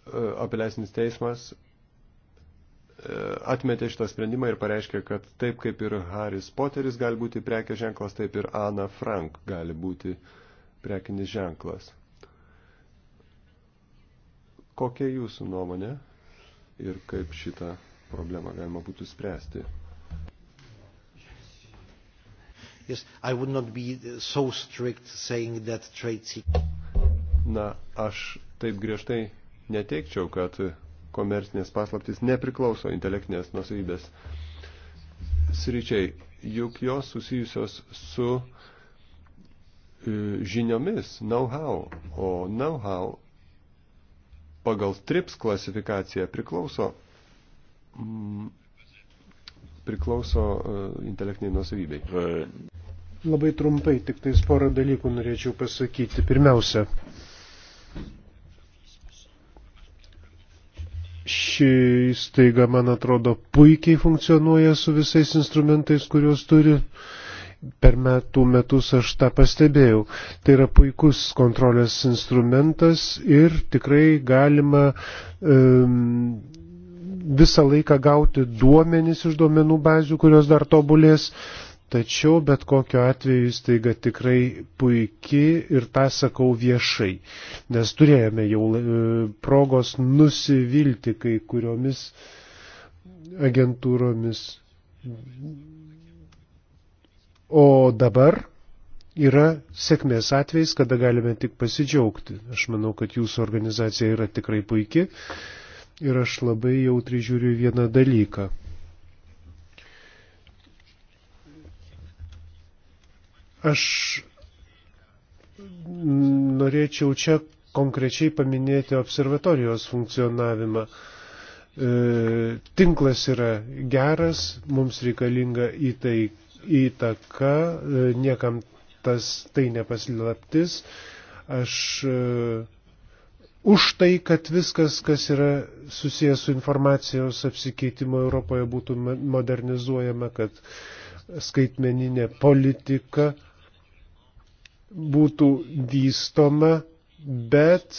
E, apeliacinis teismas e, atmetė šitą sprendimą ir pareiškė, kad taip kaip ir Haris Poteris gali būti prekės ženklas, taip ir Ana Frank gali būti prekinis ženklas. Kokia jūsų nuomonė ir kaip šitą problemą galima būtų spręsti? Yes, I would not be so strict saying that trade secret. Na, aš taip griežtai neteikčiau, kad komercinės paslaptis nepriklauso intelektinės nusavybės sričiai, juk jos susijusios su e, žiniomis, know-how, o know-how pagal TRIPS klasifikaciją priklauso, m, mm, priklauso e, intelektiniai nusavybei. Labai trumpai, tik tais porą dalykų norėčiau pasakyti. Pirmiausia, Ši įstaiga, man atrodo, puikiai funkcionuoja su visais instrumentais, kuriuos turi. Per metų metus aš tą pastebėjau. Tai yra puikus kontrolės instrumentas ir tikrai galima um, visą laiką gauti duomenis iš duomenų bazių, kurios dar tobulės. Uh, Tačiau bet kokiu atveju įstaiga tikrai puikiai ir tą sakau viešai, nes turėjome jau e, progos nusivilti kai kuriomis agentūromis. O dabar yra sėkmės atvejs, kada galime tik pasidžiaugti. Aš manau, kad jūsų organizacija yra tikrai puikia ir aš labai jautri žiūriu vieną dalyką Aš norėčiau čia konkrečiai paminėti observatorijos funkcionavimą. E, tinklas yra geras, mums reikalinga įtai, įtaka, e, niekam tas tai nepaslaptis. Aš e, už tai, kad viskas, kas yra susijęs su informacijos apsikeitimo Europoje, būtų modernizuojama, kad skaitmeninė politika būtų vystoma, bet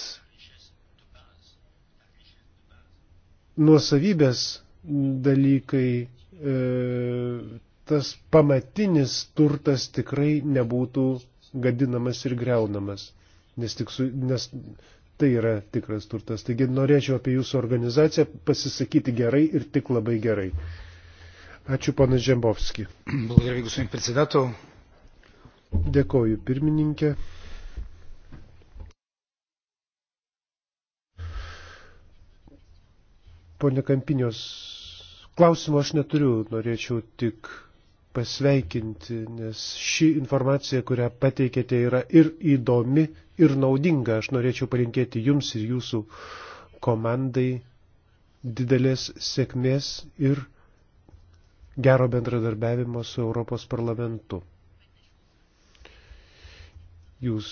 nuosavybės dalykai, e, tas pamatinis turtas tikrai nebūtų gadinamas ir greunamas, nes, tik su, nes tai yra tikras turtas. Taigi norėčiau apie jūsų organizaciją pasisakyti gerai ir tik labai gerai. Ačiū, panas Žembovski. Благодаря ви, господин председател. Dėkoju pirmininkė. Pone Kampinios, klausimo aš neturiu, norėčiau tik pasveikinti, nes ši informacija, kurią pateikėte, yra ir įdomi, ir naudinga. Aš norėčiau palinkėti jums ir jūsų komandai didelės sėkmės ir gero bendradarbiavimo su Europos parlamentu. Jūs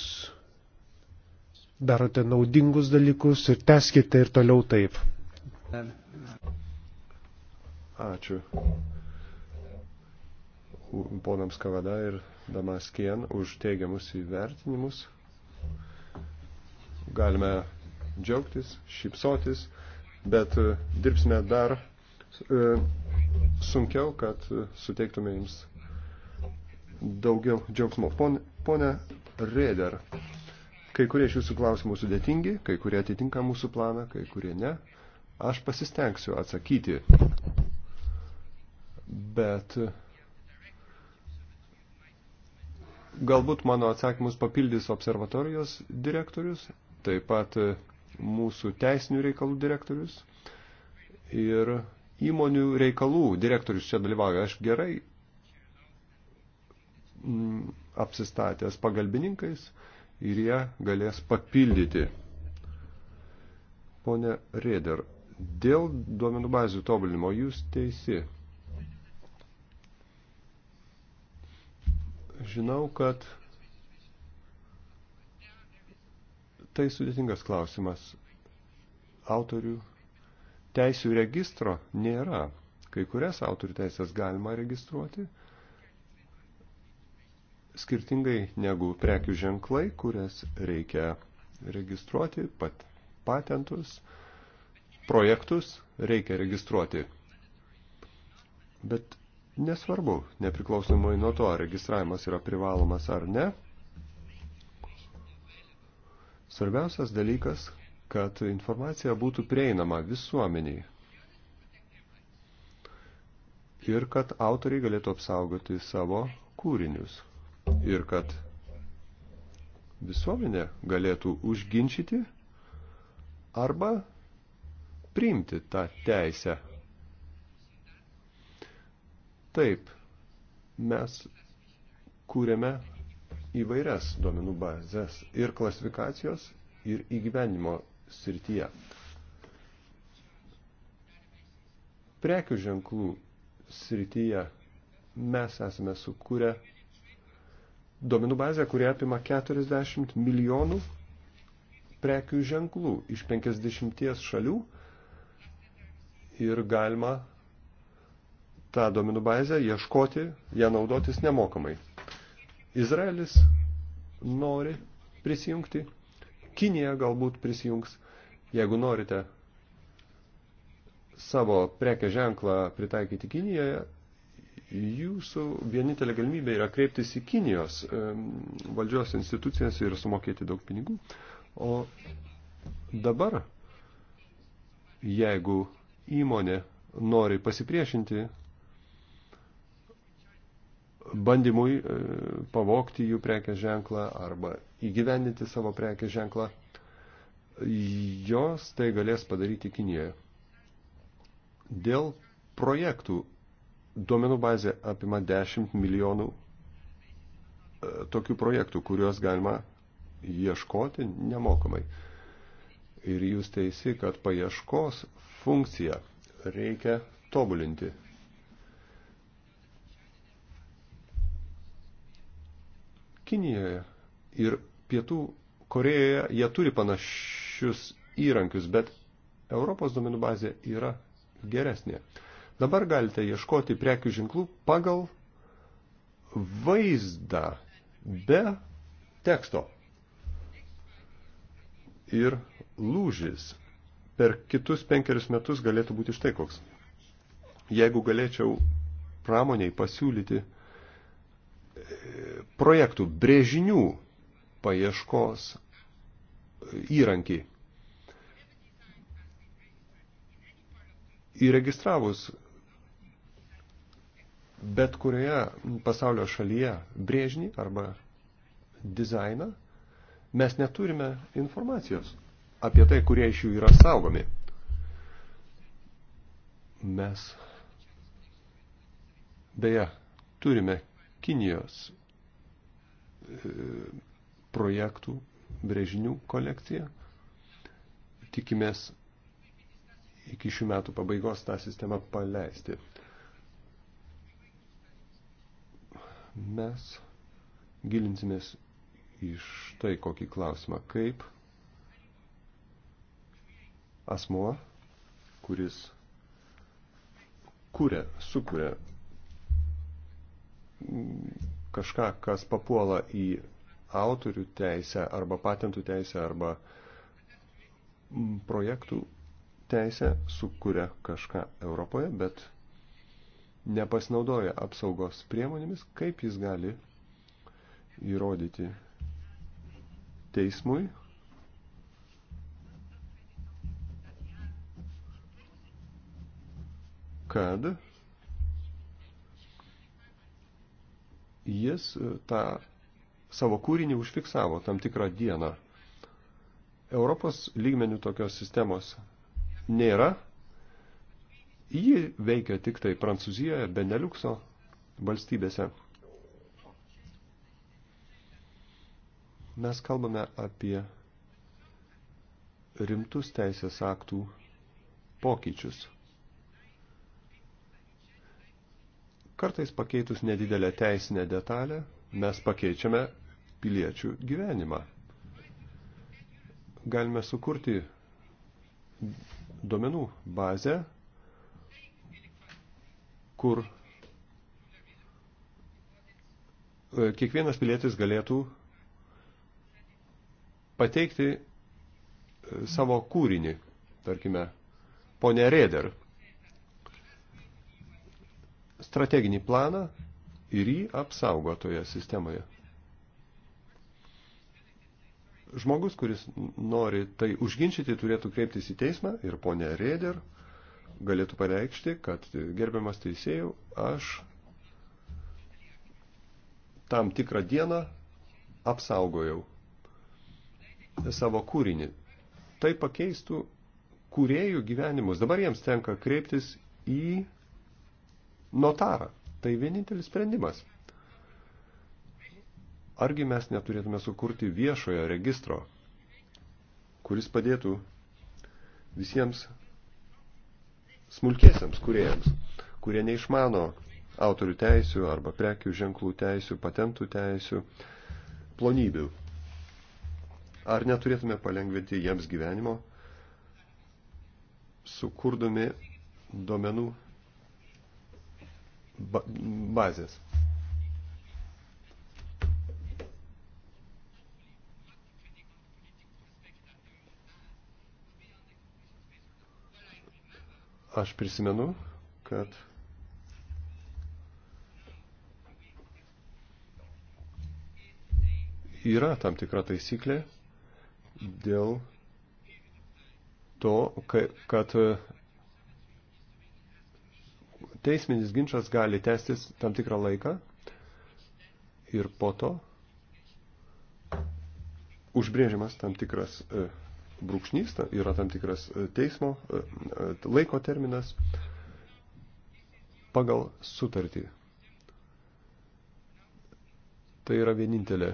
darote naudingus dalykus ir teskite ir toliau taip. Ačiū ponams Kavada ir Damaskien už teigiamus įvertinimus. Galime džiaugtis, šypsotis, bet e, dirbsime dar e, sunkiau, kad e, suteiktume jums daugiau džiaugsmo. Pone Pone Reder, kai kurie iš jūsų klausimų sudėtingi, kai kurie atitinka mūsų planą, kai kurie ne. Aš pasistengsiu atsakyti, bet galbūt mano atsakymus papildys observatorijos direktorius, taip pat mūsų teisinių reikalų direktorius ir įmonių reikalų direktorius čia dalyvauja. Aš gerai mm, apsistatęs pagalbininkais ir jie galės papildyti. Pone Rėder, dėl duomenų bazių tobulinimo jūs teisi. Žinau, kad tai sudėtingas klausimas. Autorių teisių registro nėra. Kai kurias autorių teisės galima registruoti, skirtingai negu prekių ženklai, kurias reikia registruoti, pat, patentus, projektus reikia registruoti. Bet nesvarbu, nepriklausomai nuo to, ar registravimas yra privalomas ar ne, svarbiausias dalykas, kad informacija būtų prieinama visuomeniai ir kad autoriai galėtų apsaugoti savo kūrinius ir kad visuomenė galėtų užginčyti arba priimti tą teisę. Taip, mes kūrėme įvairias duomenų bazės ir klasifikacijos, ir įgyvenimo srityje. Prekių ženklų srityje mes esame sukūrę duomenų bazę, kuri apima 40 milijonų prekių ženklų iš 50 šalių ir galima tą duomenų bazę ieškoti, ją naudotis nemokamai. Izraelis nori prisijungti, Kinija galbūt prisijungs. Jeigu norite savo prekė ženklą pritaikyti Kinijoje, Jūsų vienintelė galimybė yra kreiptis į Kinijos valdžios institucijas ir sumokėti daug pinigų. O dabar, jeigu įmonė nori pasipriešinti bandymui e, pavokti jų prekės ženklą arba įgyvendinti savo prekės ženklą, jos tai galės padaryti Kinijoje. Dėl projektų Duomenų bazė apima 10 milijonų e, tokių projektų, kuriuos galima ieškoti nemokamai. Ir jūs teisi, kad paieškos funkciją reikia tobulinti. Kinijoje ir Pietų Korejoje jie turi panašius įrankius, bet Europos duomenų bazė yra geresnė. Dabar galite ieškoti prekių ženklų pagal vaizdą be teksto. Ir lūžis per kitus penkerius metus galėtų būti štai koks. Jeigu galėčiau pramoniai pasiūlyti e, projektų brėžinių paieškos įrankį. Įregistravus bet kurioje pasaulio šalyje brėžinį arba dizainą, mes neturime informacijos apie tai, kurie iš jų yra saugomi. Mes beje turime Kinijos e, projektų, brėžinių kolekciją. Tikimės iki šių metų pabaigos tą sistemą paleisti. Mes gilinsimės iš tai kokį klausimą, kaip asmuo, kuris kuria, sukuria kažką, kas papuola į autorių teisę arba patentų teisę arba projektų teisę, sukuria kažką Europoje, bet nepasinaudoja apsaugos priemonėmis, kaip jis gali įrodyti teismui, kad jis e, tą savo kūrinį užfiksavo tam tikrą dieną. Europos lygmenių tokios sistemos nėra, Ji veikia tik tai Prancūzijoje, Beneliukso valstybėse. Mes kalbame apie rimtus teisės aktų pokyčius. Kartais pakeitus nedidelę teisinę detalę, mes pakeičiame piliečių gyvenimą. Galime sukurti duomenų bazę, kur e, kiekvienas pilietis galėtų pateikti e, savo kūrinį, tarkime, ponė Reder, strateginį planą ir jį apsaugo toje sistemoje. Žmogus, kuris nori tai užginčyti, turėtų kreiptis į teismą ir ponė Reder – galėtų pareikšti, kad gerbiamas teisėjų, aš tam tikrą dieną apsaugojau savo kūrinį. Tai pakeistų kūrėjų gyvenimus. Dabar jiems tenka kreiptis į notarą. Tai vienintelis sprendimas. Argi mes neturėtume sukurti viešojo registro, kuris padėtų visiems smulkiesiams kuriejams, kurie neišmano autorių teisių arba prekių ženklų teisių, patentų teisių, plonybių. Ar neturėtume palengvinti jiems gyvenimo, sukurdami duomenų bazės? Aš prisimenu, kad yra tam tikra taisyklė dėl to, kad teisminis ginčas gali tęstis tam tikrą laiką ir po to užbrėžiamas tam tikras e, brūkšnys, yra tam tikras e, teismo e, e, laiko terminas pagal sutartį. Tai yra vienintelė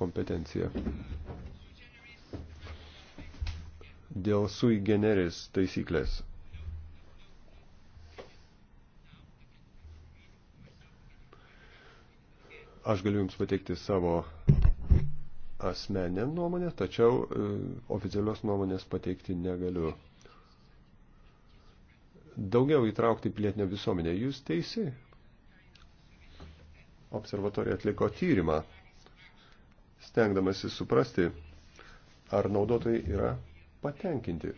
kompetencija. Dėl sui generis taisyklės. Aš galiu Jums pateikti savo asmenę nuomonę, tačiau e, oficialios nuomonės pateikti negaliu. Daugiau įtraukti pilietinę visuomenę. Jūs teisi? Observatorija atliko tyrimą, stengdamasi suprasti, ar naudotojai yra patenkinti.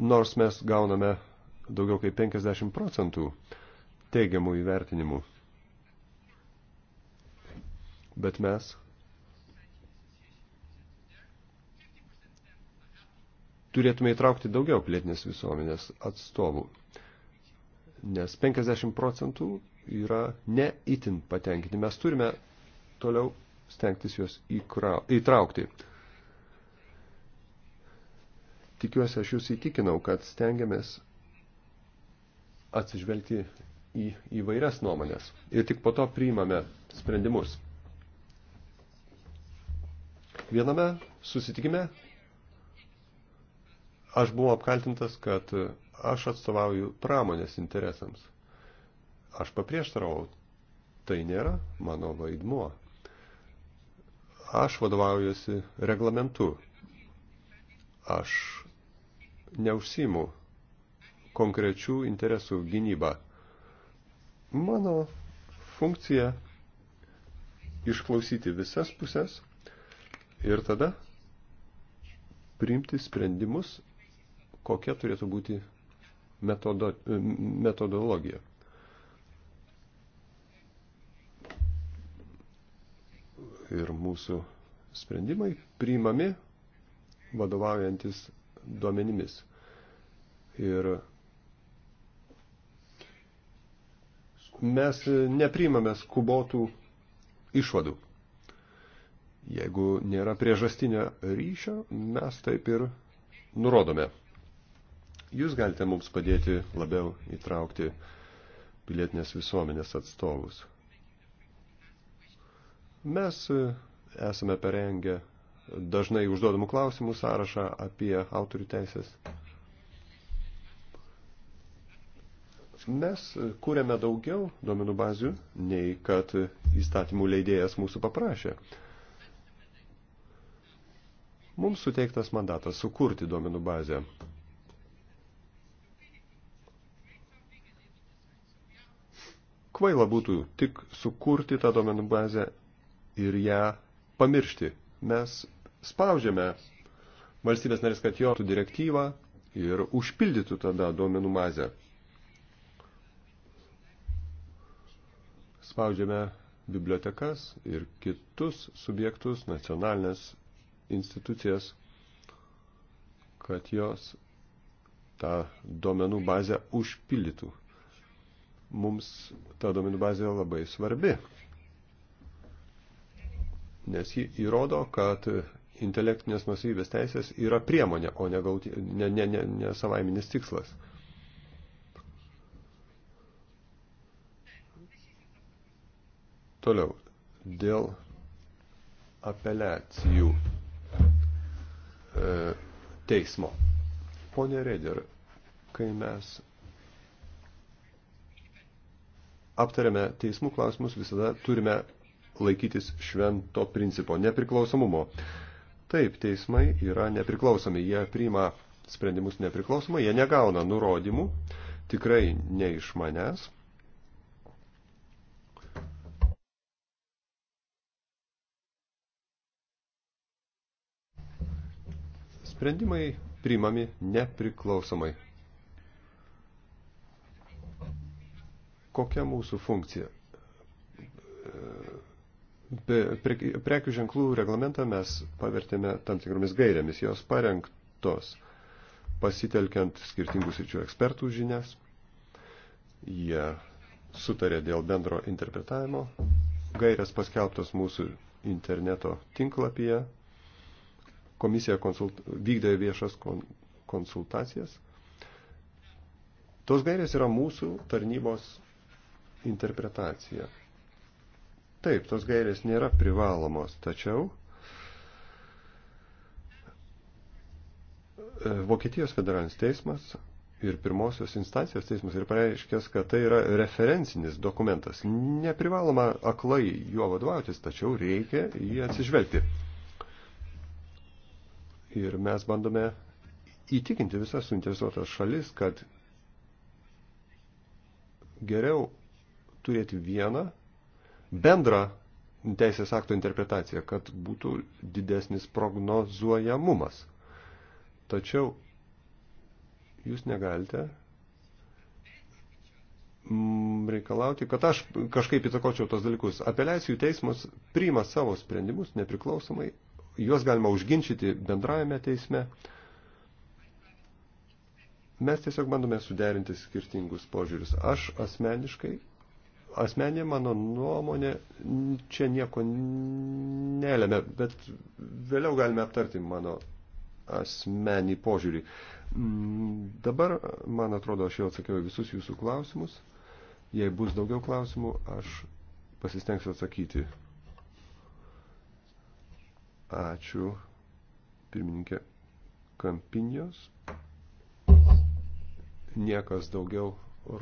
Nors mes gauname daugiau kaip 50 procentų teigiamų įvertinimų. Bet mes turėtume įtraukti daugiau pilietinės visuomenės atstovų, nes 50 procentų yra ne itin patenkinti. Mes turime toliau stengtis juos įtraukti. Tikiuosi, aš jūs įtikinau, kad stengiamės atsižvelgti į įvairias nuomonės ir tik po to priimame sprendimus. Viename susitikime aš buvau apkaltintas, kad aš atstovauju pramonės interesams. Aš paprieštaravau. Tai nėra mano vaidmuo. Aš vadovaujuosi reglamentu. Aš neužsimu konkrečių interesų gynybą. Mano funkcija išklausyti visas pusės ir tada priimti sprendimus, kokia turėtų būti metodo, metodologija. Ir mūsų sprendimai priimami vadovaujantis duomenimis. Ir mes nepriimame skubotų išvadų. Jeigu nėra priežastinio ryšio, mes taip ir nurodome. Jūs galite mums padėti labiau įtraukti pilietinės visuomenės atstovus. Mes e, esame parengę dažnai užduodamų klausimų sąrašą apie autorių teisės. Mes e, kūrėme daugiau duomenų bazių, nei kad įstatymų leidėjas mūsų paprašė. Mums suteiktas mandatas sukurti duomenų bazę. Kvaila būtų tik sukurti tą duomenų bazę ir ją pamiršti. Mes spaudžiame valstybės narės, kad jo direktyvą ir užpildytų tada duomenų bazę. Spaudžiame bibliotekas ir kitus subjektus, nacionalinės institucijas, kad jos tą duomenų bazę užpildytų. Mums ta duomenų bazė labai svarbi, nes ji įrodo, kad intelektinės nusavybės teisės yra priemonė, o ne, gauti, ne, ne, ne, ne savaiminis tikslas. Toliau, dėl apeliacijų. E, teismo. Pone Reder, kai mes aptariame teismų klausimus, visada turime laikytis švento principo – nepriklausomumo. Taip, teismai yra nepriklausomi, jie priima sprendimus nepriklausomai, jie negauna nurodymų, tikrai ne iš manęs – Sprendimai priimami nepriklausomai. Kokia mūsų funkcija? Be prekių ženklų reglamentą mes pavertėme tam tikromis gairėmis, jos parengtos pasitelkiant skirtingų sričių ekspertų žinias. Jie sutarė dėl bendro interpretavimo. Gairės paskelbtos mūsų interneto tinklapyje komisija konsult, vykdė viešas kon, konsultacijas. Tos gairės yra mūsų tarnybos interpretacija. Taip, tos gairės nėra privalomos, tačiau e, Vokietijos federalinis teismas ir pirmosios instancijos teismas ir pareiškęs, kad tai yra referencinis dokumentas. Neprivaloma aklai juo vadovautis, tačiau reikia jį atsižvelgti. Ir mes bandome įtikinti visas suinteresuotas šalis, kad geriau turėti vieną bendrą teisės akto interpretaciją, kad būtų didesnis prognozuojamumas. Tačiau jūs negalite mm, reikalauti, kad aš kažkaip įtakočiau tos dalykus. Apeliacijų teismas priima savo sprendimus nepriklausomai juos galima užginčyti bendrajame teisme. Mes tiesiog bandome suderinti skirtingus požiūrius. Aš asmeniškai, asmenė mano nuomonė, čia nieko nelėmė, bet vėliau galime aptarti mano asmenį požiūrį. Mm, dabar, man atrodo, aš jau atsakiau visus jūsų klausimus. Jei bus daugiau klausimų, aš pasistengsiu atsakyti. Ačiū, pirmininkė Kampinijos. Niekas daugiau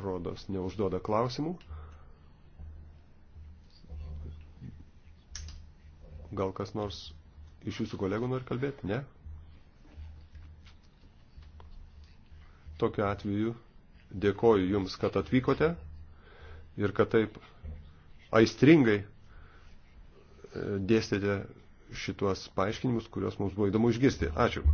rodos neužduoda klausimų. Gal kas nors iš jūsų kolegų nori kalbėti? Ne? Tokiu atveju dėkoju Jums, kad atvykote ir kad taip aistringai e, dėstėte šituos paaiškinimus, kuriuos mums buvo įdomu išgirsti. Ačiū.